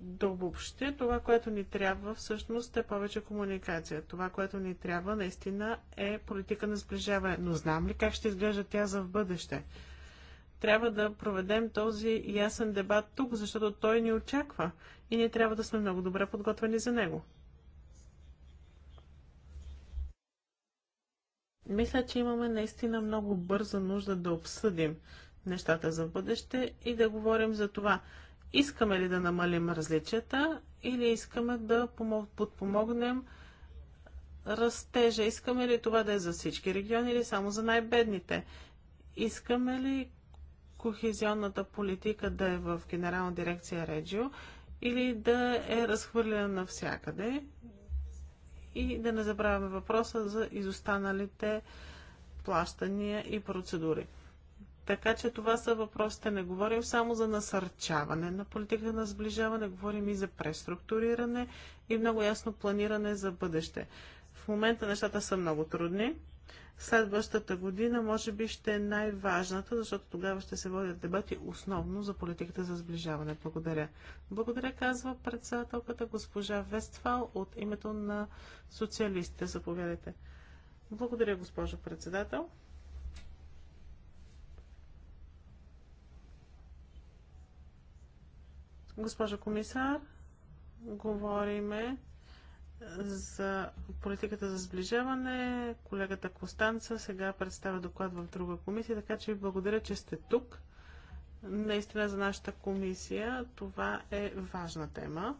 Speaker 1: да обобщя това, което ни трябва всъщност е повече комуникация. Това, което ни трябва наистина е политика на сближаване. Но знам ли как ще изглежда тя за в бъдеще? Трябва да проведем този ясен дебат тук, защото той ни очаква и ние трябва да сме много добре подготвени за него. Мисля, че имаме наистина много бърза нужда да обсъдим нещата за бъдеще и да говорим за това. Искаме ли да намалим различията или искаме да подпомогнем растежа? Искаме ли това да е за всички региони или само за най-бедните? Искаме ли кохезионната политика да е в Генерална дирекция Реджио или да е разхвърлена навсякъде и да не забравяме въпроса за изостаналите плащания и процедури. Така че това са въпросите. Не говорим само за насърчаване на политика на сближаване, говорим и за преструктуриране и много ясно планиране за бъдеще. В момента нещата са много трудни. Следващата година може би ще е най-важната, защото тогава ще се водят дебати основно за политиката за сближаване. Благодаря. Благодаря, казва председателката госпожа Вестфал от името на социалистите. Заповядайте. Благодаря, госпожо председател. Госпожо комисар, говориме за политиката за сближаване. Колегата Костанца сега представя доклад в друга комисия, така че ви благодаря, че сте тук. Наистина за нашата комисия това е важна тема.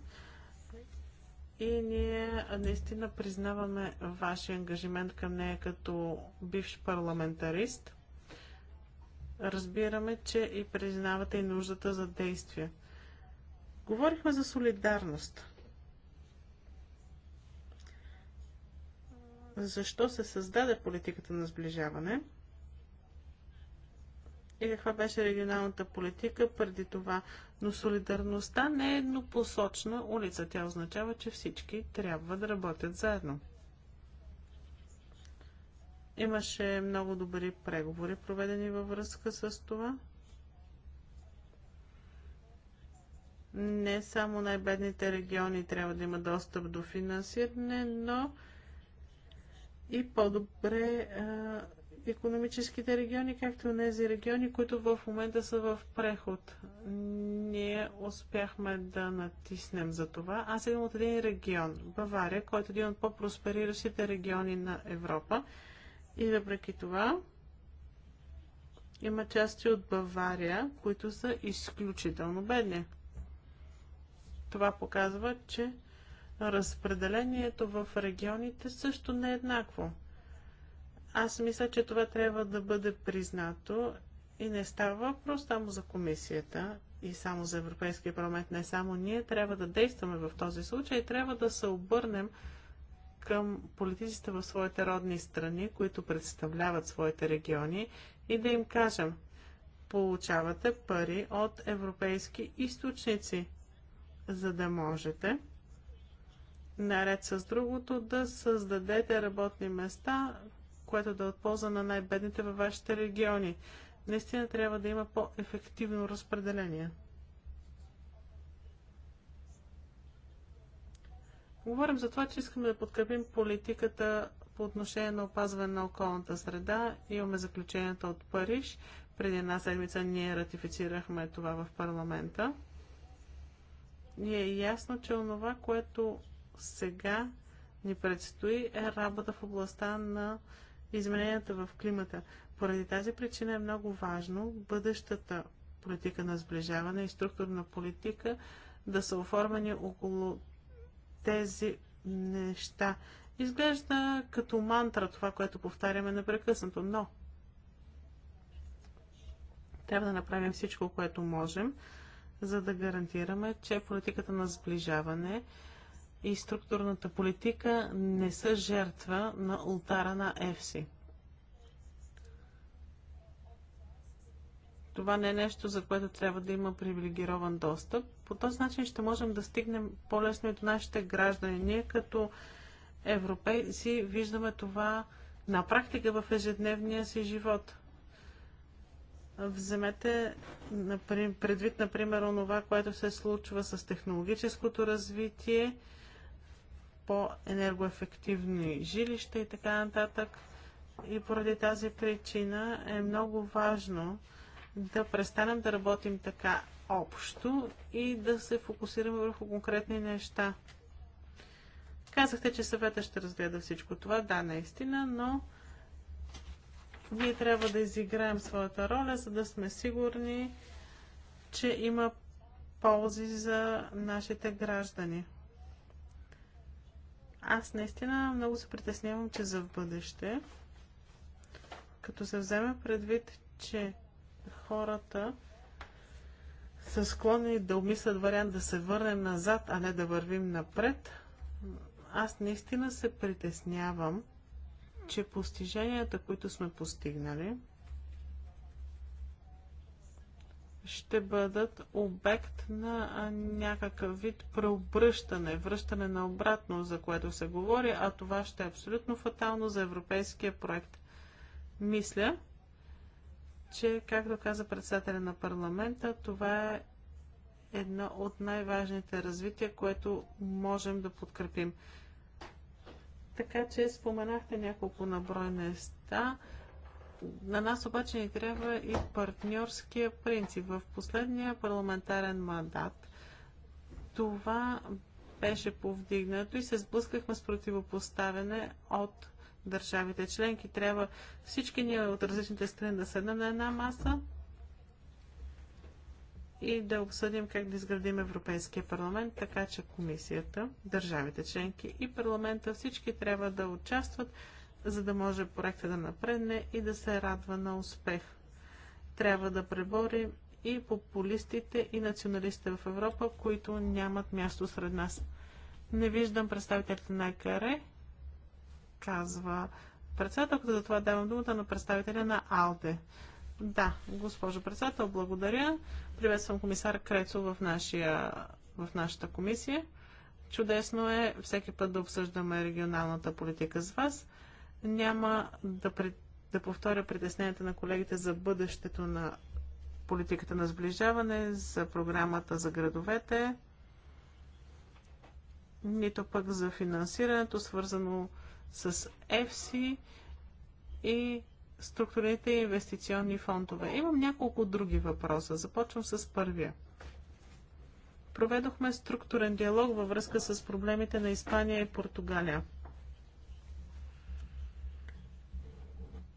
Speaker 1: И ние наистина признаваме вашия ангажимент към нея като бивш парламентарист. Разбираме, че и признавате и нуждата за действия. Говорихме за солидарност. защо се създаде политиката на сближаване и каква беше регионалната политика преди това. Но солидарността не е еднопосочна улица. Тя означава, че всички трябва да работят заедно. Имаше много добри преговори, проведени във връзка с това. Не само най-бедните региони трябва да имат достъп до финансиране, но и по-добре економическите региони, както и тези региони, които в момента са в преход. Ние успяхме да натиснем за това. Аз идвам от един регион, Бавария, който е един от по-проспериращите региони на Европа. И въпреки това, има части от Бавария, които са изключително бедни. Това показва, че разпределението в регионите също не е еднакво. Аз мисля, че това трябва да бъде признато и не става въпрос само за комисията и само за Европейския парламент, не само ние трябва да действаме в този случай, трябва да се обърнем към политиците в своите родни страни, които представляват своите региони и да им кажем, получавате пари от европейски източници, за да можете наред с другото, да създадете работни места, което да е от полза на най-бедните във вашите региони. Наистина трябва да има по-ефективно разпределение. Говорим за това, че искаме да подкрепим политиката по отношение на опазване на околната среда. Имаме заключението от Париж. Преди една седмица ние ратифицирахме това в парламента. И е ясно, че онова, което сега ни предстои е работа в областта на измененията в климата. Поради тази причина е много важно бъдещата политика на сближаване и структурна политика да са оформени около тези неща. Изглежда като мантра това, което повтаряме непрекъснато, но трябва да направим всичко, което можем, за да гарантираме, че политиката на сближаване и структурната политика не са жертва на ултара на ЕФСИ. Това не е нещо, за което трябва да има привилегирован достъп. По този начин ще можем да стигнем по-лесно и до нашите граждани. Ние като европейци виждаме това на практика в ежедневния си живот. Вземете предвид, например, онова, което се случва с технологическото развитие – по-енергоефективни жилища и така нататък. И поради тази причина е много важно да престанем да работим така общо и да се фокусираме върху конкретни неща. Казахте, че съвета ще разгледа всичко това. Да, наистина, но ние трябва да изиграем своята роля, за да сме сигурни, че има ползи за нашите граждани. Аз наистина много се притеснявам, че за в бъдеще, като се вземе предвид, че хората са склонни да обмислят вариант да се върнем назад, а не да вървим напред, аз наистина се притеснявам, че постиженията, които сме постигнали, ще бъдат обект на някакъв вид преобръщане, връщане на обратно, за което се говори, а това ще е абсолютно фатално за европейския проект. Мисля, че, както каза председателя на парламента, това е едно от най-важните развития, което можем да подкрепим. Така че споменахте няколко наброй места на нас обаче ни трябва и партньорския принцип. В последния парламентарен мандат това беше повдигнато и се сблъскахме с противопоставяне от държавите членки. Трябва всички ние от различните страни да седнем на една маса и да обсъдим как да изградим Европейския парламент, така че комисията, държавите членки и парламента всички трябва да участват за да може проекта да напредне и да се радва на успех. Трябва да преборим и популистите и националистите в Европа, които нямат място сред нас. Не виждам представителите на ЕКР, казва председателката, затова давам думата на представителя на АЛДЕ. Да, госпожо председател, благодаря. Приветствам комисар Крецо в, нашия, в нашата комисия. Чудесно е всеки път да обсъждаме регионалната политика с вас. Няма да, пред, да повторя притесненията на колегите за бъдещето на политиката на сближаване, за програмата за градовете, нито пък за финансирането, свързано с ЕФСИ и структурните инвестиционни фондове. Имам няколко други въпроса. Започвам с първия. Проведохме структурен диалог във връзка с проблемите на Испания и Португалия.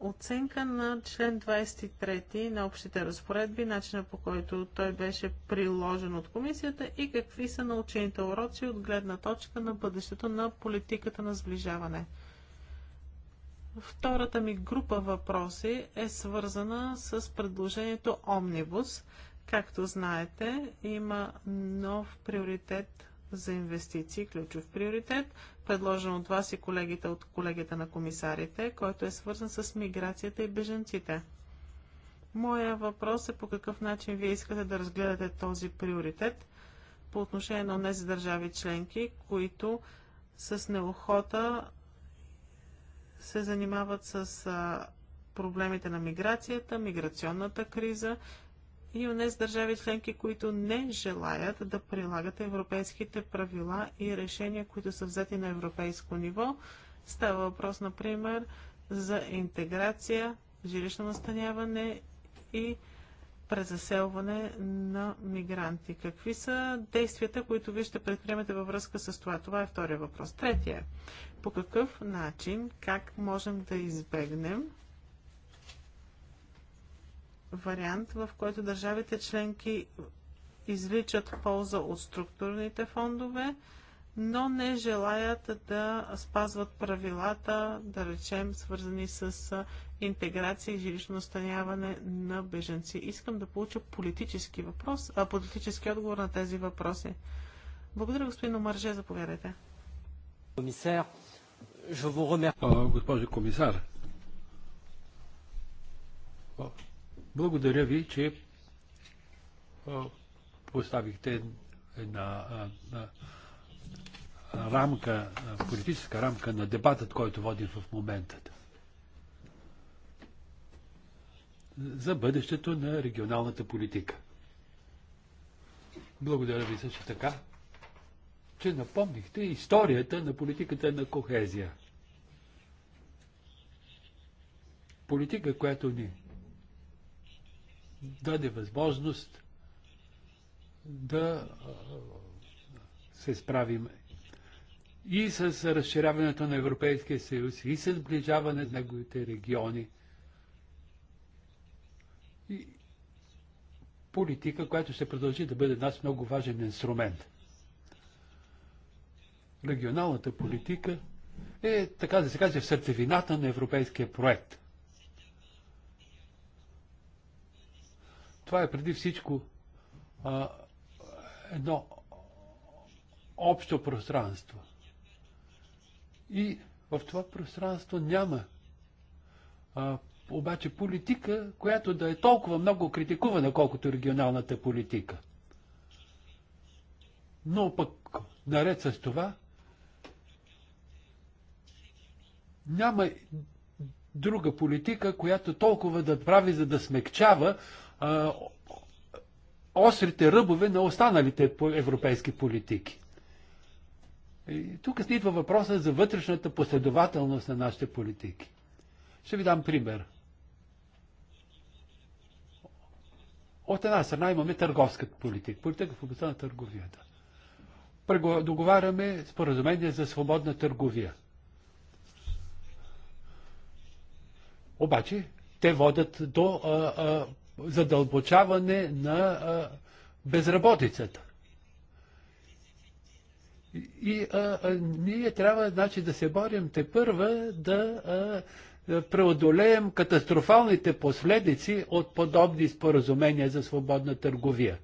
Speaker 1: оценка на член 23 на общите разпоредби, начина по който той беше приложен от комисията и какви са научените уроци от гледна точка на бъдещето на политиката на сближаване. Втората ми група въпроси е свързана с предложението Омнибус. Както знаете, има нов приоритет за инвестиции, ключов приоритет, предложен от вас и колегите от колегията на комисарите, който е свързан с миграцията и беженците. Моя въпрос е по какъв начин вие искате да разгледате този приоритет по отношение на тези държави членки, които с неохота се занимават с проблемите на миграцията, миграционната криза и унес държави членки, които не желаят да прилагат европейските правила и решения, които са взети на европейско ниво. Става въпрос, например, за интеграция, жилищно настаняване и презаселване на мигранти. Какви са действията, които вие ще предприемете във връзка с това? Това е втория въпрос. Третия. По какъв начин, как можем да избегнем вариант, в който държавите членки извличат полза от структурните фондове, но не желаят да спазват правилата, да речем, свързани с интеграция и жилищно настаняване на беженци. Искам да получа политически, въпрос, а, политически отговор на тези въпроси. Благодаря, господин Омарже, заповядайте. Комисар, je vous remercie. Госпожо комисар,
Speaker 2: благодаря ви, че поставихте една рамка, политическа рамка на дебатът, който водим в момента. За бъдещето на регионалната политика. Благодаря ви също така, че напомнихте историята на политиката на кохезия. Политика, която ни даде възможност да се справим и с разширяването на Европейския съюз, и с сближаване на неговите региони. И политика, която ще продължи да бъде наш много важен инструмент. Регионалната политика е, така да се каже, в сърцевината на европейския проект – Това е преди всичко а, едно общо пространство. И в това пространство няма а, обаче политика, която да е толкова много критикувана, колкото регионалната политика. Но пък, наред с това, няма друга политика, която толкова да прави, за да смекчава а, острите ръбове на останалите европейски политики. И тук идва въпроса за вътрешната последователност на нашите политики. Ще ви дам пример. От една страна имаме търговска политика, политика в областта на търговията. Договаряме споразумение за свободна търговия. Обаче те водят до а, а, задълбочаване на безработицата. И, а, а, ние трябва значи, да се борим те първа да, а, преодолеем катастрофалните последици от подобни споразумения за свободна търговия.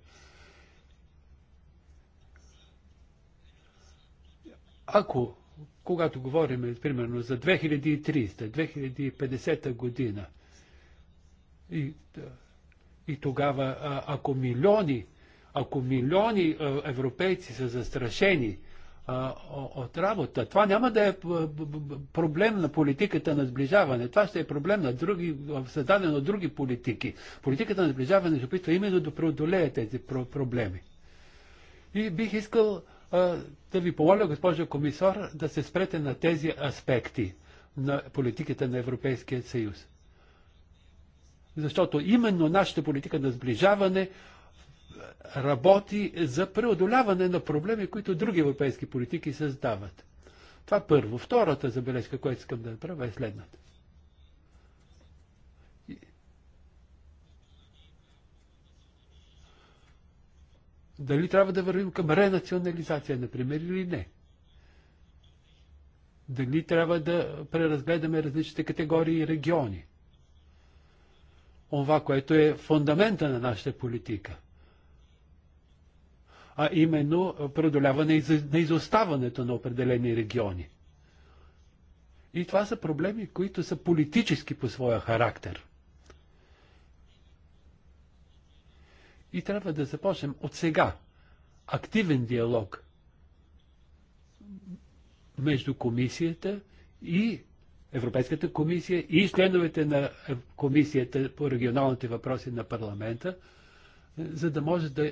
Speaker 2: Ако, когато говорим, примерно, за 2300, 2050 година, и и тогава, ако милиони, ако милиони европейци са застрашени от работа, това няма да е проблем на политиката на сближаване. Това ще е проблем на други, създаден от други политики. Политиката на сближаване се опитва именно да преодолее тези проблеми. И бих искал да ви помоля, госпожо комисар, да се спрете на тези аспекти на политиката на Европейския съюз. Защото именно нашата политика на сближаване работи за преодоляване на проблеми, които други европейски политики създават. Това първо. Втората забележка, която искам да направя е следната. Дали трябва да вървим към ренационализация, например, или не? Дали трябва да преразгледаме различните категории и региони? това, което е фундамента на нашата политика. А именно преодоляване на изоставането на определени региони. И това са проблеми, които са политически по своя характер. И трябва да започнем от сега активен диалог между комисията и Европейската комисия и членовете на комисията по регионалните въпроси на парламента, за да може да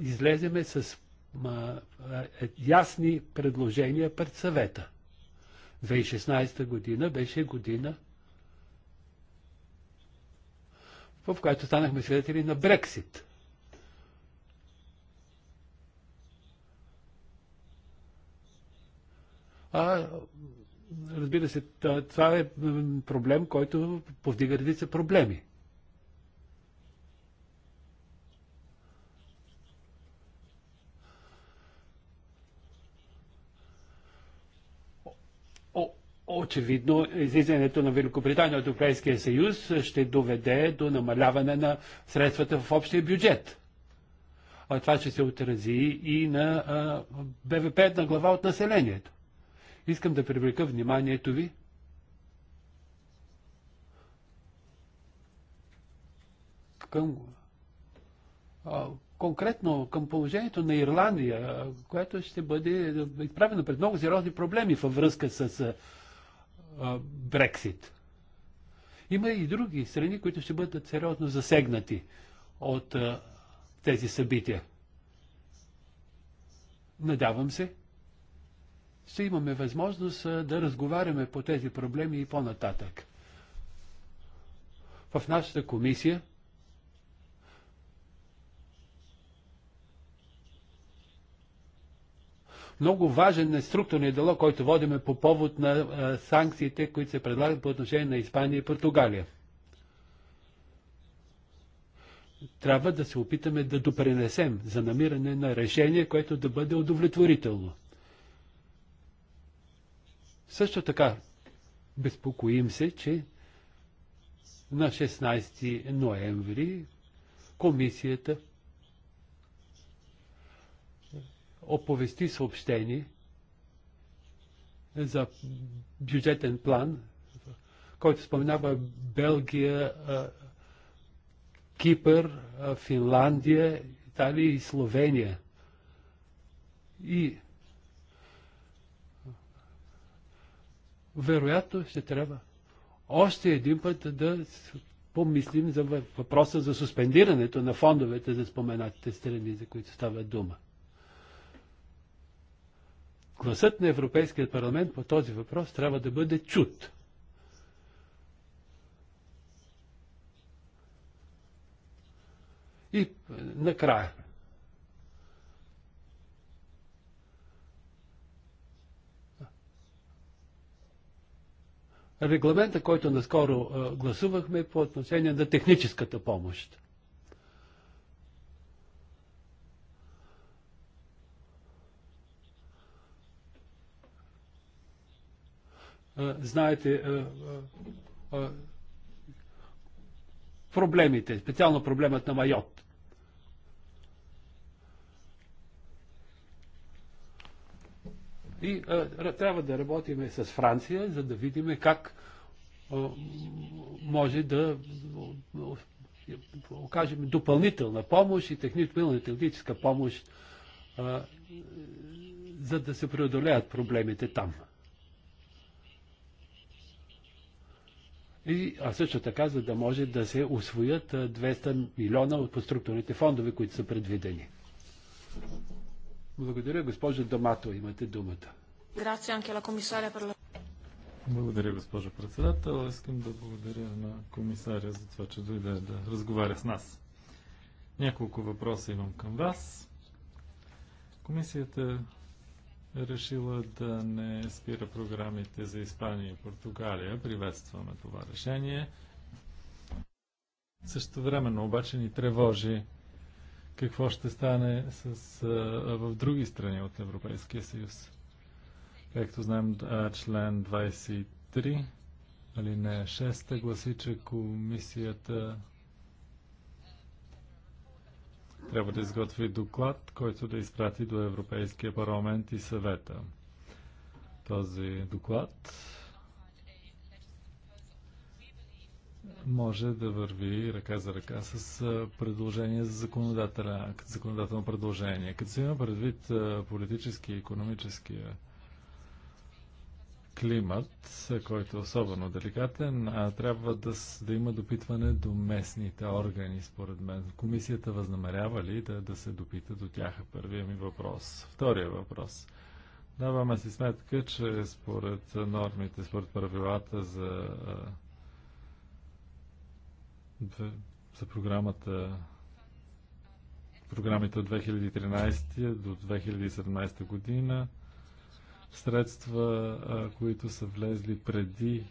Speaker 2: излеземе с ясни предложения пред съвета. 2016 година беше година, в която станахме свидетели на Брексит. А разбира се, това е проблем, който повдига редица проблеми. очевидно излизането на Великобритания от Европейския съюз ще доведе до намаляване на средствата в общия бюджет. А това ще се отрази и на БВП на глава от населението. Искам да привлека вниманието ви към а, конкретно към положението на Ирландия, което ще бъде изправено пред много сериозни проблеми във връзка с а, Брексит. Има и други страни, които ще бъдат сериозно засегнати от а, тези събития. Надявам се, ще имаме възможност да разговаряме по тези проблеми и по-нататък. В нашата комисия много важен е структурният дело, който водиме по повод на санкциите, които се предлагат по отношение на Испания и Португалия. Трябва да се опитаме да допренесем за намиране на решение, което да бъде удовлетворително. Също така, безпокоим се, че на 16 ноември комисията оповести съобщение за бюджетен план, който споменава Белгия, Кипър, Финландия, Италия и Словения. И вероятно ще трябва още един път да помислим за въпроса за суспендирането на фондовете за споменатите страни, за които става дума. Гласът на Европейския парламент по този въпрос трябва да бъде чут. И е, накрая, регламента, който наскоро гласувахме по отношение на техническата помощ. знаете, проблемите, специално проблемът на Майот. И а, трябва да работиме с Франция, за да видим как а, може да окажем допълнителна помощ и технично-техническа помощ, а, за да се преодолеят проблемите там. И, а също така, за да може да се освоят 200 милиона от структурните фондове, които са предвидени. Благодаря, госпожо Дамато. Имате
Speaker 3: думата.
Speaker 1: Грация, Анкела комисаря.
Speaker 3: Благодаря, госпожо председател. Искам да благодаря на комисаря за това, че дойде да разговаря с нас. Няколко въпроса имам към вас. Комисията е решила да не спира програмите за Испания и Португалия. Приветстваме това решение. Също времено обаче ни тревожи какво ще стане с, а, в други страни от Европейския съюз. Както знаем, член 23, алинея 6, гласи, че комисията трябва да изготви доклад, който да изпрати до Европейския парламент и съвета. Този доклад може да върви ръка за ръка с предложение за законодателя, законодателно предложение. Като се има предвид политически и економическия климат, който е особено деликатен, а трябва да, да има допитване до местните органи, според мен. Комисията възнамерява ли да, да се допита до тях? Е Първия ми въпрос. Втория въпрос. Даваме си сметка, че според нормите, според правилата за за програмата програмите от 2013 до 2017 година средства, които са влезли преди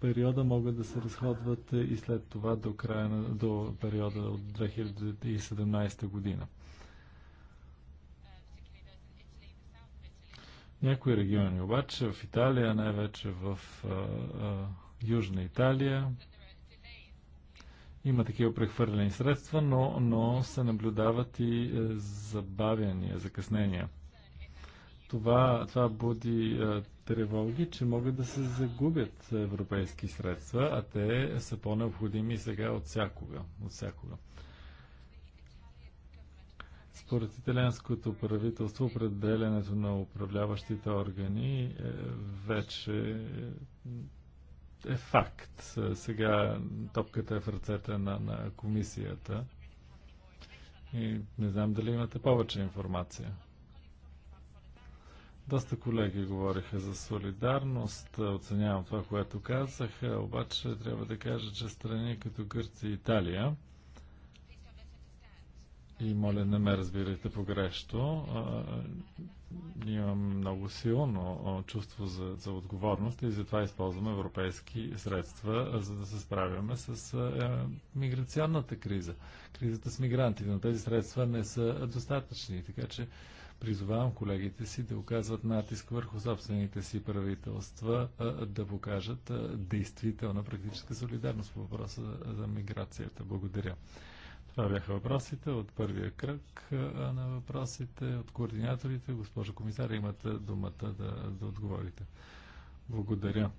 Speaker 3: периода могат да се разходват и след това до, края на, до периода от 2017 година. Някои региони обаче, в Италия, най-вече в а, а, Южна Италия. Има такива прехвърлени средства, но, но се наблюдават и е, забавяния, закъснения. Това, това буди е, тревоги, че могат да се загубят европейски средства, а те са по-необходими сега от всякога. От всякога. Според италианското правителство, определенето на управляващите органи е вече е, е факт. Сега топката е в ръцете на, на комисията. И не знам дали имате повече информация. Доста колеги говориха за солидарност, оценявам това, което казаха, обаче трябва да кажа, че страни като Гърция и Италия и моля, не ме разбирайте погрешно. Имам много силно чувство за, за отговорност и затова използваме европейски средства, за да се справяме с а, е, миграционната криза, кризата с мигрантите. Но тези средства не са достатъчни, така че призовавам колегите си да оказват натиск върху собствените си правителства а, да покажат а, действителна практическа солидарност по въпроса за миграцията. Благодаря. Това бяха въпросите от първия кръг на въпросите от координаторите. Госпожо комисар, имате думата да, да отговорите. Благодаря.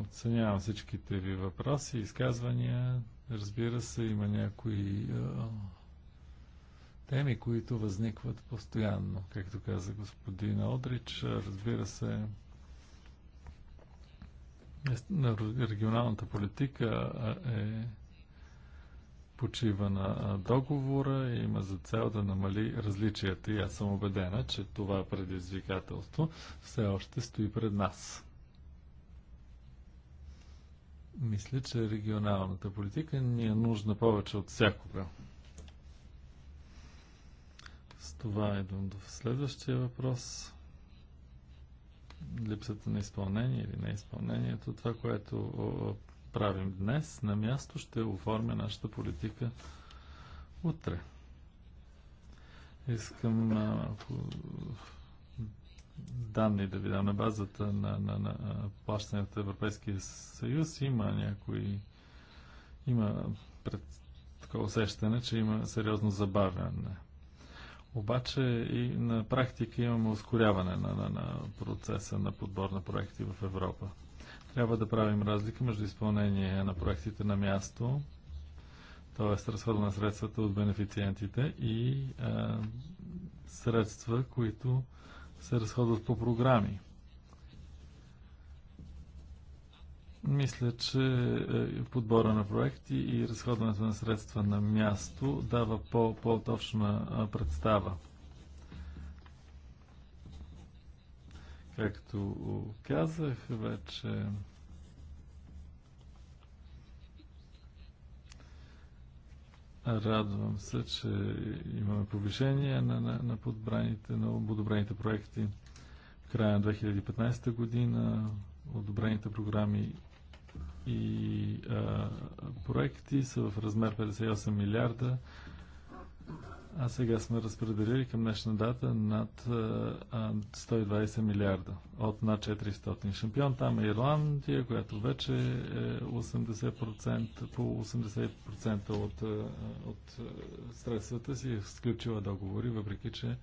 Speaker 3: оценявам всичките ви въпроси, изказвания. Разбира се, има някои теми, които възникват постоянно, както каза господин Одрич. Разбира се, регионалната политика е почива на договора и има за цел да намали различията. И аз съм убедена, че това предизвикателство все още стои пред нас. Мисля, че регионалната политика ни е нужна повече от всякога. С това идвам до следващия въпрос. Липсата на изпълнение или неизпълнението, това, което правим днес, на място ще оформя нашата политика утре. Искам а, данни да ви дам на базата на, на, на плащанията в Европейския съюз. Има някои. Има пред такова усещане, че има сериозно забавяне. Обаче и на практика имаме ускоряване на, на, на процеса на подбор на проекти в Европа. Трябва да правим разлика между изпълнение на проектите на място, т.е. разхода на средствата от бенефициентите и а, средства, които се разходват по програми. Мисля, че е, подбора на проекти и разходването на средства на място дава по-точна -по представа Както казах вече, радвам се, че имаме повишение на, на, на подбраните, на подобрените проекти в края на 2015 година, одобрените програми и а, проекти са в размер 58 милиарда а сега сме разпределили към днешна дата над 120 милиарда от над 400. Шампион там е Ирландия, която вече е 80%, по 80% от, от средствата си е сключила договори, въпреки че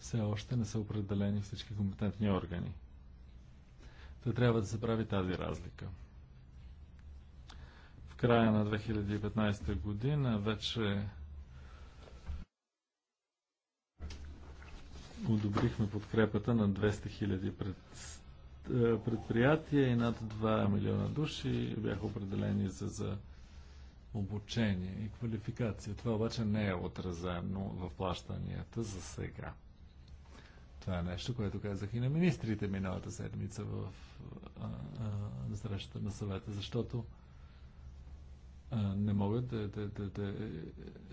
Speaker 3: все още не са определени всички компетентни органи. Та трябва да се прави тази разлика В края на 2015 година вече одобрихме подкрепата на 200 хиляди предприятия и над 2 милиона души бяха определени за, за обучение и квалификация. Това обаче не е отразено в плащанията за сега. Това е нещо, което казах и на министрите миналата седмица в а, а, на срещата на съвета, защото не могат да, да, да, да е,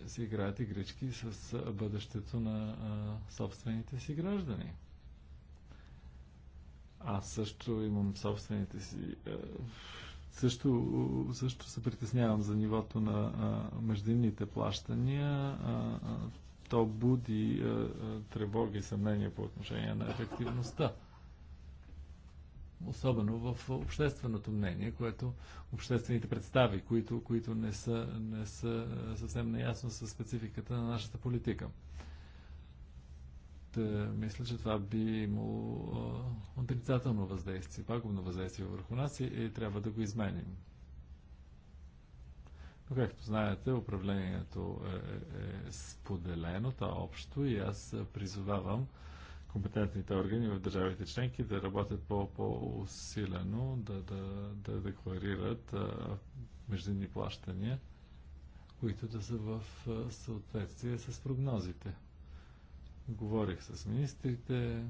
Speaker 3: си играят игрички с бъдещето на а, собствените си граждани. Аз също имам собствените си. А, също, също се притеснявам за нивото на а, междинните плащания. А, а, то буди а, а, тревоги и съмнения по отношение на ефективността особено в общественото мнение, което обществените представи, които, които не, са, не са съвсем наясно с спецификата на нашата политика. Та, мисля, че това би имало отрицателно въздействие, пагубно въздействие върху нас и, и трябва да го изменим. Но както знаете, управлението е, е, е споделено, то е общо и аз призовавам компетентните органи в държавите членки да работят по-усилено, да, да, да декларират междинни плащания, които да са в съответствие с прогнозите. Говорих с министрите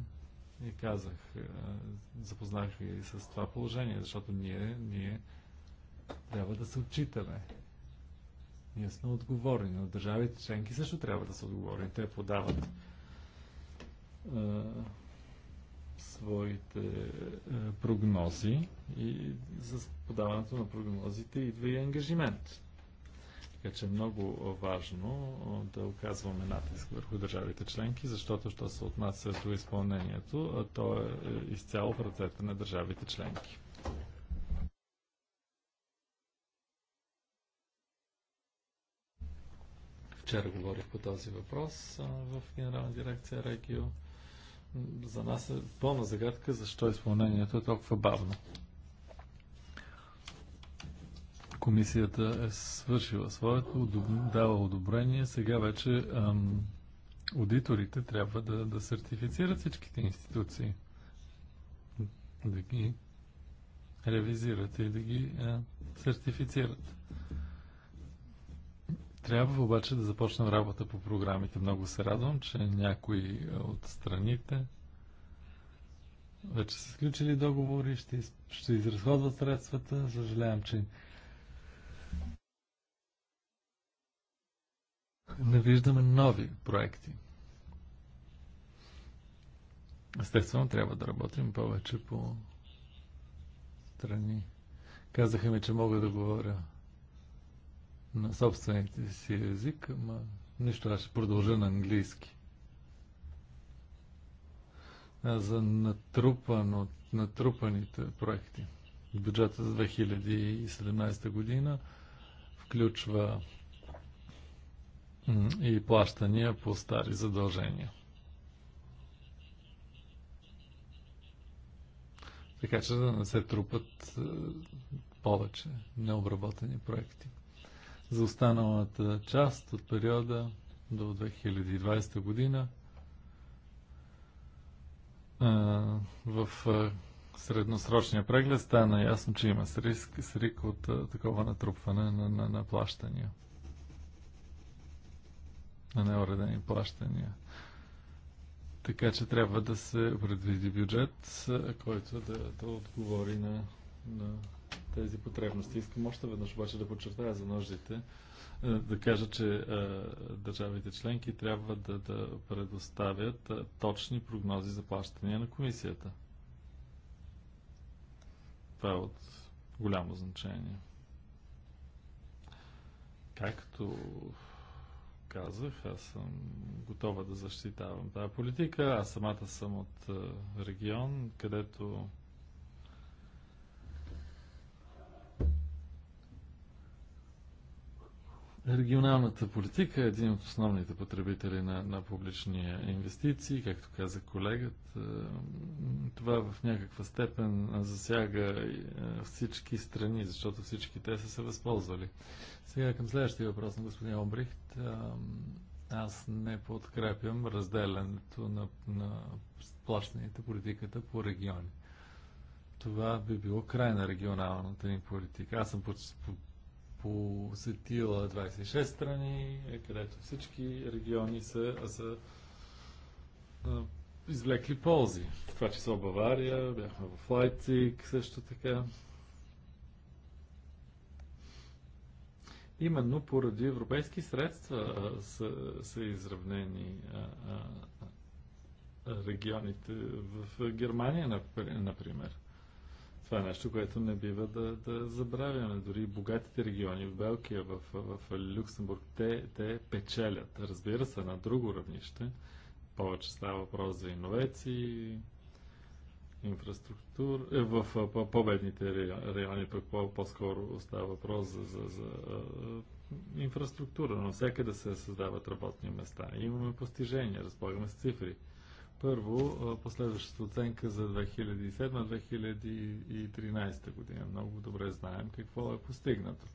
Speaker 3: и казах, запознах и с това положение, защото ние, ние трябва да се отчитаме. Ние сме отговорни, но държавите членки също трябва да са отговорни. Те подават своите прогнози и за подаването на прогнозите идва и ангажимент. Така че е много важно да оказваме натиск върху държавите членки, защото що се отнася до изпълнението, а то е, е изцяло в ръцете на държавите членки. Вчера говорих по този въпрос в Генерална дирекция Регио за нас е пълна загадка защо изпълнението е толкова бавно. Комисията е свършила своето, дава одобрение. Сега вече ам, аудиторите трябва да, да сертифицират всичките институции, да ги ревизират и да ги а, сертифицират. Трябва обаче да започнем работа по програмите. Много се радвам, че някои от страните вече са сключили договори, ще, ще изразходват средствата. Съжалявам, че не виждаме нови проекти. Естествено, трябва да работим повече по страни. Казаха ми, че мога да говоря на собствените си език, ама нищо, аз ще продължа на английски. За натрупано, натрупаните проекти. Бюджета за 2017 година включва и плащания по стари задължения. Така че да не се трупат е, повече необработени проекти. За останалата част от периода до 2020 година в средносрочния преглед стана ясно, че има риск, с от такова натрупване на, на, на плащания. На неуредени плащания. Така че трябва да се предвиди бюджет, който да, да отговори на, на тези потребности. Искам още веднъж обаче да подчертая за нуждите, е, да кажа, че е, държавите членки трябва да, да предоставят е, точни прогнози за плащания на комисията. Това е от голямо значение. Както казах, аз съм готова да защитавам тази политика. Аз самата съм от регион, където Регионалната политика е един от основните потребители на, на публични инвестиции, както каза колегът. Е, това в някаква степен засяга е, всички страни, защото всички те са се възползвали. Сега към следващия въпрос на господин Обрихт. Е, аз не подкрепям разделянето на, на плащаните политиката по региони. Това би било край на регионалната ни политика. Аз съм посетила 26 страни, е, където всички региони са, са извлекли ползи. В това число Бавария, бяхме в Лайцик също така. Именно поради европейски средства са, са изравнени регионите в Германия, например. Това е нещо, което не бива да, да забравяме. Дори богатите региони в Белгия, в, в Люксембург, те, те печелят. Разбира се, на друго равнище. Повече става въпрос за иновеции, инфраструктура. Е, в по-бедните райони пък по-скоро -по става въпрос за, за, за инфраструктура. Но всякъде се създават работни места. Имаме постижения, разполагаме с цифри. Първо, последващата оценка за 2007-2013 година. Много добре знаем какво е постигнато.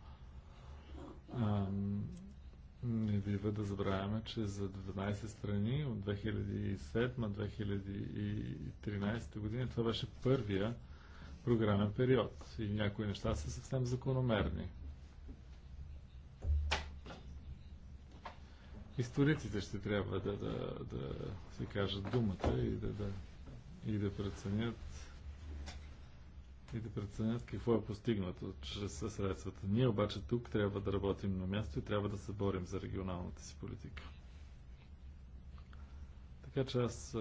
Speaker 3: не бива да забравяме, че за 12 страни от 2007-2013 година това беше първия програмен период и някои неща са съвсем закономерни. историците ще трябва да, да, да си кажат думата и да, да, и да преценят и да преценят какво е постигнато чрез средствата. Ние обаче тук трябва да работим на място и трябва да се борим за регионалната си политика. Така че аз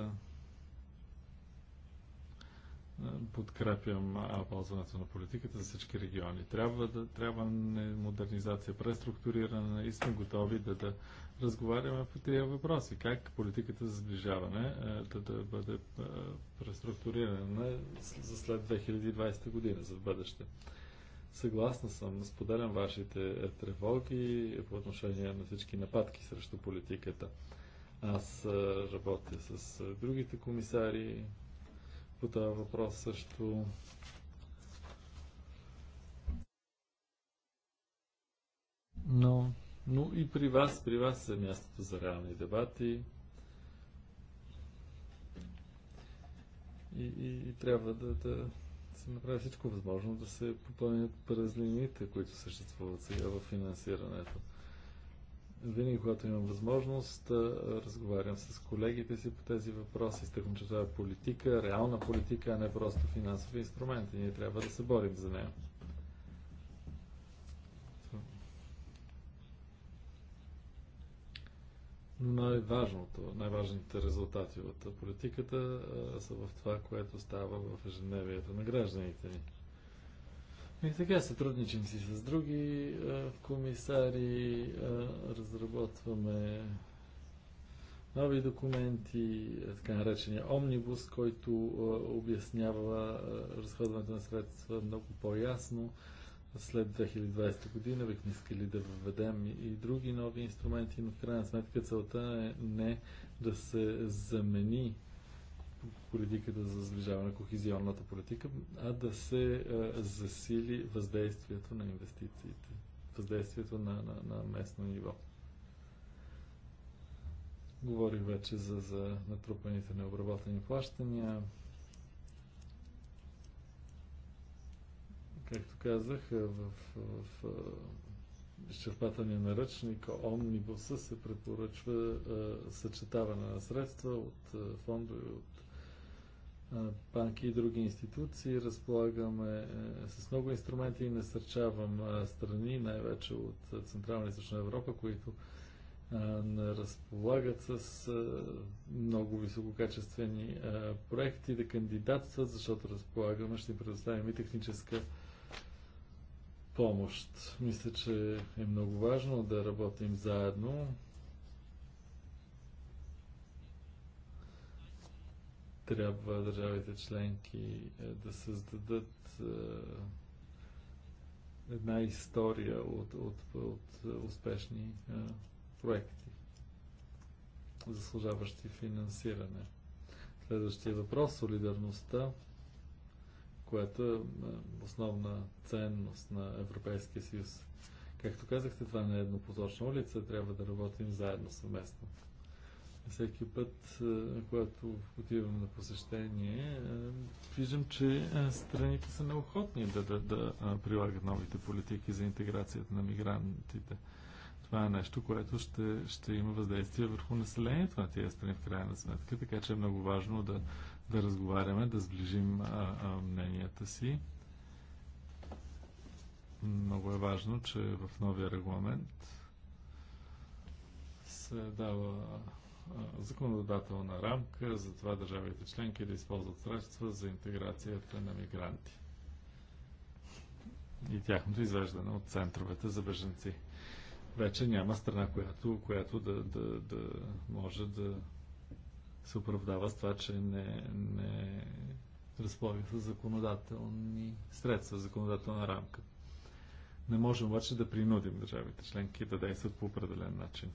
Speaker 3: подкрепям ползването на политиката за всички региони. Трябва да трябва модернизация, преструктуриране и сме готови да, да разговаряме по тези въпроси. Как политиката за сближаване е, да, да бъде е, преструктурирана за след 2020 година, за бъдеще. Съгласна съм, споделям вашите е, тревоги по отношение на всички нападки срещу политиката. Аз работя с другите комисари, по този въпрос също. Но, но и при вас, при вас е мястото за реални дебати. И, и, и трябва да, да се направи всичко възможно да се попълнят празнините, които съществуват сега в финансирането. Винаги, когато имам възможност, разговарям с колегите си по тези въпроси. Стъквам, че това е политика, реална политика, а не просто финансови инструменти. Ние трябва да се борим за нея. Но най-важното, най-важните резултати от политиката са в това, което става в ежедневието на гражданите ни. И така, сътрудничим си с други а, комисари, а, разработваме нови документи, така наречения омнибус, който а, обяснява а, разходването на средства много по-ясно. След 2020 година бихме искали да въведем и, и други нови инструменти, но в крайна сметка целта е не да се замени политиката за сближаване, кохезионната политика, а да се е, засили въздействието на инвестициите, въздействието на, на, на местно ниво. Говорих вече за, за натрупаните необработени плащания. Както казах, е, в, в, в е, изчерпателния наръчник Омнибуса се препоръчва а, съчетаване на средства от а, фондове, от банки и други институции. Разполагаме е, с много инструменти и насърчавам страни, най-вече от Централна и Източна Европа, които не разполагат с много висококачествени проекти да кандидатстват, защото разполагаме, ще им предоставим и техническа помощ. Мисля, че е много важно да работим заедно трябва държавите членки е, да създадат е, една история от, от, от успешни е, проекти, заслужаващи финансиране. Следващия въпрос солидарността, която е основна ценност на Европейския съюз. Както казахте, това не е еднопосочна улица, трябва да работим заедно съвместно. Всеки път, е, когато отивам на посещение, е, виждам, че е, страните са неохотни да, да, да прилагат новите политики за интеграцията на мигрантите. Това е нещо, което ще, ще има въздействие върху населението на тези страни в крайна сметка, така че е много важно да, да разговаряме, да сближим а, а, мненията си. Много е важно, че в новия регламент се дава законодателна рамка за това държавите членки да използват средства за интеграцията на мигранти и тяхното извеждане от центровете за беженци. Вече няма страна, която, която да, да, да може да се оправдава с това, че не, не разполага с законодателни средства, законодателна рамка. Не можем обаче да принудим държавите членки да действат по определен начин.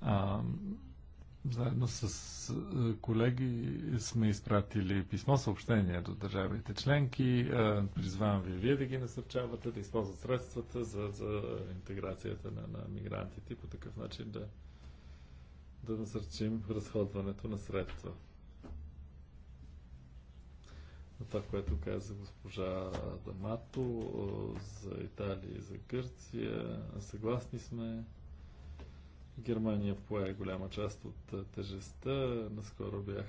Speaker 3: А, заедно с колеги сме изпратили писмо съобщение до държавите членки. Призвавам ви вие да ги насърчавате, да използват средствата за, за интеграцията на, на мигрантите и по такъв начин да, да насърчим разходването на средства. На това, което каза госпожа Дамато за Италия и за Гърция, съгласни сме. Германия пое голяма част от тежестта. Наскоро бях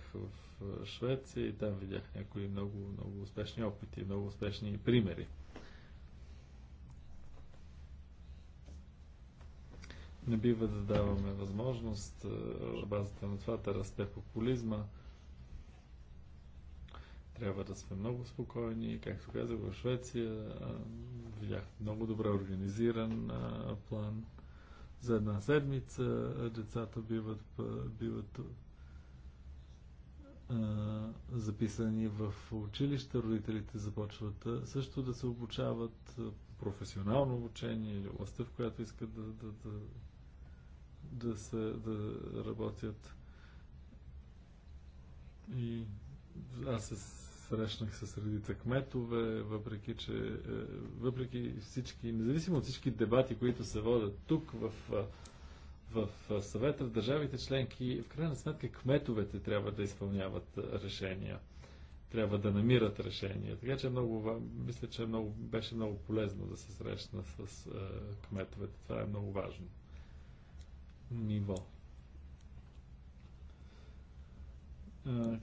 Speaker 3: в Швеция и там видях някои много, много успешни опити, много успешни примери. Не бива да даваме възможност на базата на това да расте популизма. Трябва да сме много спокойни. Както казах, в Швеция видях много добре организиран план – за една седмица децата биват, биват записани в училище, родителите започват също да се обучават професионално обучение или областта, в която искат да, да, да, да, се, да работят. И аз с срещнах с редица кметове, въпреки че, е, въпреки всички, независимо от всички дебати, които се водят тук в, е, в е, съвета, в държавите членки, в крайна сметка кметовете трябва да изпълняват решения. Трябва да намират решения. Така че много, мисля, че много, беше много полезно да се срещна с кметовете. Това е много важно. Ниво.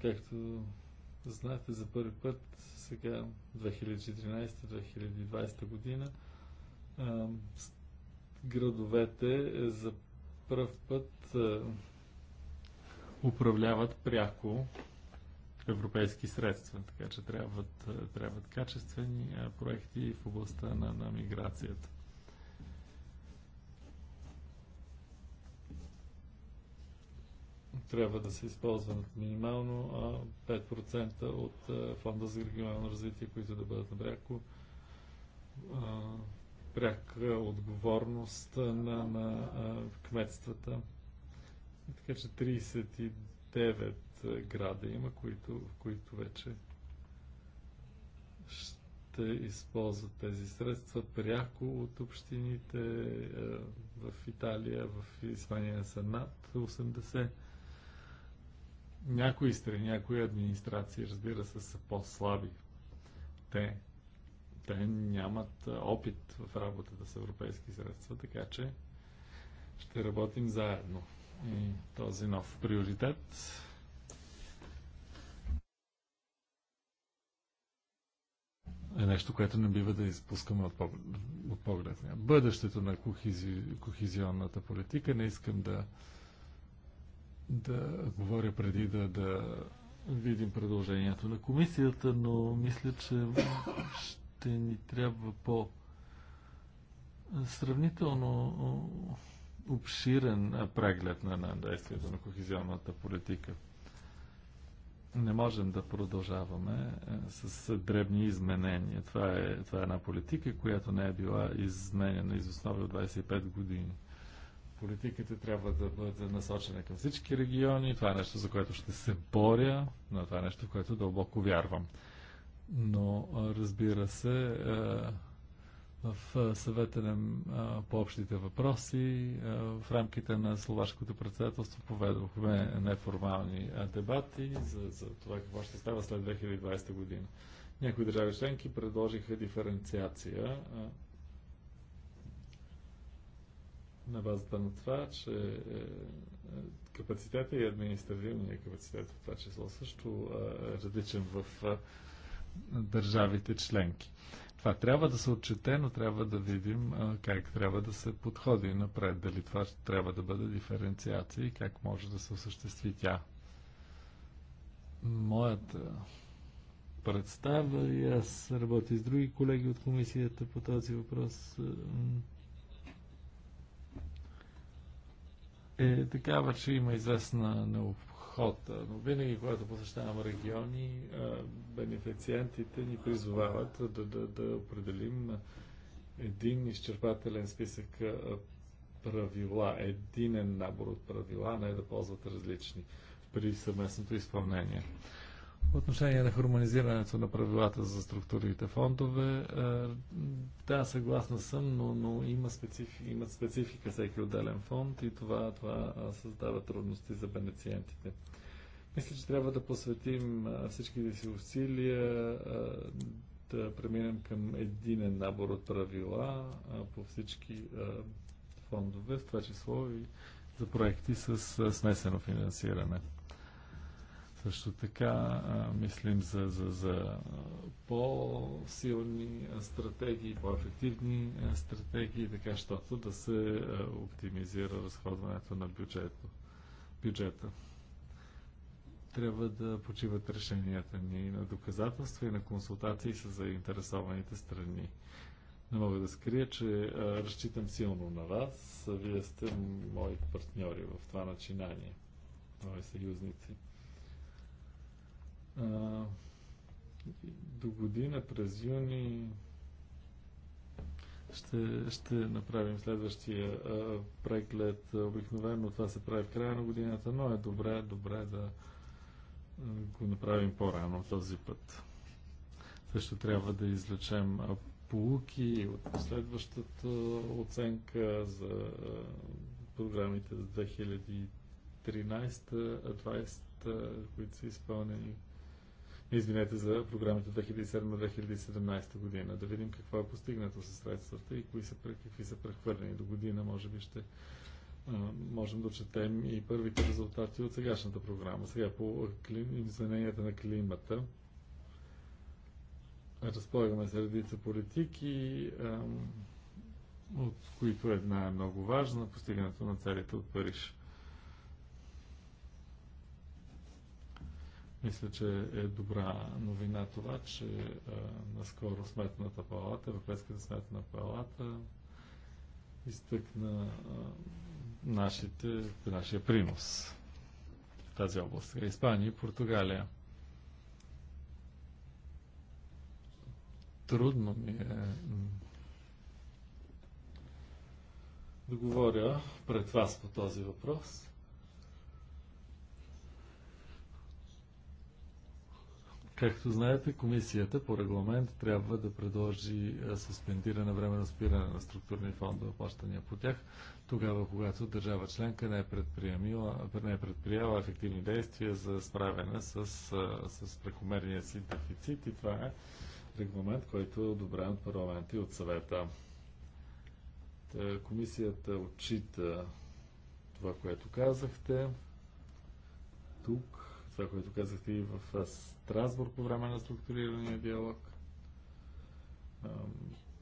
Speaker 3: както Знаете, за първи път сега 2013-2020 година градовете е, за първ път управляват пряко европейски средства, така че трябват, трябват качествени проекти в областта на, на миграцията. трябва да се използват минимално 5% от фонда за регионално развитие, които да бъдат напряко пряка отговорност на, на кметствата. така че 39 града има, които, които вече ще използват тези средства пряко от общините. В Италия, в Испания са над 80 някои страни, някои администрации, разбира се, са по-слаби. Те, те нямат опит в работата с европейски средства, така че ще работим заедно. И този нов приоритет е нещо, което не бива да изпускаме от поглед. Бъдещето на кохизионната политика не искам да да говоря преди да, да видим предложението на комисията, но мисля, че ще ни трябва по сравнително обширен преглед на, на действието на кохезионната политика. Не можем да продължаваме е, с дребни изменения. Това е, това е една политика, която не е била изменена из основи от 25 години политиката трябва да бъде насочена към всички региони. Това е нещо, за което ще се боря, но това е нещо, в което дълбоко вярвам. Но, разбира се, в съвета на по-общите въпроси, в рамките на словашкото председателство поведохме неформални дебати за, за това какво ще става след 2020 година. Някои държави членки предложиха диференциация на базата на това, че е, е, капацитета и административния капацитет в това число също е, е различен в държавите членки. Това трябва да се отчете, но трябва да видим как трябва да се подходи напред. Дали това трябва да бъде диференциация и как може да се осъществи тя. Моята представа и аз работя с други колеги от комисията по този въпрос е такава, че има известна необхода. Но винаги, когато посещавам региони, бенефициентите ни призовават да, да, да определим един изчерпателен списък правила, единен набор от правила, не да ползват различни при съвместното изпълнение. По отношение на хармонизирането на правилата за структурните фондове, е, да, съгласна съм, но, но има специфи, имат специфика всеки отделен фонд и това, това създава трудности за бенециентите. Мисля, че трябва да посветим всичките си усилия да преминем към единен набор от правила по всички фондове, в това число и за проекти с смесено финансиране. Също така а, мислим за, за, за по-силни стратегии, по-ефективни стратегии, така щото да се оптимизира разходването на бюджето, бюджета. Трябва да почиват решенията ни на доказателства и на консултации с заинтересованите страни. Не мога да скрия, че а, разчитам силно на вас. Вие сте мои партньори в това начинание, мои съюзници до година, през юни, ще, ще направим следващия а, преглед. Обикновено това се прави в края на годината, но е добре, добре да го направим по-рано този път. Също трябва да излечем полуки от последващата оценка за програмите за 2013-2020, които са изпълнени извинете, за програмите 2007-2017 година. Да видим какво е постигнато със средствата и кои са, какви са прехвърлени. До година може би ще можем да четем и първите резултати от сегашната програма. Сега по измененията на климата разполагаме се редица политики, от които една е много важна постигането на целите от Париж. Мисля, че е добра новина това, че а, наскоро Сметната палата, Европейската сметна палата изтъкна а, нашите, нашия принос в тази област. Испания и Португалия. Трудно ми е да говоря пред вас по този въпрос. Както знаете, комисията по регламент трябва да предложи суспендиране време на спиране на структурни фондове плащания по тях, тогава когато държава членка не е, не е предприяла ефективни действия за справяне с, с прекомерния си дефицит и това е регламент, който е одобрен от парламента и от съвета. комисията отчита това, което казахте. Тук това, което казахте и в Страсбург по време на структурирания диалог.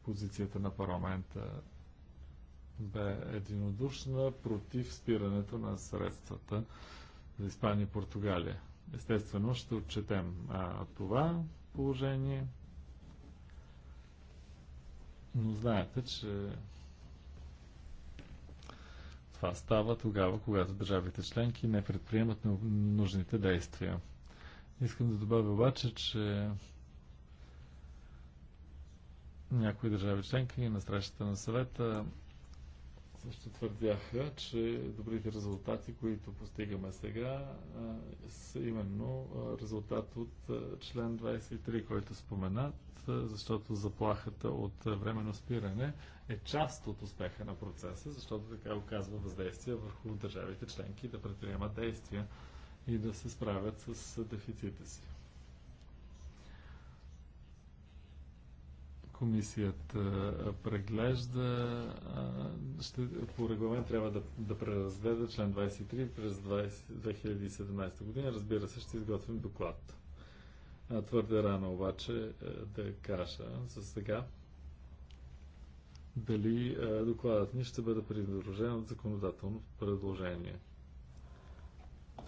Speaker 3: Позицията на парламента бе единодушна против спирането на средствата за Испания и Португалия. Естествено, ще отчетем а, това положение, но знаете, че това става тогава, когато държавите членки не предприемат нужните действия. Искам да добавя обаче, че някои държави членки на срещата на съвета също твърдяха, че добрите резултати, които постигаме сега, са именно резултат от член 23, който е споменат, защото заплахата от временно спиране е част от успеха на процеса, защото така оказва въздействие върху държавите членки да предприемат действия и да се справят с дефицита си. комисията преглежда, ще, по регламент трябва да, да преразгледа член 23 през 20, 2017 година. Разбира се, ще изготвим доклад. Твърде рано обаче да е кажа за сега дали докладът ни ще бъде придружен от законодателно предложение.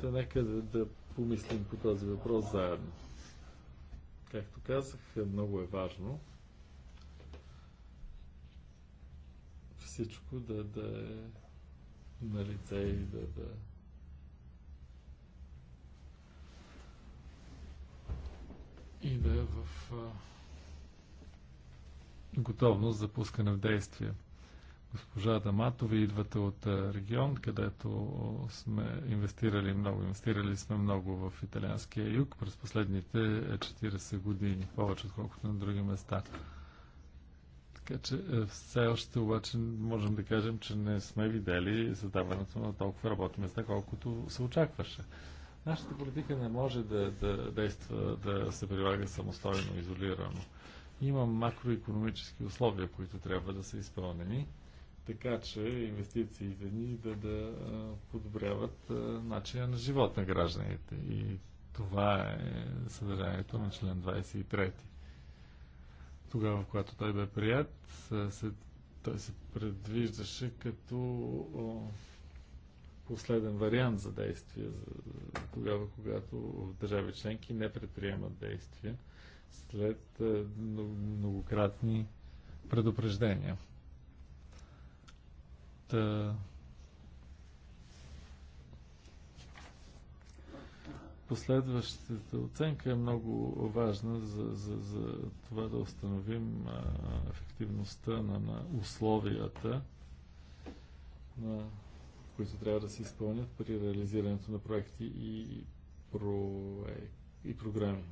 Speaker 3: Та нека да, да помислим по този въпрос заедно. Както казах, много е важно всичко да, да е на лице и да, да и да е в а, готовност за пускане в действие. Госпожа Дамато, вие идвате от регион, където сме инвестирали много. Инвестирали сме много в италианския юг през последните 40 е, години, повече отколкото на други места. Така че е, все още обаче можем да кажем, че не сме видели създаването на толкова работни места, колкото се очакваше. Нашата политика не може да, да действа, да се прилага самостойно, изолирано. Има макроекономически условия, които трябва да са изпълнени, така че инвестициите ни да, да е, подобряват е, начина на живот на гражданите. И това е съдържанието на член 23 тогава, когато той бе прият, се, той се предвиждаше като о, последен вариант за действие, за, тогава, когато държави членки не предприемат действия след многократни предупреждения. Та, Последващата оценка е много важна за, за, за това да установим а, ефективността на, на условията, на, които трябва да се изпълнят при реализирането на проекти и, про, е, и програми.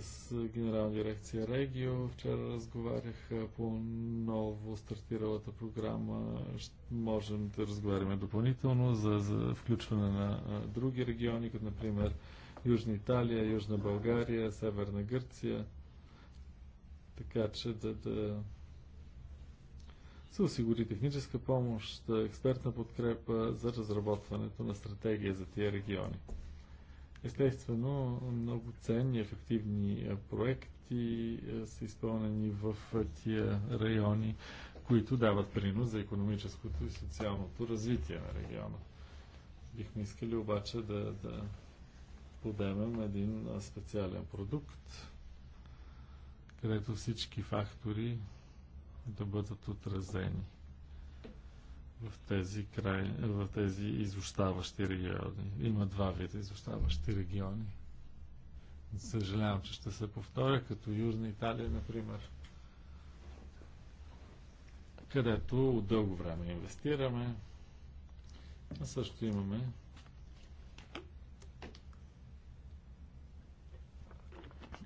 Speaker 3: с е, генерална дирекция Регио. Вчера разговарях по ново стартиралата програма. Можем да разговаряме допълнително за, за включване на е, други региони, като например Южна Италия, Южна България, Северна Гърция. Така че да, да се осигури техническа помощ, експертна подкрепа за разработването на стратегия за тия региони. Естествено, много ценни, ефективни е, проекти е, са изпълнени в е, тия райони, които дават принос за економическото и социалното развитие на региона. Бихме искали обаче да, да подемем един специален продукт, където всички фактори да бъдат отразени в тези, край, в тези изоставащи региони. Има два вида изоставащи региони. Съжалявам, че ще се повторя, като Южна Италия, например, където от дълго време инвестираме, а също имаме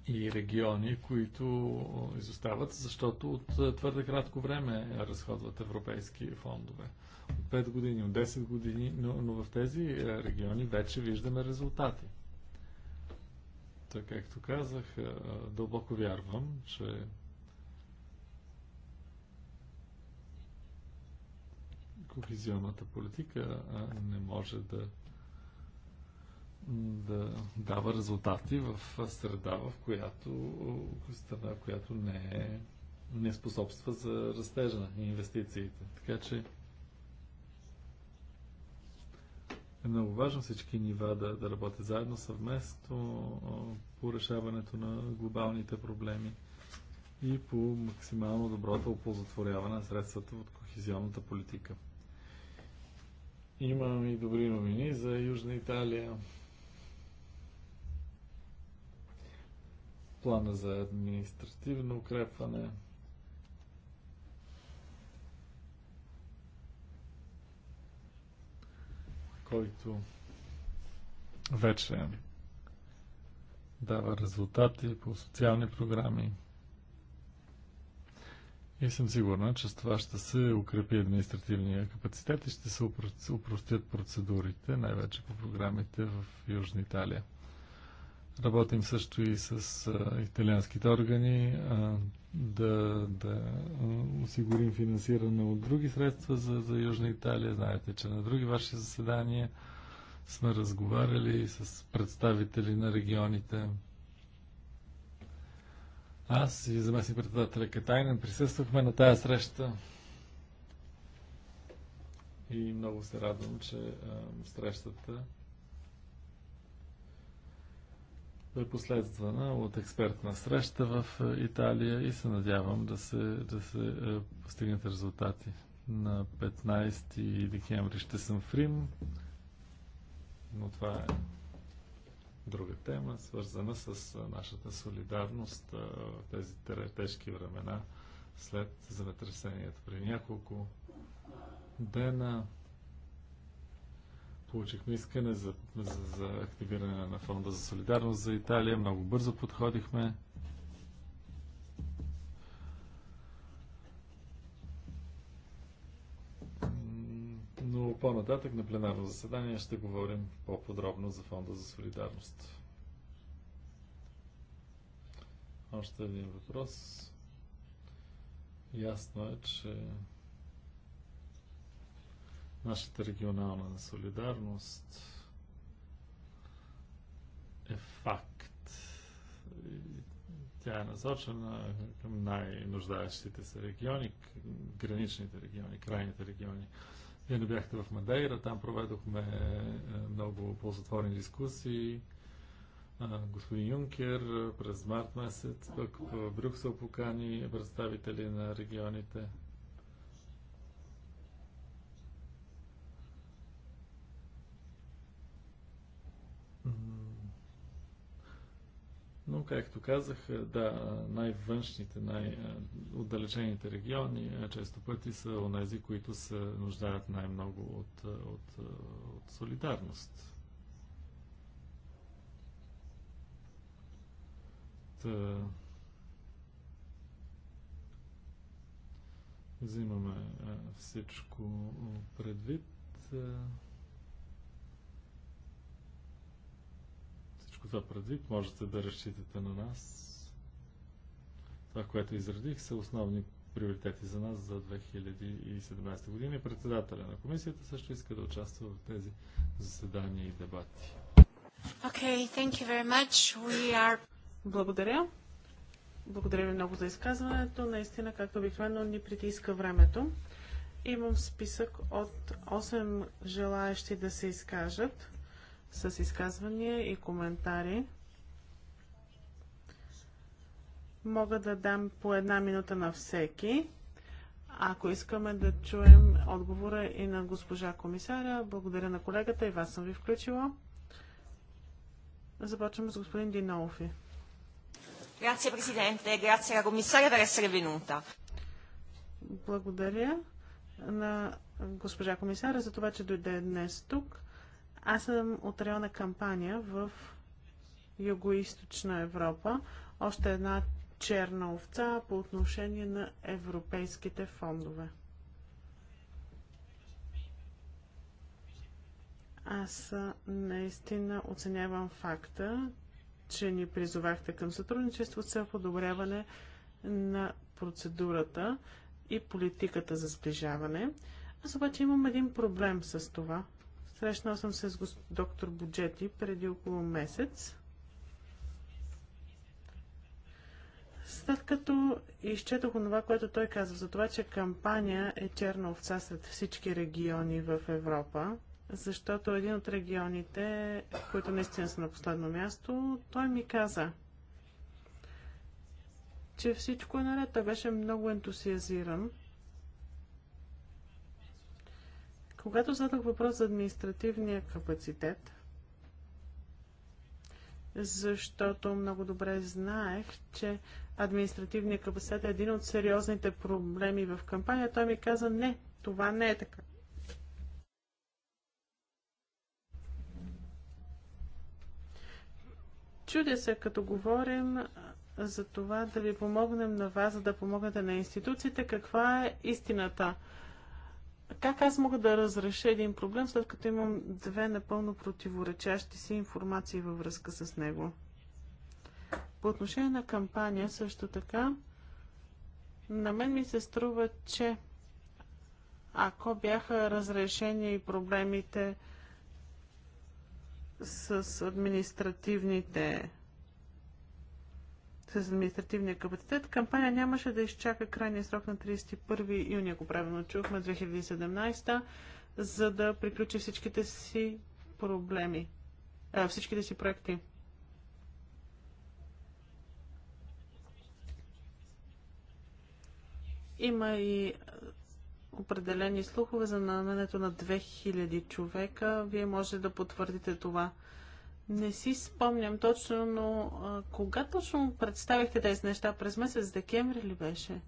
Speaker 3: и региони, които изостават, защото от е, твърде кратко време разходват европейски фондове. От 5 години, от 10 години, но, но в тези е, региони вече виждаме резултати. Така както казах, е, дълбоко вярвам, че кохезионната политика не може да да дава резултати в среда, в която, страна, която не, е, не способства за растежа на инвестициите. Така че е много важно всички нива да, да работят заедно съвместно по решаването на глобалните проблеми и по максимално доброто оползотворяване на средствата от кохезионната политика. Имам и добри новини за Южна Италия. плана за административно укрепване. който вече дава резултати по социални програми. И съм сигурна, че с това ще се укрепи административния капацитет и ще се упростят процедурите, най-вече по програмите в Южна Италия. Работим също и с а, италианските органи а, да, да осигурим финансиране от други средства за, за Южна Италия. Знаете, че на други ваши заседания сме разговаряли с представители на регионите. Аз и заместник председателя Катайнен присъствахме на тая среща и много се радвам, че а, срещата Е последствана от експертна среща в е, Италия и се надявам да се, да се е, постигнат резултати. На 15 декември ще съм в Рим, но това е друга тема, свързана с е, нашата солидарност в тези тежки времена след земетресението. При няколко дена Получихме искане за, за, за активиране на фонда за солидарност за Италия. Много бързо подходихме. Но по-нататък на пленарно заседание ще говорим по-подробно за фонда за солидарност. Още един въпрос. Ясно е, че Нашата регионална солидарност е факт. Тя е насочена към най-нуждаещите се региони, граничните региони, крайните региони. Вие не бяхте в Мадейра, там проведохме е, много ползотворни дискусии. Е, господин Юнкер през март месец пък в Брюксел покани представители на регионите. Но, както казах, е, да, най-външните, най-отдалечените региони е, често пъти са онези, които се нуждаят най-много от, е, от, от солидарност. Та... Взимаме всичко предвид. всичко това предвид, можете да разчитате на нас. Това, което изредих, са основни приоритети за нас за 2017 година председателя на комисията също иска да участва в тези заседания и дебати.
Speaker 1: Okay, thank you very much. We are... Благодаря. Благодаря ви много за изказването. Наистина, както обикновено, ни притиска времето. Имам списък от 8 желаящи да се изкажат с изказвания и коментари. Мога да дам по една минута на всеки. Ако искаме да чуем отговора и на госпожа комисаря, благодаря на колегата и вас съм ви включила. Започваме с господин Динолфи.
Speaker 5: Grazie президенте, грация на комисаря per essere
Speaker 1: Благодаря на госпожа комисаря за това, че дойде днес тук. Аз съм от района кампания в Юго-Источна Европа. Още една черна овца по отношение на европейските фондове. Аз наистина оценявам факта, че ни призовахте към сътрудничество с подобряване на процедурата и политиката за сближаване. Аз обаче имам един проблем с това. Срещнал съм се с доктор Буджети преди около месец. След като изчетох това, което той каза за това, че кампания е черна овца сред всички региони в Европа, защото един от регионите, които наистина са на последно място, той ми каза, че всичко е наред. Той беше много ентусиазиран Когато задах въпрос за административния капацитет, защото много добре знаех, че административният капацитет е един от сериозните проблеми в кампания, той ми каза не, това не е така. Чудя се, като говорим за това да ви помогнем на вас, за да помогнете на институциите, каква е истината. Как аз мога да разреша един проблем, след като имам две напълно противоречащи си информации във връзка с него? По отношение на кампания също така, на мен ми се струва, че ако бяха разрешени и проблемите с административните с административния капацитет. Кампания нямаше да изчака крайния срок на 31 юни, ако правилно чухме, 2017, за да приключи всичките си проблеми, а, всичките си проекти. Има и определени слухове за наменето на 2000 човека. Вие може да потвърдите това. Не си спомням точно, но а, кога точно представихте тези неща? През месец декември ли беше?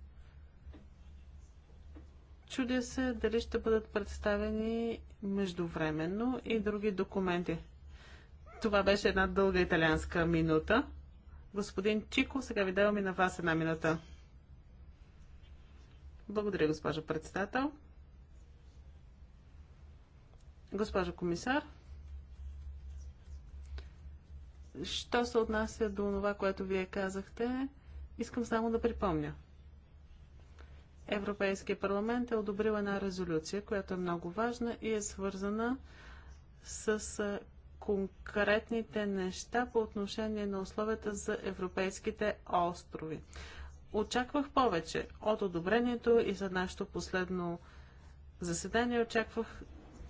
Speaker 1: Чудя се дали ще бъдат представени междувременно и други документи. Това беше една дълга италианска минута. Господин Чико, сега ви давам и на вас една минута. Благодаря, госпожо председател. Госпожо комисар. Що се отнася до това, което вие казахте, искам само да припомня. Европейския парламент е одобрил една резолюция, която е много важна и е свързана с конкретните неща по отношение на условията за европейските острови. Очаквах повече от одобрението и за нашето последно заседание очаквах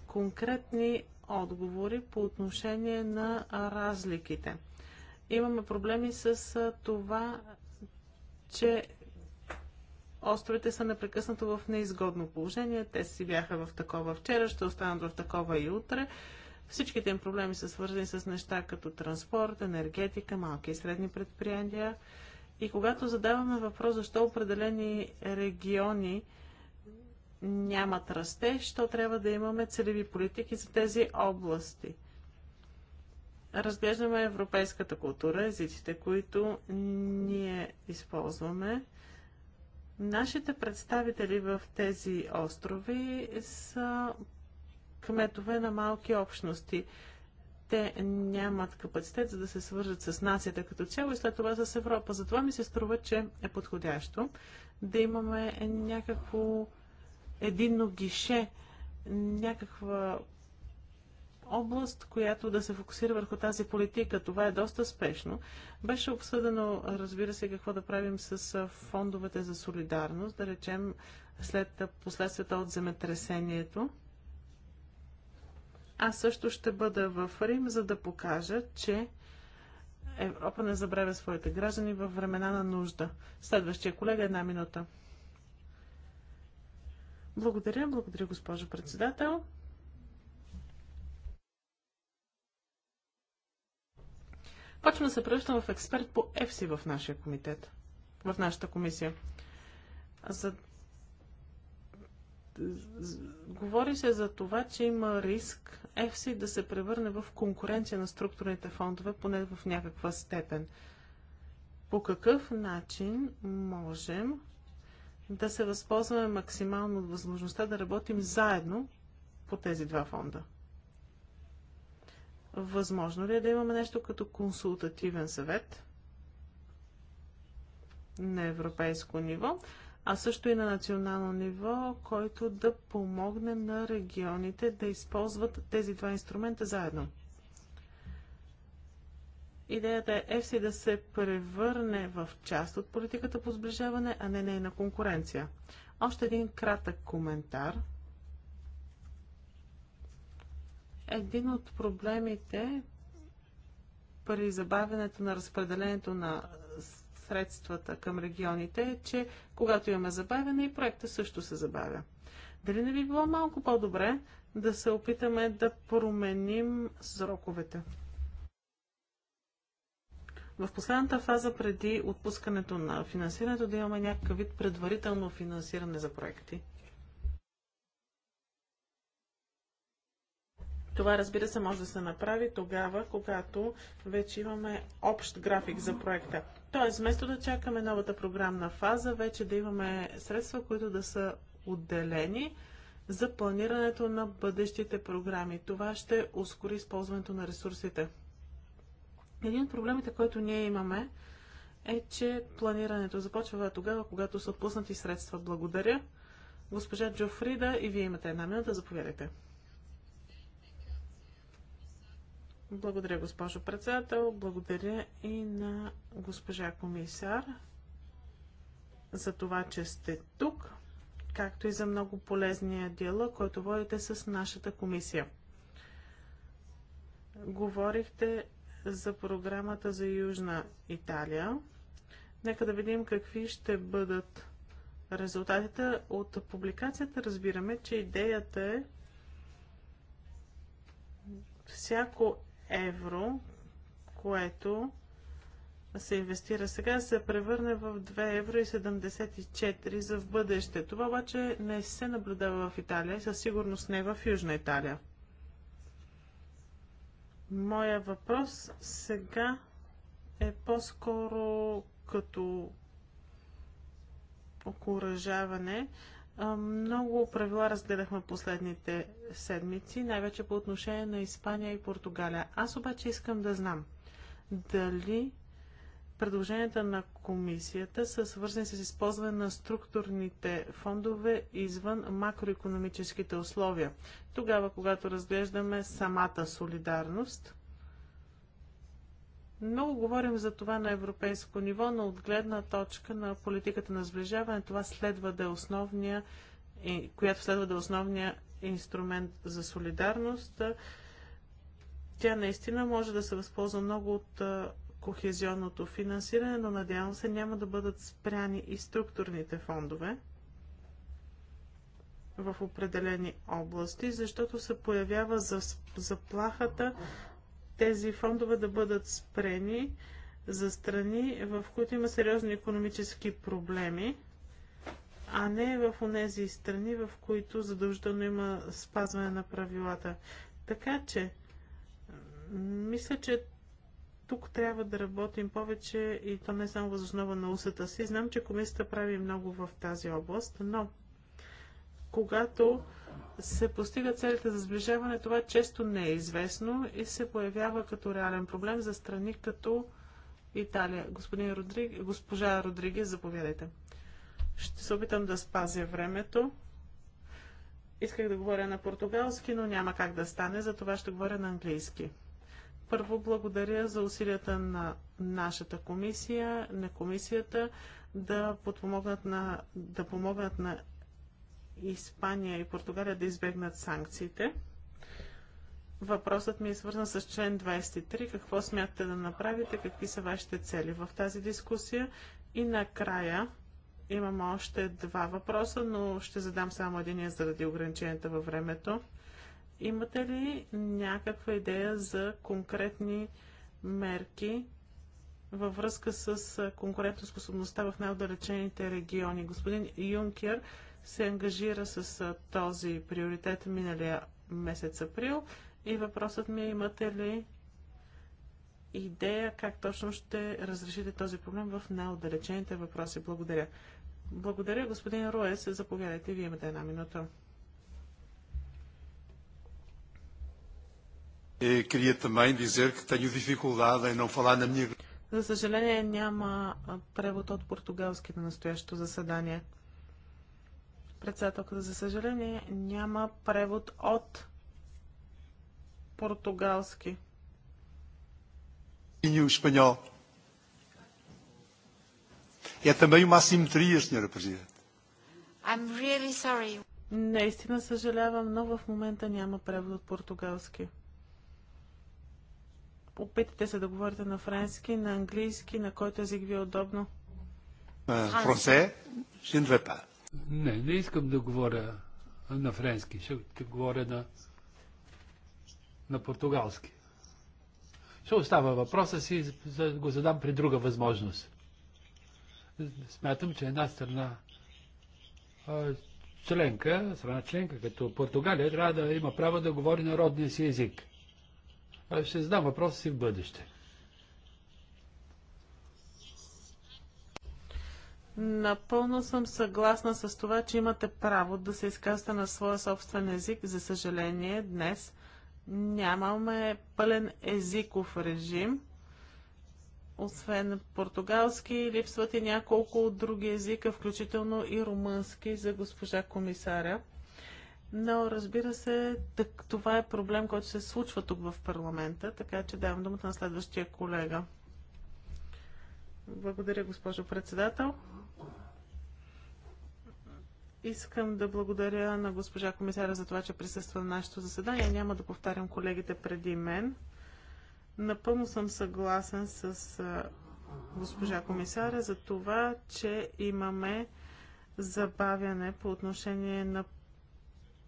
Speaker 1: конкретни отговори по отношение на разликите. Имаме проблеми с това, че островите са непрекъснато в неизгодно положение. Те си бяха в такова вчера, ще останат в такова и утре. Всичките им проблеми са свързани с неща като транспорт, енергетика, малки и средни предприятия. И когато задаваме въпрос защо определени региони нямат растеж, то трябва да имаме целеви политики за тези области. Разглеждаме европейската култура, езиците, които ние използваме. Нашите представители в тези острови са кметове на малки общности. Те нямат капацитет за да се свържат с нацията като цяло и след това с Европа. Затова ми се струва, че е подходящо да имаме някакво единно гише, някаква област, която да се фокусира върху тази политика. Това е доста спешно. Беше обсъдено, разбира се, какво да правим с фондовете за солидарност, да речем след последствията от земетресението. Аз също ще бъда в Рим, за да покажа, че Европа не забравя своите граждани във времена на нужда. Следващия колега една минута. Благодаря, благодаря, госпожо председател. Почвам да се превръщам в експерт по ЕФСИ в нашия комитет, в нашата комисия. За... Говори се за това, че има риск ЕФСИ да се превърне в конкуренция на структурните фондове, поне в някаква степен. По какъв начин можем да се възползваме максимално от възможността да работим заедно по тези два фонда. Възможно ли е да имаме нещо като консултативен съвет на европейско ниво, а също и на национално ниво, който да помогне на регионите да използват тези два инструмента заедно? Идеята е ЕФСИ да се превърне в част от политиката по сближаване, а не нейна конкуренция. Още един кратък коментар. Един от проблемите при забавянето на разпределението на средствата към регионите е, че когато имаме забавяне и проекта също се забавя. Дали не би било малко по-добре да се опитаме да променим сроковете? в последната фаза преди отпускането на финансирането да имаме някакъв вид предварително финансиране за проекти. Това разбира се може да се направи тогава, когато вече имаме общ график за проекта. Тоест, вместо да чакаме новата програмна фаза, вече да имаме средства, които да са отделени за планирането на бъдещите програми. Това ще ускори използването на ресурсите. Един от проблемите, който ние имаме, е, че планирането започва тогава, когато са отпуснати средства. Благодаря. Госпожа Джофрида и вие имате една минута. Заповядайте. Благодаря, госпожо председател. Благодаря и на госпожа комисар за това, че сте тук, както и за много полезния диалог, който водите с нашата комисия. Говорихте за програмата за Южна Италия. Нека да видим какви ще бъдат резултатите. От публикацията разбираме, че идеята е всяко евро, което се инвестира сега, се превърне в 2,74 евро за в бъдеще. Това обаче не се наблюдава в Италия, със сигурност не в Южна Италия. Моя въпрос сега е по-скоро като окоръжаване. Много правила разгледахме последните седмици, най-вече по отношение на Испания и Португалия. Аз обаче искам да знам дали предложенията на комисията са свързани с използване на структурните фондове извън макроекономическите условия. Тогава, когато разглеждаме самата солидарност, много говорим за това на европейско ниво, но от гледна точка на политиката на сближаване, това следва да е основния, която следва да е основния инструмент за солидарност. Тя наистина може да се възползва много от кохезионното финансиране, но надявам се няма да бъдат спряни и структурните фондове в определени области, защото се появява заплахата тези фондове да бъдат спрени за страни, в които има сериозни економически проблеми, а не в онези страни, в които задължително има спазване на правилата. Така че, мисля, че тук трябва да работим повече и то не само възоснова на усата си. Знам, че комисията прави много в тази област, но когато се постигат целите за сближаване, това често не е известно и се появява като реален проблем за страни като Италия. Господин Родриг... Госпожа Родригес, заповядайте. Ще се опитам да спазя времето. Исках да говоря на португалски, но няма как да стане, затова ще говоря на английски. Първо благодаря за усилията на нашата комисия, на комисията да подпомогнат на, да помогнат на Испания и Португалия да избегнат санкциите. Въпросът ми е свързан с член 23. Какво смятате да направите? Какви са вашите цели в тази дискусия? И накрая имам още два въпроса, но ще задам само един заради ограниченията във времето. Имате ли някаква идея за конкретни мерки във връзка с конкурентоспособността в най-отдалечените региони? Господин Юнкер се ангажира с този приоритет миналия месец април и въпросът ми е имате ли идея как точно ще разрешите този проблем в най-отдалечените въпроси. Благодаря. Благодаря, господин Руес. Заповядайте, вие имате една минута.
Speaker 3: Eh, queria também dizer que tenho dificuldade em não falar na minha...
Speaker 1: За съжаление няма превод от португалски на настоящото заседание. Председателката, за съжаление няма превод от португалски.
Speaker 3: E o espanhol. É também uma assimetria, Sra. Presidente.
Speaker 1: I'm really sorry. Наистина съжалявам, но в момента няма превод от португалски. Опитайте се да говорите на френски, на английски, на който език ви е удобно.
Speaker 2: Франсе, uh, Не, не искам да говоря на френски, ще говоря на, на португалски. Ще остава въпроса си, за да го задам при друга възможност. Смятам, че една страна членка, страна членка като Португалия, трябва да има право да говори народния си език ще задам въпроса си в бъдеще.
Speaker 1: Напълно съм съгласна с това, че имате право да се изказвате на своя собствен език. За съжаление, днес нямаме пълен езиков режим. Освен португалски, липсват и няколко други езика, включително и румънски за госпожа комисаря. Но разбира се, так, това е проблем, който се случва тук в парламента, така че давам думата на следващия колега. Благодаря, госпожо председател. Искам да благодаря на госпожа комисаря за това, че присъства на нашето заседание. Няма да повтарям колегите преди мен. Напълно съм съгласен с госпожа комисаря за това, че имаме забавяне по отношение на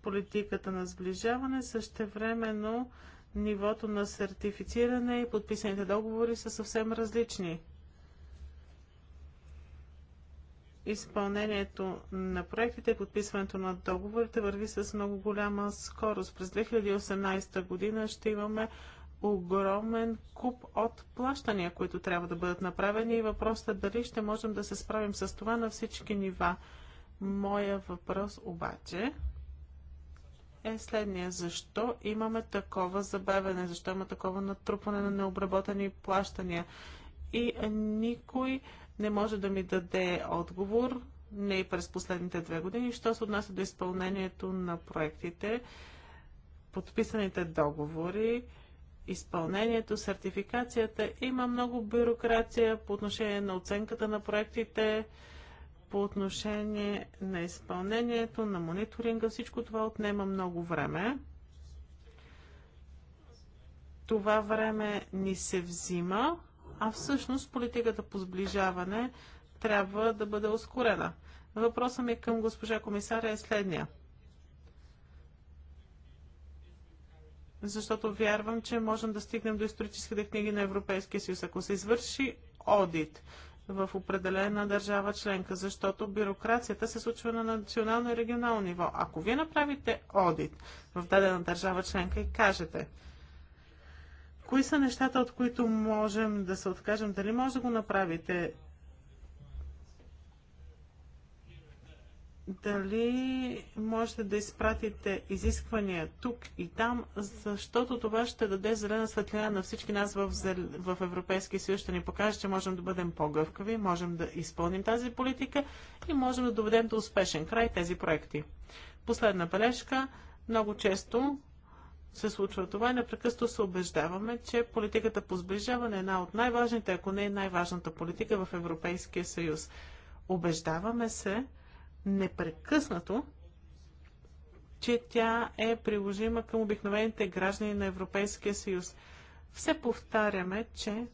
Speaker 1: политиката на сближаване, същевременно нивото на сертифициране и подписаните договори са съвсем различни. Изпълнението на проектите и подписването на договорите върви с много голяма скорост. През 2018 година ще имаме огромен куп от плащания, които трябва да бъдат направени и въпросът е дали ще можем да се справим с това на всички нива. Моя въпрос обаче е следния. Защо имаме такова забавяне? Защо има такова натрупване на необработени плащания? И никой не може да ми даде отговор, не и през последните две години, що се отнася до изпълнението на проектите, подписаните договори, изпълнението, сертификацията. Има много бюрокрация по отношение на оценката на проектите, по отношение на изпълнението, на мониторинга. Всичко това отнема много време. Това време ни се взима, а всъщност политиката по сближаване трябва да бъде ускорена. Въпросът ми към госпожа комисаря е следния. Защото вярвам, че можем да стигнем до историческите книги на Европейския съюз. Ако се извърши одит в определена държава членка, защото бюрокрацията се случва на национално и регионално ниво. Ако вие направите одит в дадена държава членка и кажете, кои са нещата, от които можем да се откажем, дали може да го направите дали можете да изпратите изисквания тук и там, защото това ще даде зелена светлина на всички нас в, в Европейския съюз, ще ни покаже, че можем да бъдем по-гъвкави, можем да изпълним тази политика и можем да доведем до успешен край тези проекти. Последна бележка. Много често се случва това и непрекъсто се убеждаваме, че политиката по сближаване е една от най-важните, ако не е най-важната политика в Европейския съюз. Обеждаваме се, непрекъснато, че тя е приложима към обикновените граждани на Европейския съюз. Все повтаряме, че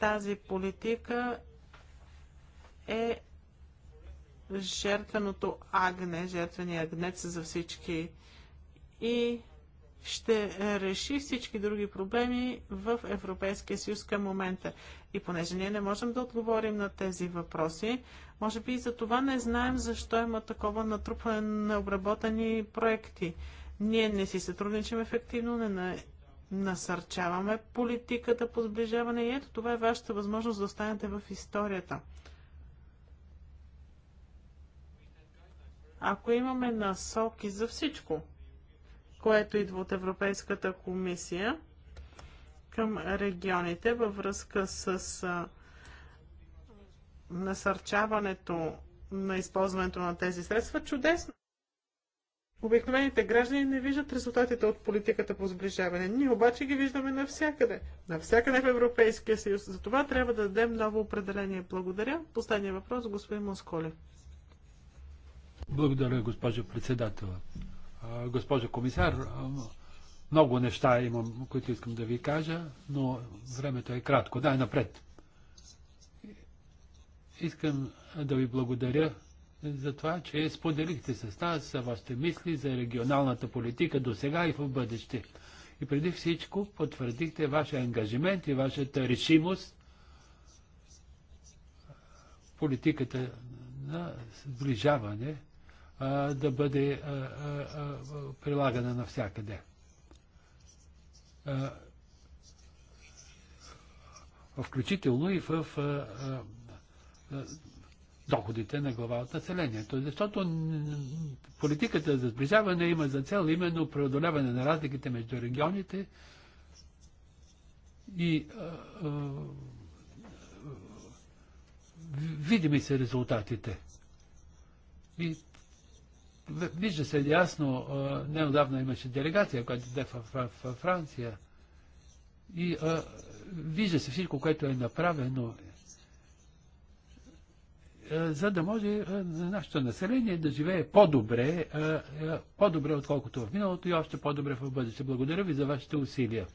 Speaker 1: тази политика е жертвеното агне, жертвения агнец за всички и ще реши всички други проблеми в Европейския съюз към момента. И понеже ние не можем да отговорим на тези въпроси, може би и за това не знаем защо има такова натрупване на обработени проекти. Ние не си сътрудничим ефективно, не насърчаваме политиката по сближаване и ето това е вашата възможност да останете в историята. Ако имаме насоки за всичко, което идва от Европейската комисия към регионите във връзка с насърчаването на използването на тези средства, чудесно. Обикновените граждани не виждат резултатите от политиката по сближаване. Ние обаче ги виждаме навсякъде. Навсякъде в Европейския съюз. За това трябва да дадем ново определение. Благодаря. Последния въпрос, господин Москоле.
Speaker 2: Благодаря, госпожо председател. Госпожо комисар, много неща имам, които искам да ви кажа, но времето е кратко. Дай напред искам да ви благодаря за това, че споделихте с нас вашите мисли за регионалната политика до сега и в бъдеще. И преди всичко потвърдихте вашия ангажимент и вашата решимост политиката на сближаване а, да бъде а, а, прилагана навсякъде. включително и в доходите на глава от населението. Защото политиката за сближаване има за цел именно преодоляване на разликите между регионите и а, а, видими са резултатите. И вижда се ясно, неодавна имаше делегация, която е в, в, в Франция. И а, вижда се всичко, което е направено е, за да може е, нашето население да живее по-добре, е, по-добре отколкото в миналото и още по-добре в бъдеще. Благодаря ви за вашите усилия.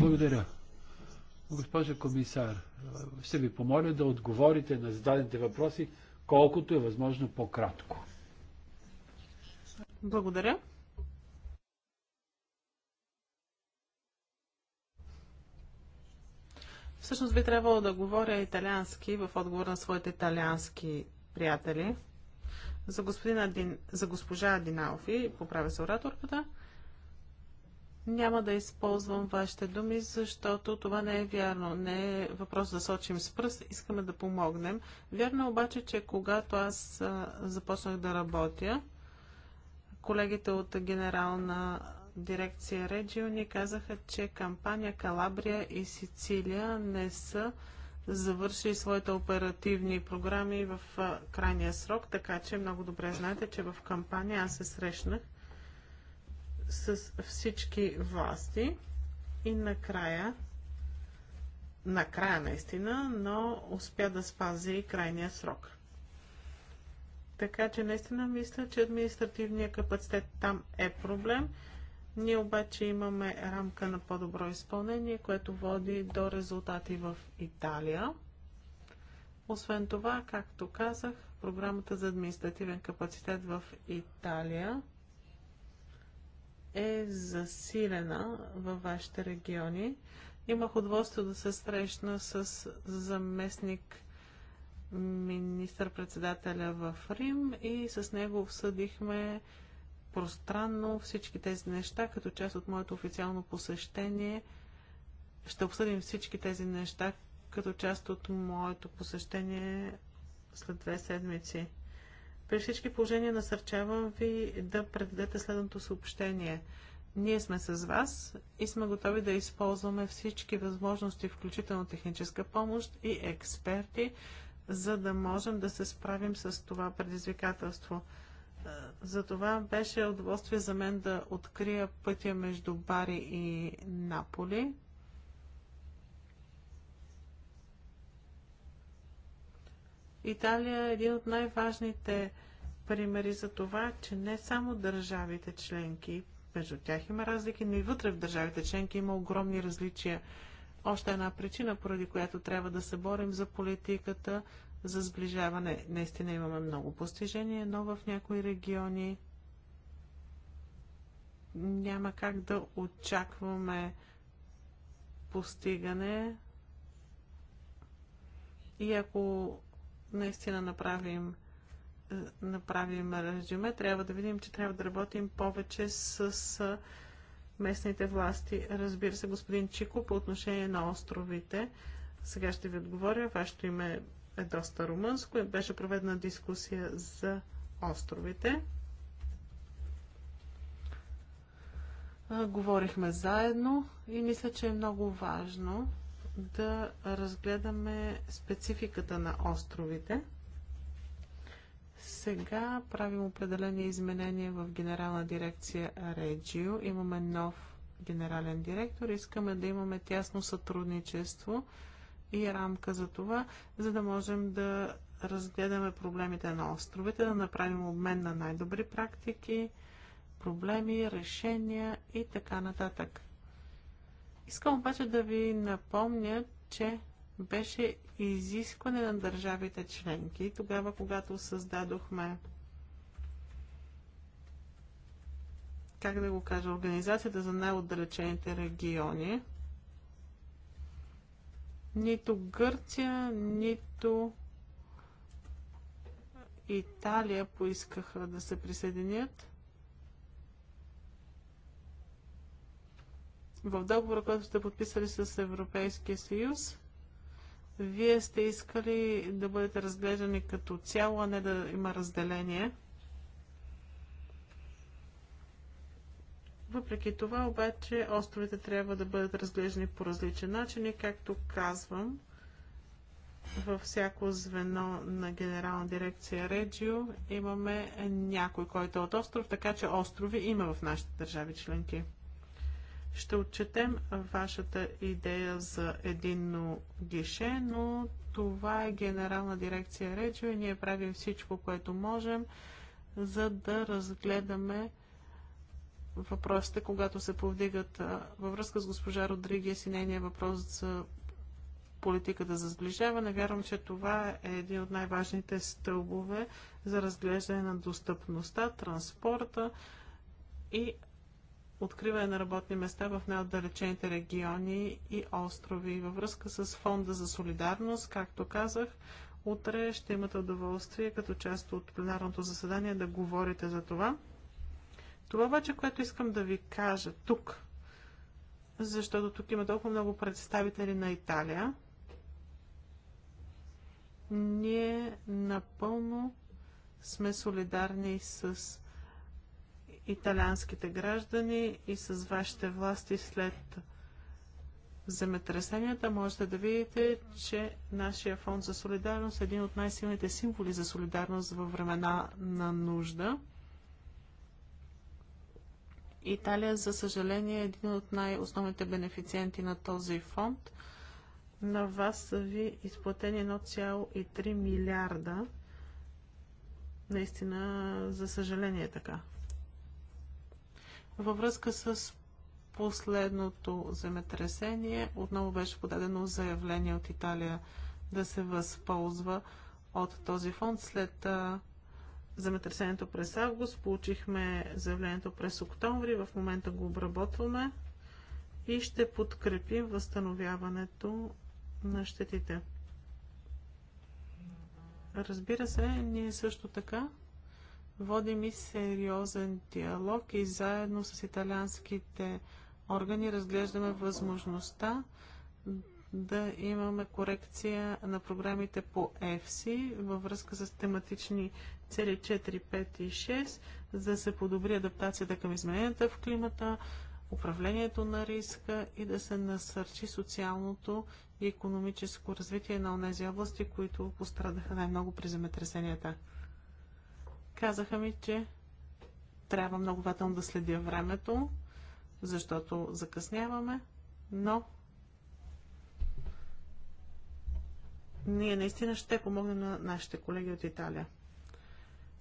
Speaker 2: Благодаря. Госпожа комисар, ще ви помоля да отговорите на зададените въпроси колкото е възможно по-кратко.
Speaker 1: Благодаря. Всъщност би трябвало да говоря италиански в отговор на своите италиански приятели. За, Адин, за госпожа Адинауфи, поправя се ораторката, няма да използвам вашите думи, защото това не е вярно. Не е въпрос да сочим с пръст, искаме да помогнем. Вярно е обаче, че когато аз започнах да работя, колегите от генерална дирекция Реджио ни казаха, че кампания Калабрия и Сицилия не са завършили своите оперативни програми в крайния срок, така че много добре знаете, че в кампания аз се срещнах с всички власти и накрая накрая наистина, но успя да спази крайния срок. Така че наистина мисля, че административният капацитет там е проблем. Ние обаче имаме рамка на по-добро изпълнение, което води до резултати в Италия. Освен това, както казах, програмата за административен капацитет в Италия е засилена във вашите региони. Имах удоволствие да се срещна с заместник министър-председателя в Рим и с него обсъдихме пространно всички тези неща, като част от моето официално посещение. Ще обсъдим всички тези неща, като част от моето посещение след две седмици. При всички положения насърчавам ви да предадете следното съобщение. Ние сме с вас и сме готови да използваме всички възможности, включително техническа помощ и експерти, за да можем да се справим с това предизвикателство за това беше удоволствие за мен да открия пътя между Бари и Наполи. Италия е един от най-важните примери за това, че не само държавите членки, между тях има разлики, но и вътре в държавите членки има огромни различия. Още една причина, поради която трябва да се борим за политиката за сближаване. Наистина имаме много постижения, но в някои региони няма как да очакваме постигане. И ако наистина направим направим режиме, трябва да видим, че трябва да работим повече с местните власти. Разбира се, господин Чико, по отношение на островите, сега ще ви отговоря. Вашето име е доста румънско и беше проведена дискусия за островите. Говорихме заедно и мисля, че е много важно да разгледаме спецификата на островите. Сега правим определени изменения в Генерална дирекция Реджио. Имаме нов генерален директор. Искаме да имаме тясно сътрудничество и рамка за това, за да можем да разгледаме проблемите на островите, да направим обмен на най-добри практики, проблеми, решения и така нататък. Искам обаче да ви напомня, че беше изискване на държавите членки, тогава когато създадохме как да го кажа, Организацията за най-отдалечените региони, нито Гърция, нито Италия поискаха да се присъединят. В договора, който сте подписали с Европейския съюз, вие сте искали да бъдете разглеждани като цяло, а не да има разделение – Въпреки това, обаче, островите трябва да бъдат разглеждани по различен начин и, както казвам, във всяко звено на Генерална дирекция Реджио имаме някой, който е от остров, така че острови има в нашите държави членки. Ще отчетем вашата идея за единно гише, но това е Генерална дирекция Реджио и ние правим всичко, което можем, за да разгледаме въпросите, когато се повдигат във връзка с госпожа Родригес и нейния въпрос за политиката за сближаване. Вярвам, че това е един от най-важните стълбове за разглеждане на достъпността, транспорта и откриване на работни места в най-отдалечените региони и острови. Във връзка с Фонда за солидарност, както казах, утре ще имате удоволствие като част от пленарното заседание да говорите за това. Това обаче, което искам да ви кажа тук, защото тук има толкова много представители на Италия, ние напълно сме солидарни с италианските граждани и с вашите власти след земетресенията. Можете да видите, че нашия фонд за солидарност е един от най-силните символи за солидарност във времена на нужда. Италия, за съжаление, е един от най-основните бенефициенти на този фонд. На вас са ви изплатени 1,3 милиарда. Наистина, за съжаление е така. Във връзка с последното земетресение, отново беше подадено заявление от Италия да се възползва от този фонд след земетресението през август, получихме заявлението през октомври, в момента го обработваме и ще подкрепим възстановяването на щетите. Разбира се, ние също така водим и сериозен диалог и заедно с италианските органи разглеждаме възможността да имаме корекция на програмите по EFSI във връзка с тематични цели 4, 5 и 6, за да се подобри адаптацията към измененията в климата, управлението на риска и да се насърчи социалното и економическо развитие на тези области, които пострадаха най-много при земетресенията. Казаха ми, че трябва много внимателно да следя времето, защото закъсняваме, но ние наистина ще помогнем на нашите колеги от Италия.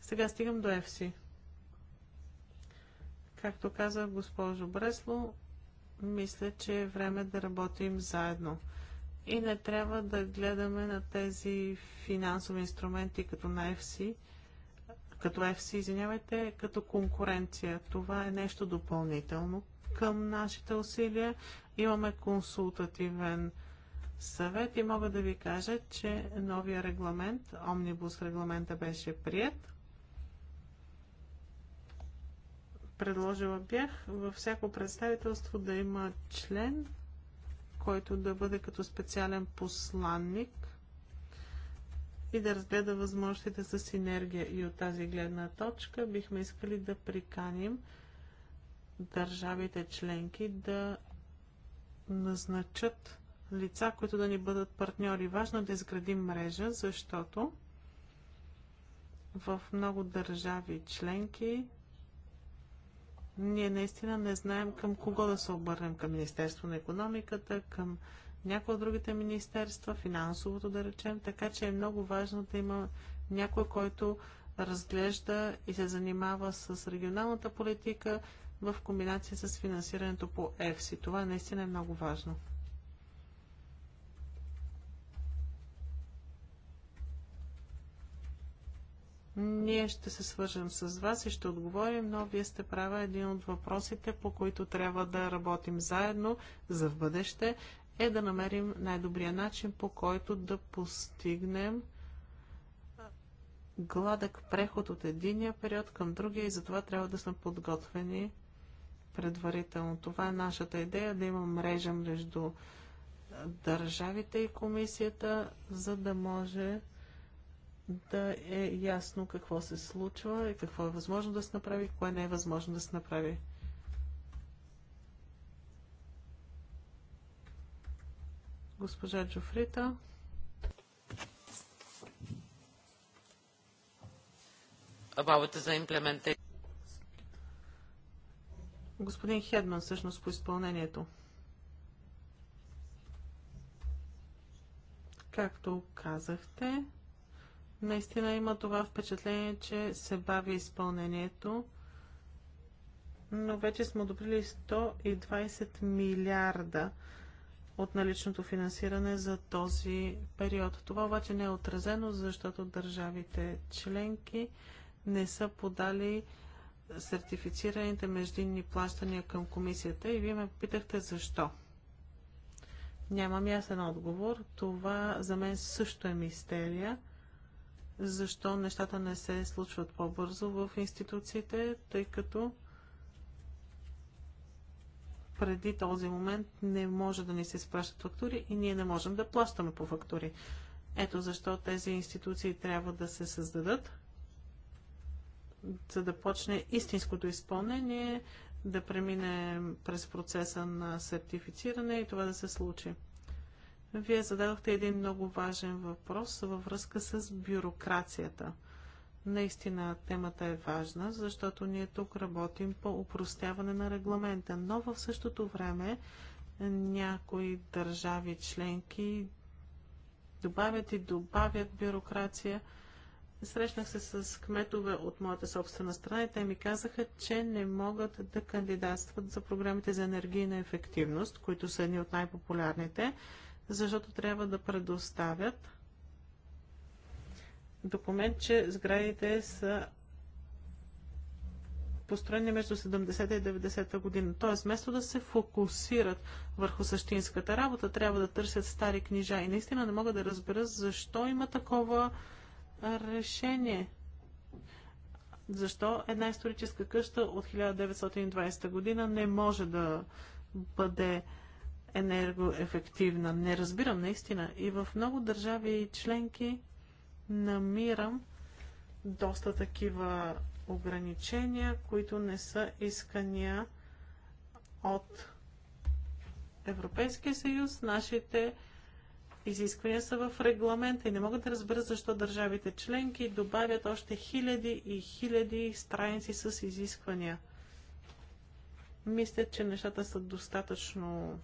Speaker 1: Сега стигам до FC. Както каза госпожо Бресло, мисля, че е време да работим заедно. И не трябва да гледаме на тези финансови инструменти като на FC, като FC, извинявайте, като конкуренция. Това е нещо допълнително към нашите усилия. Имаме консултативен съвет и мога да ви кажа, че новия регламент, омнибус регламента беше прият. Предложила бях във всяко представителство да има член, който да бъде като специален посланник и да разгледа възможностите за синергия. И от тази гледна точка бихме искали да приканим държавите членки да назначат лица, които да ни бъдат партньори. Важно е да изградим мрежа, защото в много държави членки ние наистина не знаем към кого да се обърнем. Към Министерство на економиката, към някои от другите министерства, финансовото да речем. Така че е много важно да има някой, който разглежда и се занимава с регионалната политика в комбинация с финансирането по ЕФСИ. Това наистина е много важно. Ние ще се свържем с вас и ще отговорим, но вие сте права един от въпросите, по които трябва да работим заедно за в бъдеще, е да намерим най-добрия начин, по който да постигнем гладък преход от единия период към другия и затова трябва да сме подготвени предварително. Това е нашата идея да има мрежа между държавите и комисията, за да може да е ясно какво се случва и какво е възможно да се направи, кое не е възможно да се направи. Госпожа Джофрита. Абавата за implementation. Господин Хедман, всъщност по изпълнението. Както казахте, наистина има това впечатление, че се бави изпълнението, но вече сме одобрили 120 милиарда от наличното финансиране за този период. Това обаче не е отразено, защото държавите членки не са подали сертифицираните междинни плащания към комисията и вие ме питахте защо. Нямам ясен отговор. Това за мен също е мистерия – защо нещата не се случват по-бързо в институциите, тъй като преди този момент не може да ни се изпращат фактури и ние не можем да плащаме по фактури. Ето защо тези институции трябва да се създадат, за да почне истинското изпълнение, да премине през процеса на сертифициране и това да се случи. Вие зададохте един много важен въпрос във връзка с бюрокрацията. Наистина темата е важна, защото ние тук работим по упростяване на регламента, но в същото време някои държави членки добавят и добавят бюрокрация. Срещнах се с кметове от моята собствена страна и те ми казаха, че не могат да кандидатстват за програмите за енергийна ефективност, които са едни от най-популярните, защото трябва да предоставят документ, че сградите са построени между 70-та и 90-та година. Тоест, вместо да се фокусират върху същинската работа, трябва да търсят стари книжа. И наистина не мога да разбера защо има такова решение. Защо една историческа къща от 1920 година не може да бъде енергоефективна. Не разбирам наистина. И в много държави и членки намирам доста такива ограничения, които не са искания от Европейския съюз. Нашите изисквания са в регламента и не мога да разбера защо държавите членки добавят още хиляди и хиляди страници с изисквания. Мисля, че нещата са достатъчно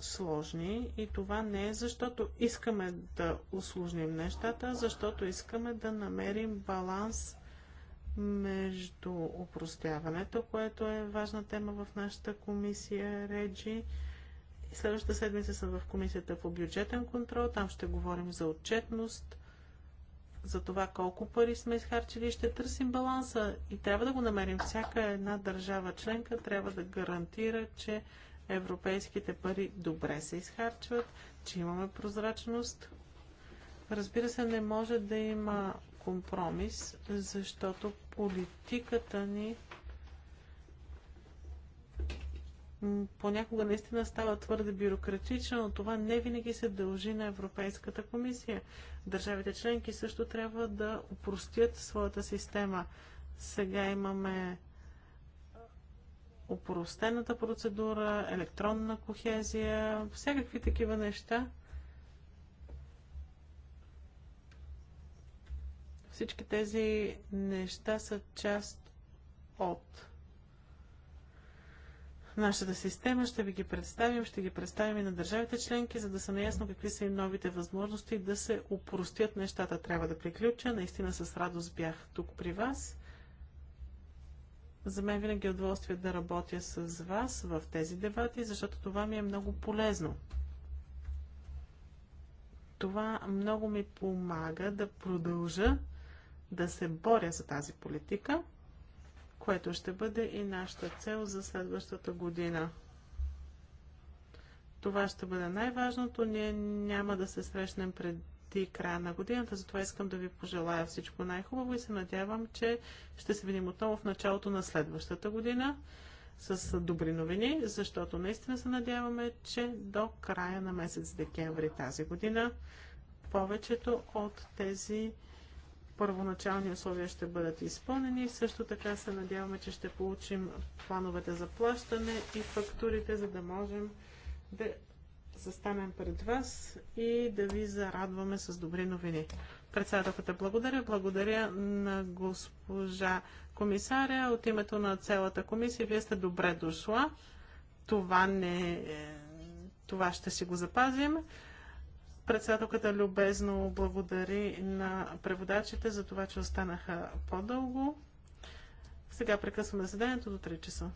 Speaker 1: сложни и това не е защото искаме да усложним нещата, защото искаме да намерим баланс между упростяването, което е важна тема в нашата комисия Реджи. Следващата седмица съм в комисията по бюджетен контрол. Там ще говорим за отчетност, за това колко пари сме изхарчили. Ще търсим баланса и трябва да го намерим. Всяка една държава членка трябва да гарантира, че европейските пари добре се изхарчват, че имаме прозрачност. Разбира се, не може да има компромис, защото политиката ни понякога наистина става твърде бюрократична, но това не винаги се дължи на Европейската комисия. Държавите членки също трябва да упростят своята система. Сега имаме упростената процедура, електронна кохезия, всякакви такива неща. Всички тези неща са част от нашата система, ще ви ги представим, ще ги представим и на държавите членки, за да са наясно какви са и новите възможности да се упростят нещата. Трябва да приключа. Наистина с радост бях тук при вас. За мен винаги е удоволствие да работя с вас в тези дебати, защото това ми е много полезно. Това много ми помага да продължа да се боря за тази политика, което ще бъде и нашата цел за следващата година. Това ще бъде най-важното. Ние няма да се срещнем пред преди края на годината. Затова искам да ви пожелая всичко най-хубаво и се надявам, че ще се видим отново в началото на следващата година с добри новини, защото наистина се надяваме, че до края на месец декември тази година повечето от тези първоначални условия ще бъдат изпълнени. Също така се надяваме, че ще получим плановете за плащане и фактурите, за да можем да застанем пред вас и да ви зарадваме с добри новини. Председателката благодаря. Благодаря на госпожа комисаря от името на цялата комисия. Вие сте добре дошла. Това, не, е, това ще си го запазим. Председателката любезно благодари на преводачите за това, че останаха по-дълго. Сега прекъсваме заседанието до 3 часа.